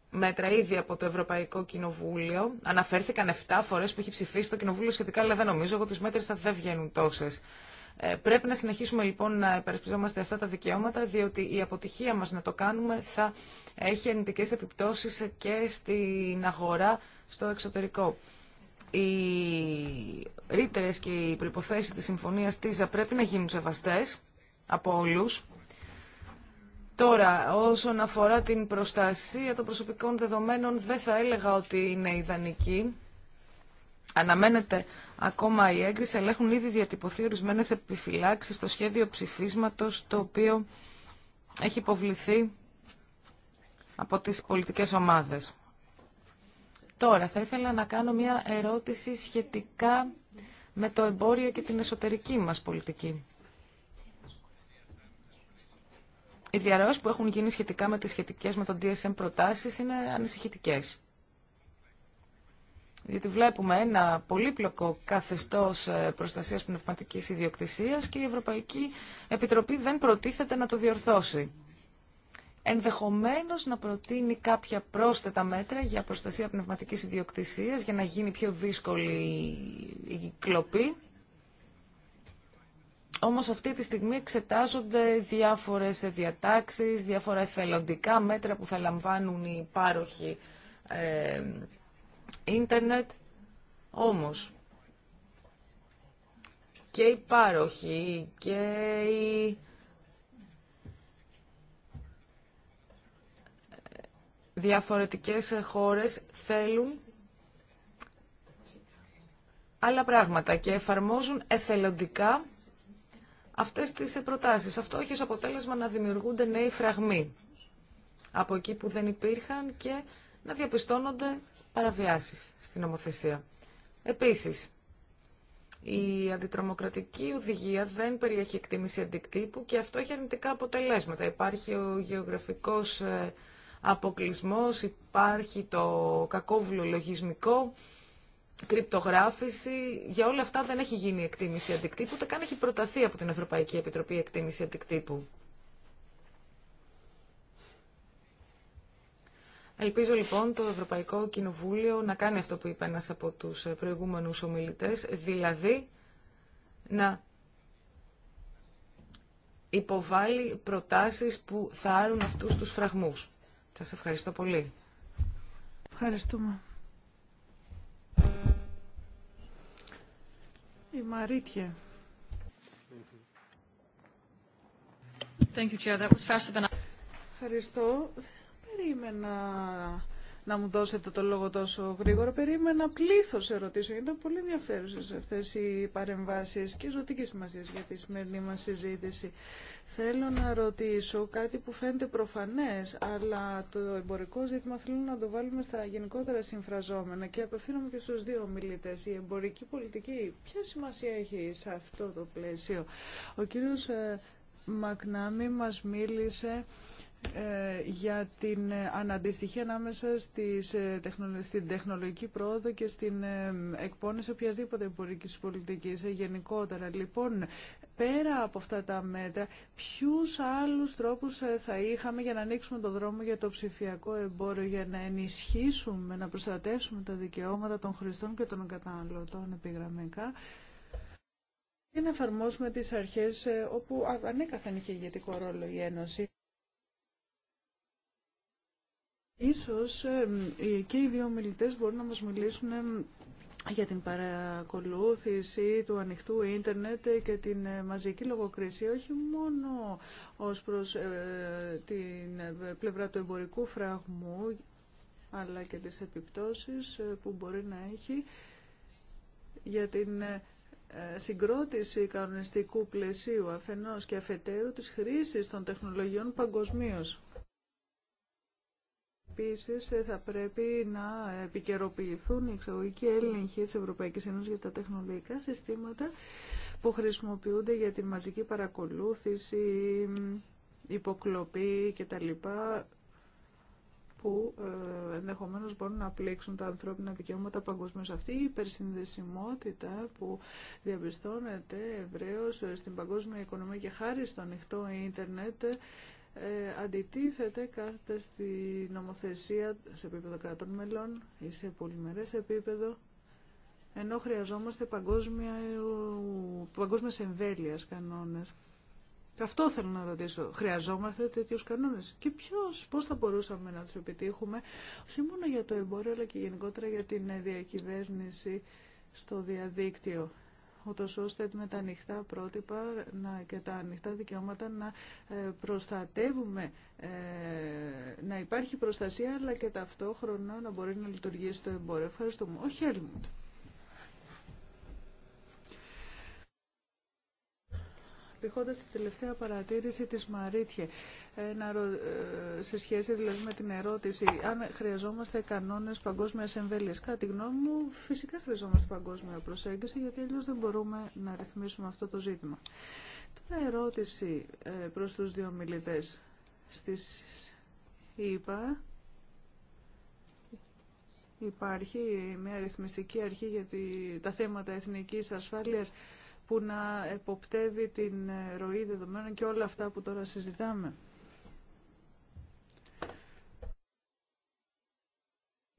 μέτρα ήδη από το Ευρωπαϊκό Κοινοβούλιο. Αναφέρθηκαν 7 φορές που έχει ψηφίσει το Κοινοβούλιο σχετικά, αλλά δεν νομίζω ότι τις μέτρες θα δεν βγαίνουν τόσες. Ε, πρέπει να συνεχίσουμε λοιπόν να υπερασπιζόμαστε αυτά τα δικαιώματα, διότι η αποτυχία μας να το κάνουμε θα έχει αρνητικές επιπτώσεις και στην αγορά στο εξωτερικό. Οι ρήτρες και οι προϋποθέσεις της συμφωνίας ΤΙΖΑ πρέπει να γίνουν σεβαστές από όλους. Τώρα, όσον αφορά την προστασία των προσωπικών δεδομένων, δεν θα έλεγα ότι είναι ιδανική. Αναμένεται ακόμα η έγκριση, αλλά έχουν ήδη διατυπωθεί ορισμένε επιφυλάξεις στο σχέδιο ψηφίσματος, το οποίο έχει υποβληθεί από τις πολιτικές ομάδες. Τώρα, θα ήθελα να κάνω μια ερώτηση σχετικά με το εμπόριο και την εσωτερική μας πολιτική. οι διαρροές που έχουν γίνει σχετικά με τις σχετικές με τον DSM προτάσεις είναι ανησυχητικές. Διότι βλέπουμε ένα πολύπλοκο καθεστώς ε, προστασίας πνευματικής ιδιοκτησίας και η Ευρωπαϊκή Επιτροπή δεν προτίθεται να το διορθώσει. Ενδεχομένως να προτείνει κάποια πρόσθετα μέτρα για προστασία πνευματικής ιδιοκτησίας για να γίνει πιο δύσκολη η κλοπή όμως αυτή τη στιγμή εξετάζονται διάφορες διατάξεις, διάφορα εθελοντικά μέτρα που θα λαμβάνουν οι πάροχοι ίντερνετ. Όμως και οι πάροχοι και οι ε, διαφορετικές χώρες θέλουν άλλα πράγματα και εφαρμόζουν εθελοντικά αυτές τις ε, προτάσεις. Αυτό έχει ως αποτέλεσμα να δημιουργούνται νέοι φραγμοί από εκεί που δεν υπήρχαν και να διαπιστώνονται παραβιάσεις στην νομοθεσία. Επίσης, η αντιτρομοκρατική οδηγία δεν περιέχει εκτίμηση αντικτύπου και αυτό έχει αρνητικά αποτελέσματα. Υπάρχει ο γεωγραφικός ε, αποκλεισμός, υπάρχει το κακόβουλο λογισμικό κρυπτογράφηση, για όλα αυτά δεν έχει γίνει εκτίμηση αντικτύπου, ούτε καν έχει προταθεί από την Ευρωπαϊκή Επιτροπή εκτίμηση αντικτύπου. Ελπίζω λοιπόν το Ευρωπαϊκό Κοινοβούλιο να κάνει αυτό που είπε ένας από τους προηγούμενους ομιλητές, δηλαδή να υποβάλει προτάσεις που θα άρουν αυτούς τους φραγμούς. Σας ευχαριστώ πολύ. Ευχαριστούμε. Η Μαρίτια. Thank you, Chair. That was faster than... Ευχαριστώ. Δεν περίμενα να μου δώσετε το λόγο τόσο γρήγορα. Περίμενα πλήθος ερωτήσεων. Ήταν πολύ ενδιαφέρουσες αυτές οι παρεμβάσεις και ζωτική σημασία για τη σημερινή μα συζήτηση. Θέλω να ρωτήσω κάτι που φαίνεται προφανές, αλλά το εμπορικό ζήτημα θέλω να το βάλουμε στα γενικότερα συμφραζόμενα και απευθύνομαι και στου δύο μιλητές. Η εμπορική πολιτική, ποια σημασία έχει σε αυτό το πλαίσιο. Ο κύριος ε, Μακνάμι μα μίλησε ε, για την αναντίστοιχη ανάμεσα στις, ε, στην τεχνολογική πρόοδο και στην ε, εκπόνηση οποιασδήποτε πολιτική πολιτικής γενικότερα. Λοιπόν, πέρα από αυτά τα μέτρα, ποιους άλλους τρόπους θα είχαμε για να ανοίξουμε το δρόμο για το ψηφιακό εμπόριο, για να ενισχύσουμε, να προστατεύσουμε τα δικαιώματα των χρηστών και των καταναλωτών επιγραμμικά, και να εφαρμόσουμε τις αρχές όπου ανέκαθεν είχε ηγετικό ρόλο η Ένωση. Ίσως και οι δύο μιλητές μπορούν να μας μιλήσουν για την παρακολούθηση του ανοιχτού ίντερνετ και την ε, μαζική λογοκρισία όχι μόνο ως προς ε, την ε, πλευρά του εμπορικού φραγμού αλλά και τις επιπτώσεις που μπορεί να έχει για την συγκρότηση κανονιστικού πλαισίου αφενός και αφετέρου της χρήσης των τεχνολογιών παγκοσμίως. Επίση, ε, θα πρέπει να επικαιροποιηθούν οι εξαγωγικοί έλεγχοι τη Ευρωπαϊκή Ένωση για τα τεχνολογικά συστήματα που χρησιμοποιούνται για τη μαζική παρακολούθηση, υποκλοπή κτλ που ε, ενδεχομένως μπορούν να πλήξουν τα ανθρώπινα δικαιώματα παγκοσμίως. Αυτή η υπερσυνδεσιμότητα που διαπιστώνεται ευρέω ε, στην παγκόσμια οικονομία και χάρη στο ανοιχτό ίντερνετ ε, αντιτίθεται κάθεται στη νομοθεσία σε επίπεδο κρατών μελών ή σε πολυμερές επίπεδο ενώ χρειαζόμαστε παγκόσμια, παγκόσμιας εμβέλειας κανόνες. Αυτό θέλω να ρωτήσω. Χρειαζόμαστε τέτοιου κανόνε. Και ποιο, πώ θα μπορούσαμε να του επιτύχουμε, όχι μόνο για το εμπόριο, αλλά και γενικότερα για την διακυβέρνηση στο διαδίκτυο ούτως ώστε με τα ανοιχτά πρότυπα και τα ανοιχτά δικαιώματα να ε, προστατεύουμε, ε, να υπάρχει προστασία αλλά και ταυτόχρονα να μπορεί να λειτουργήσει το εμπόριο. Ευχαριστούμε. Ο Χέλμουντ. Επικόντας τη τελευταία παρατήρηση της Μαρίτιε, ε, ε, σε σχέση δηλαδή με την ερώτηση αν χρειαζόμαστε κανόνες παγκόσμιας εμβέλειας. Κάτι γνώμη μου, φυσικά χρειαζόμαστε παγκόσμια προσέγγιση, γιατί αλλιώ δεν μπορούμε να ρυθμίσουμε αυτό το ζήτημα. Τώρα ερώτηση ε, προς τους δύο μιλητές. Στις είπα υπάρχει μια ρυθμιστική αρχή για τα θέματα εθνικής ασφάλειας που να εποπτεύει την ροή δεδομένων και όλα αυτά που τώρα συζητάμε.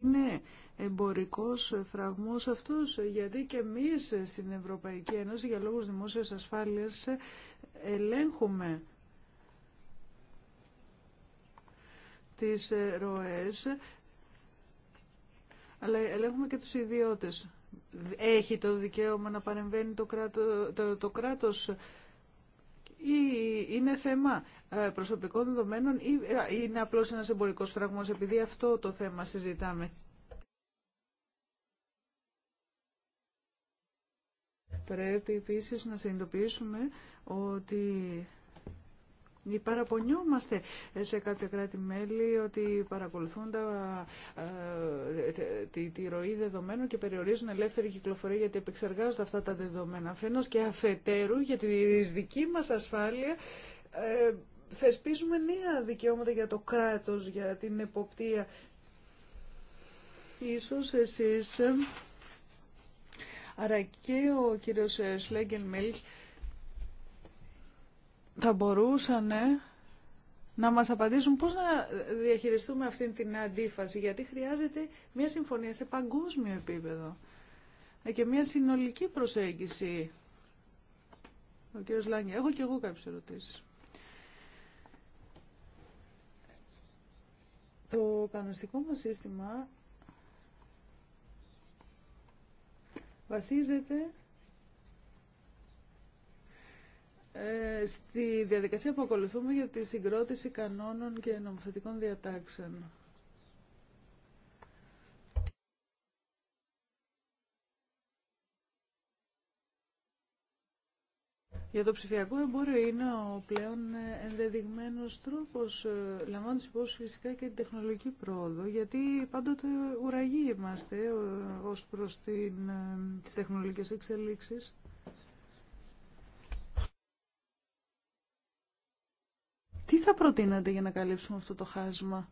Είναι εμπορικός φραγμός αυτός, γιατί και εμείς στην Ευρωπαϊκή Ένωση για λόγους δημόσιας ασφάλειας ελέγχουμε τις ροές, αλλά ελέγχουμε και τους ιδιώτες έχει το δικαίωμα να παρεμβαίνει το, κράτο, κράτος ή είναι θέμα ε, προσωπικών δεδομένων ή ε, είναι απλώς ένας εμπορικός φραγμός επειδή αυτό το θέμα συζητάμε. Πρέπει επίσης να συνειδητοποιήσουμε ότι Παραπονιόμαστε σε κάποια κράτη-μέλη ότι παρακολουθούν τα, ε, τη, ροή δεδομένων και περιορίζουν ελεύθερη κυκλοφορία γιατί επεξεργάζονται αυτά τα δεδομένα. Αφενός και αφετέρου για τη δική μας ασφάλεια ε, θεσπίζουμε νέα δικαιώματα για το κράτος, για την εποπτεία. Ίσως εσείς, ε, άρα και ο κύριος Σλέγγεν Μέλχ θα μπορούσαν ε, να μας απαντήσουν πώς να διαχειριστούμε αυτή την αντίφαση, γιατί χρειάζεται μια συμφωνία σε παγκόσμιο επίπεδο ε, και μια συνολική προσέγγιση. Ο κύριος Λάγκη, έχω και εγώ κάποιες ερωτήσεις. Το κανονιστικό μας σύστημα βασίζεται Ε, στη διαδικασία που ακολουθούμε για τη συγκρότηση κανόνων και νομοθετικών διατάξεων. Για το ψηφιακό εμπόριο είναι ο πλέον ε, ενδεδειγμένος τρόπος, ε, λαμβάνοντας υπόψη φυσικά και την τεχνολογική πρόοδο, γιατί πάντοτε ουραγοί είμαστε ως προς την, τις τεχνολογικές εξελίξεις. θα προτείνατε για να καλύψουμε αυτό το χάσμα.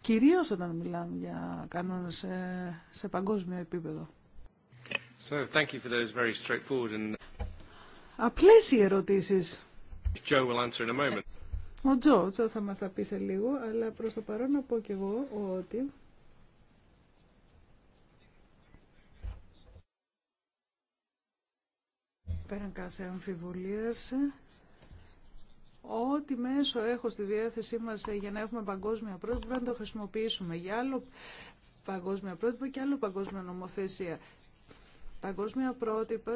Κυρίως όταν μιλάμε για κανόνες σε, σε παγκόσμιο επίπεδο. So, thank you for those very and... Απλές οι ερωτήσεις. Joe will in a Ο Τζο, θα μας τα πει σε λίγο, αλλά προς το παρόν να πω κι εγώ ότι... Πέραν κάθε αμφιβολίας, ό,τι μέσο έχω στη διάθεσή μα ε, για να έχουμε παγκόσμια πρότυπα, να το χρησιμοποιήσουμε για άλλο παγκόσμια πρότυπα και άλλο παγκόσμια νομοθεσία. Παγκόσμια πρότυπα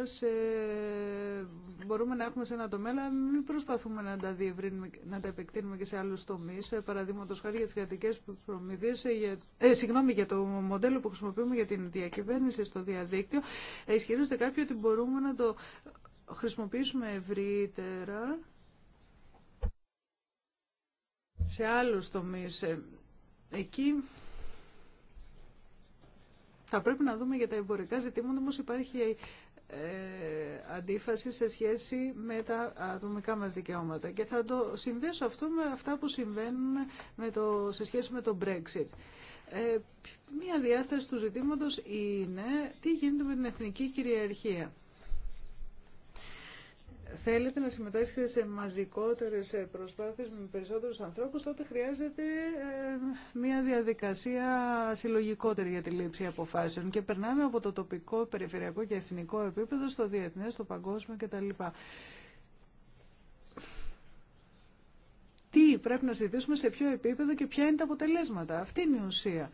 μπορούμε να έχουμε σε ένα τομέα, αλλά μην προσπαθούμε να τα, διευρύνουμε, να τα επεκτείνουμε και σε άλλου τομεί. Ε, Παραδείγματο χάρη για τι κρατικές προμηθείες, ε, ε, συγγνώμη, για το μοντέλο που χρησιμοποιούμε για την διακυβέρνηση στο διαδίκτυο, ισχυρίζεται κάποιοι ότι μπορούμε να το χρησιμοποιήσουμε ευρύτερα σε άλλους τομείς. Ε, εκεί θα πρέπει να δούμε για τα εμπορικά ζητήματα, όμως υπάρχει ε, αντίφαση σε σχέση με τα ατομικά μας δικαιώματα. Και θα το συνδέσω αυτό με αυτά που συμβαίνουν με το, σε σχέση με το Brexit. Ε, μία διάσταση του ζητήματος είναι τι γίνεται με την εθνική κυριαρχία θέλετε να συμμετάσχετε σε μαζικότερες προσπάθειες με περισσότερους ανθρώπους, τότε χρειάζεται ε, μια διαδικασία συλλογικότερη για τη λήψη αποφάσεων και περνάμε από το τοπικό, περιφερειακό και εθνικό επίπεδο στο διεθνές, στο παγκόσμιο κτλ. Τι πρέπει να συζητήσουμε, σε ποιο επίπεδο και ποια είναι τα αποτελέσματα. Αυτή είναι η ουσία.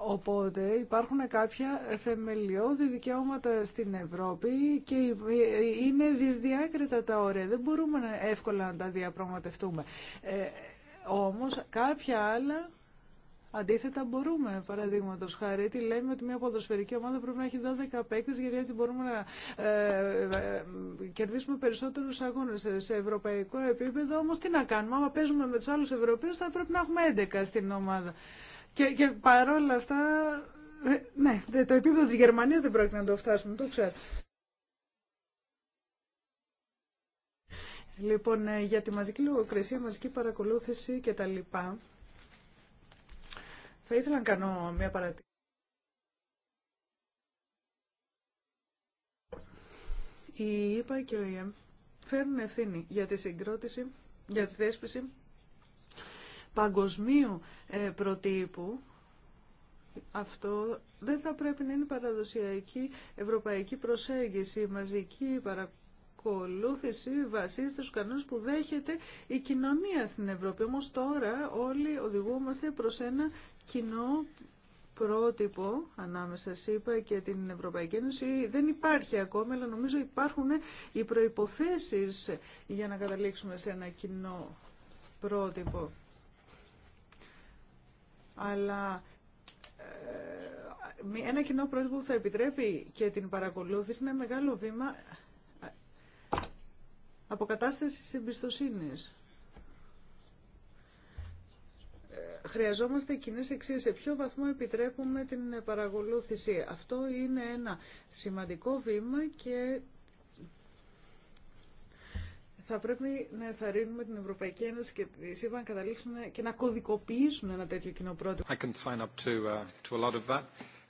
Οπότε υπάρχουν κάποια θεμελιώδη δικαιώματα στην Ευρώπη και είναι δυσδιάκριτα τα όρια. Δεν μπορούμε εύκολα να τα διαπραγματευτούμε. Ε, όμως κάποια άλλα Αντίθετα, μπορούμε, παραδείγματο χάρη, τι λέμε ότι μια ποδοσφαιρική ομάδα πρέπει να έχει 12 παίκτε, γιατί έτσι μπορούμε να ε, ε, κερδίσουμε περισσότερου αγώνε σε ευρωπαϊκό επίπεδο. Όμω, τι να κάνουμε, άμα παίζουμε με του άλλου Ευρωπαίου, θα πρέπει να έχουμε 11 στην ομάδα. Και, παρόλα αυτά, ε, ναι, το επίπεδο της Γερμανίας δεν πρόκειται να το φτάσουμε, το ξέρω. Λοιπόν, ε, για τη μαζική λογοκρισία, μαζική παρακολούθηση και τα λοιπά, θα ήθελα να κάνω μια παρατήρηση. Η ΕΠΑ και ο ΙΕΜ φέρνουν ευθύνη για τη συγκρότηση, για τη θέσπιση παγκοσμίου ε, προτύπου. Αυτό δεν θα πρέπει να είναι παραδοσιακή ευρωπαϊκή προσέγγιση, μαζική παρακολούθηση βασίζεται στους κανόνες που δέχεται η κοινωνία στην Ευρώπη. Όμως τώρα όλοι οδηγούμαστε προς ένα κοινό πρότυπο ανάμεσα είπα και την Ευρωπαϊκή Ένωση δεν υπάρχει ακόμα, αλλά νομίζω υπάρχουν οι προϋποθέσεις για να καταλήξουμε σε ένα κοινό πρότυπο αλλά ε, ένα κοινό πρόσωπο που θα επιτρέπει και την παρακολούθηση είναι μεγάλο βήμα ε, αποκατάστασης εμπιστοσύνης. Ε, χρειαζόμαστε κοινέ αξίε. Σε ποιο βαθμό επιτρέπουμε την παρακολούθηση. Αυτό είναι ένα σημαντικό βήμα και θα πρέπει να εθαρρύνουμε την Ευρωπαϊκή Ένωση και τη ΣΥΠΑ να καταλήξουν και να κωδικοποιήσουν ένα τέτοιο κοινό πρότυπο.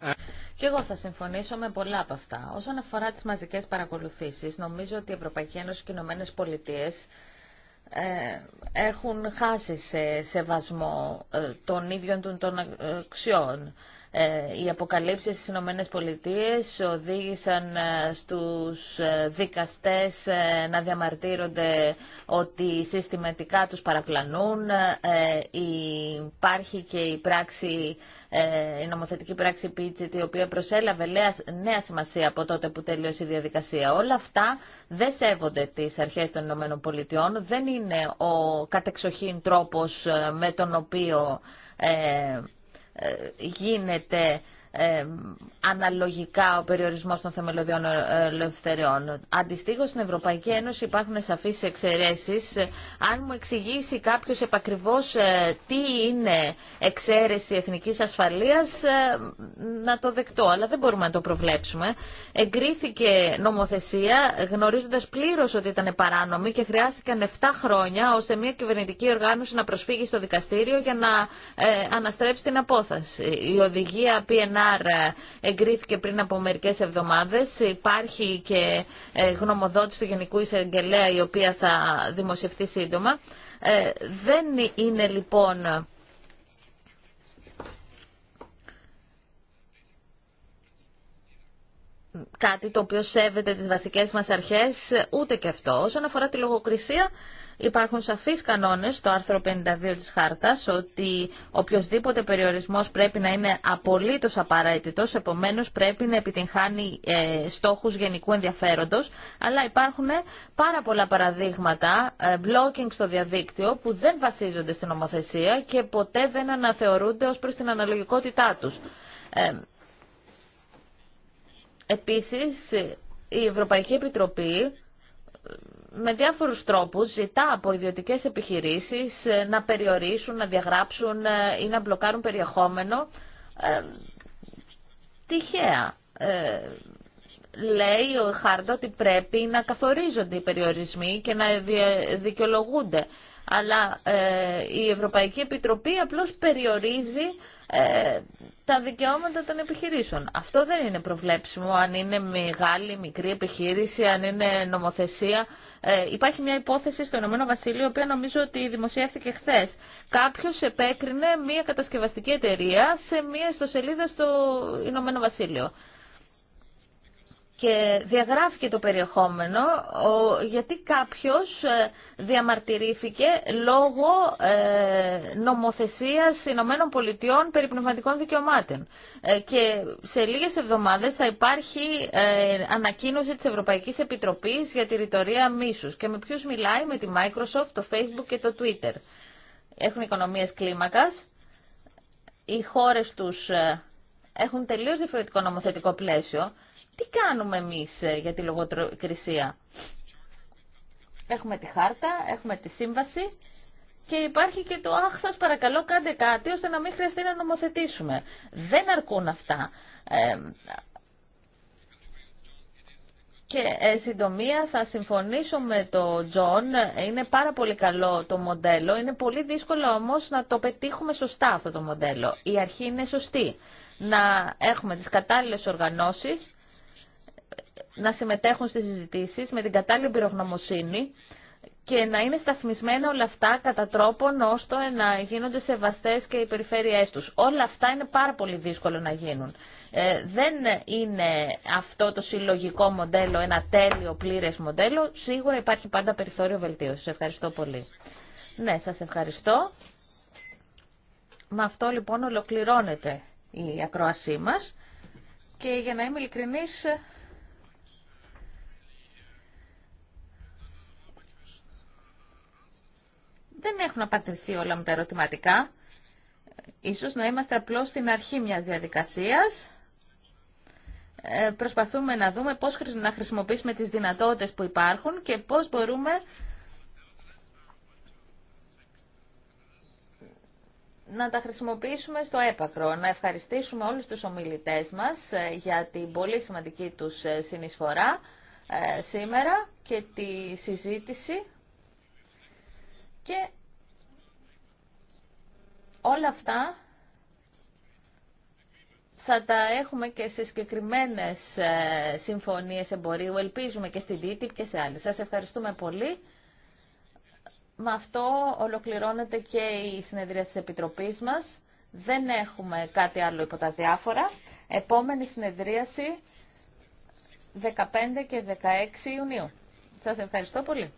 Uh, και εγώ θα συμφωνήσω με πολλά από αυτά. Όσον αφορά τις μαζικές παρακολουθήσεις, νομίζω ότι η Ευρωπαϊκή Ένωση και οι Ηνωμένες Πολιτείες ε, έχουν χάσει σε σεβασμό ε, των ίδιων των αξιών. Ε, οι αποκαλύψεις στις Ηνωμένε Πολιτείες οδήγησαν ε, στους ε, δικαστές να διαμαρτύρονται ότι συστηματικά τους παραπλανούν. Υπάρχει και η πράξη η νομοθετική πράξη Πίτσιτ, η οποία προσέλαβε νέα σημασία από τότε που τελείωσε η διαδικασία. Όλα αυτά δεν σέβονται τις αρχές των Ηνωμένων Πολιτειών, δεν είναι ο κατεξοχήν τρόπος με τον οποίο ε, γίνεται ε, αναλογικά ο περιορισμό των θεμελωδιών ε, ελευθεριών. Αντιστοίχως στην Ευρωπαϊκή Ένωση υπάρχουν σαφεί εξαιρεσει. Αν μου εξηγήσει κάποιος επακριβώς ε, τι είναι εξαίρεση εθνικής ασφαλείας, ε, να το δεκτώ, αλλά δεν μπορούμε να το προβλέψουμε. Εγκρίθηκε νομοθεσία γνωρίζοντα πλήρω ότι ήταν παράνομη και χρειάστηκαν 7 χρόνια ώστε μια κυβερνητική οργάνωση να προσφύγει στο δικαστήριο για να αναστρέψει την απόφαση. Η οδηγία PNR PNR ε, εγκρίθηκε πριν από μερικέ εβδομάδες. Υπάρχει και ε, γνωμοδότηση του Γενικού Εισαγγελέα η οποία θα δημοσιευθεί σύντομα. Ε, δεν είναι λοιπόν... κάτι το οποίο σέβεται τις βασικές μας αρχές, ούτε και αυτό. Όσον αφορά τη λογοκρισία, Υπάρχουν σαφείς κανόνες στο άρθρο 52 της χάρτας ότι οποιοδήποτε περιορισμός πρέπει να είναι απολύτως απαραίτητος, επομένως πρέπει να επιτυγχάνει ε, στόχους γενικού ενδιαφέροντος, αλλά υπάρχουν ε, πάρα πολλά παραδείγματα ε, blocking στο διαδίκτυο που δεν βασίζονται στην ομοθεσία και ποτέ δεν αναθεωρούνται ως προς την αναλογικότητά τους. Ε, επίσης, η Ευρωπαϊκή Επιτροπή με διάφορους τρόπους ζητά από ιδιωτικές επιχειρήσεις ε, να περιορίσουν, να διαγράψουν ε, ή να μπλοκάρουν περιεχόμενο ε, τυχαία. λέει ο Χάρντο ότι πρέπει να καθορίζονται οι περιορισμοί και να δικαιολογούνται αλλά ε, η Ευρωπαϊκή Επιτροπή απλώς περιορίζει ε, τα δικαιώματα των επιχειρήσεων. Αυτό δεν είναι προβλέψιμο αν είναι μεγάλη, μικρή επιχείρηση, αν είναι νομοθεσία. Ε, υπάρχει μια υπόθεση στο Ηνωμένο Βασίλειο, η οποία νομίζω ότι δημοσιεύθηκε χθε. Κάποιο επέκρινε μια κατασκευαστική εταιρεία σε μια ιστοσελίδα στο Ηνωμένο Βασίλειο και διαγράφηκε το περιεχόμενο γιατί κάποιος ε, διαμαρτυρήθηκε λόγω ε, νομοθεσίας Ηνωμένων Πολιτειών περί πνευματικών δικαιωμάτων. Ε, και σε λίγες εβδομάδες θα υπάρχει ανακοίνωση της Ευρωπαϊκής Επιτροπής για τη ρητορία μίσους και με ποιους μιλάει με τη Microsoft, το Facebook και το Twitter. Έχουν οικονομίες κλίμακας, οι χώρες τους έχουν τελείως διαφορετικό νομοθετικό πλαίσιο. Τι κάνουμε εμείς ε, για τη λογοκρισία. Έχουμε τη χάρτα, έχουμε τη σύμβαση και υπάρχει και το «Αχ, σας παρακαλώ κάντε κάτι ώστε να μην χρειαστεί να νομοθετήσουμε». Δεν αρκούν αυτά. και ε, συντομία θα συμφωνήσω με το Τζον. Είναι πάρα πολύ καλό το μοντέλο. Είναι πολύ δύσκολο όμως να το πετύχουμε σωστά αυτό το μοντέλο. Η αρχή είναι σωστή να έχουμε τις κατάλληλες οργανώσεις, να συμμετέχουν στις συζητήσεις με την κατάλληλη πυρογνωμοσύνη και να είναι σταθμισμένα όλα αυτά κατά τρόπον ώστε να γίνονται σεβαστές και οι περιφέρειές τους. Όλα αυτά είναι πάρα πολύ δύσκολο να γίνουν. Ε, δεν είναι αυτό το συλλογικό μοντέλο ένα τέλειο πλήρες μοντέλο. Σίγουρα υπάρχει πάντα περιθώριο βελτίωσης. Ευχαριστώ πολύ. Ναι, σας ευχαριστώ. Με αυτό λοιπόν ολοκληρώνεται η ακρόασή μας και για να είμαι ειλικρινής δεν έχουν απαντηθεί όλα με τα ερωτηματικά. Ίσως να είμαστε απλώς στην αρχή μιας διαδικασίας. Ε, προσπαθούμε να δούμε πώς να χρησιμοποιήσουμε τις δυνατότητες που υπάρχουν και πώς μπορούμε να τα χρησιμοποιήσουμε στο έπακρο. Να ευχαριστήσουμε όλους τους ομιλητές μας ε, για την πολύ σημαντική τους ε, συνεισφορά ε, σήμερα και τη συζήτηση και όλα αυτά θα τα έχουμε και σε συγκεκριμένες συμφωνίες εμπορίου. Ελπίζουμε και στην DTIP και σε άλλες. Σας ευχαριστούμε πολύ. Με αυτό ολοκληρώνεται και η συνεδρία της Επιτροπής μας. Δεν έχουμε κάτι άλλο υπό τα διάφορα. Επόμενη συνεδρίαση 15 και 16 Ιουνίου. Σας ευχαριστώ πολύ.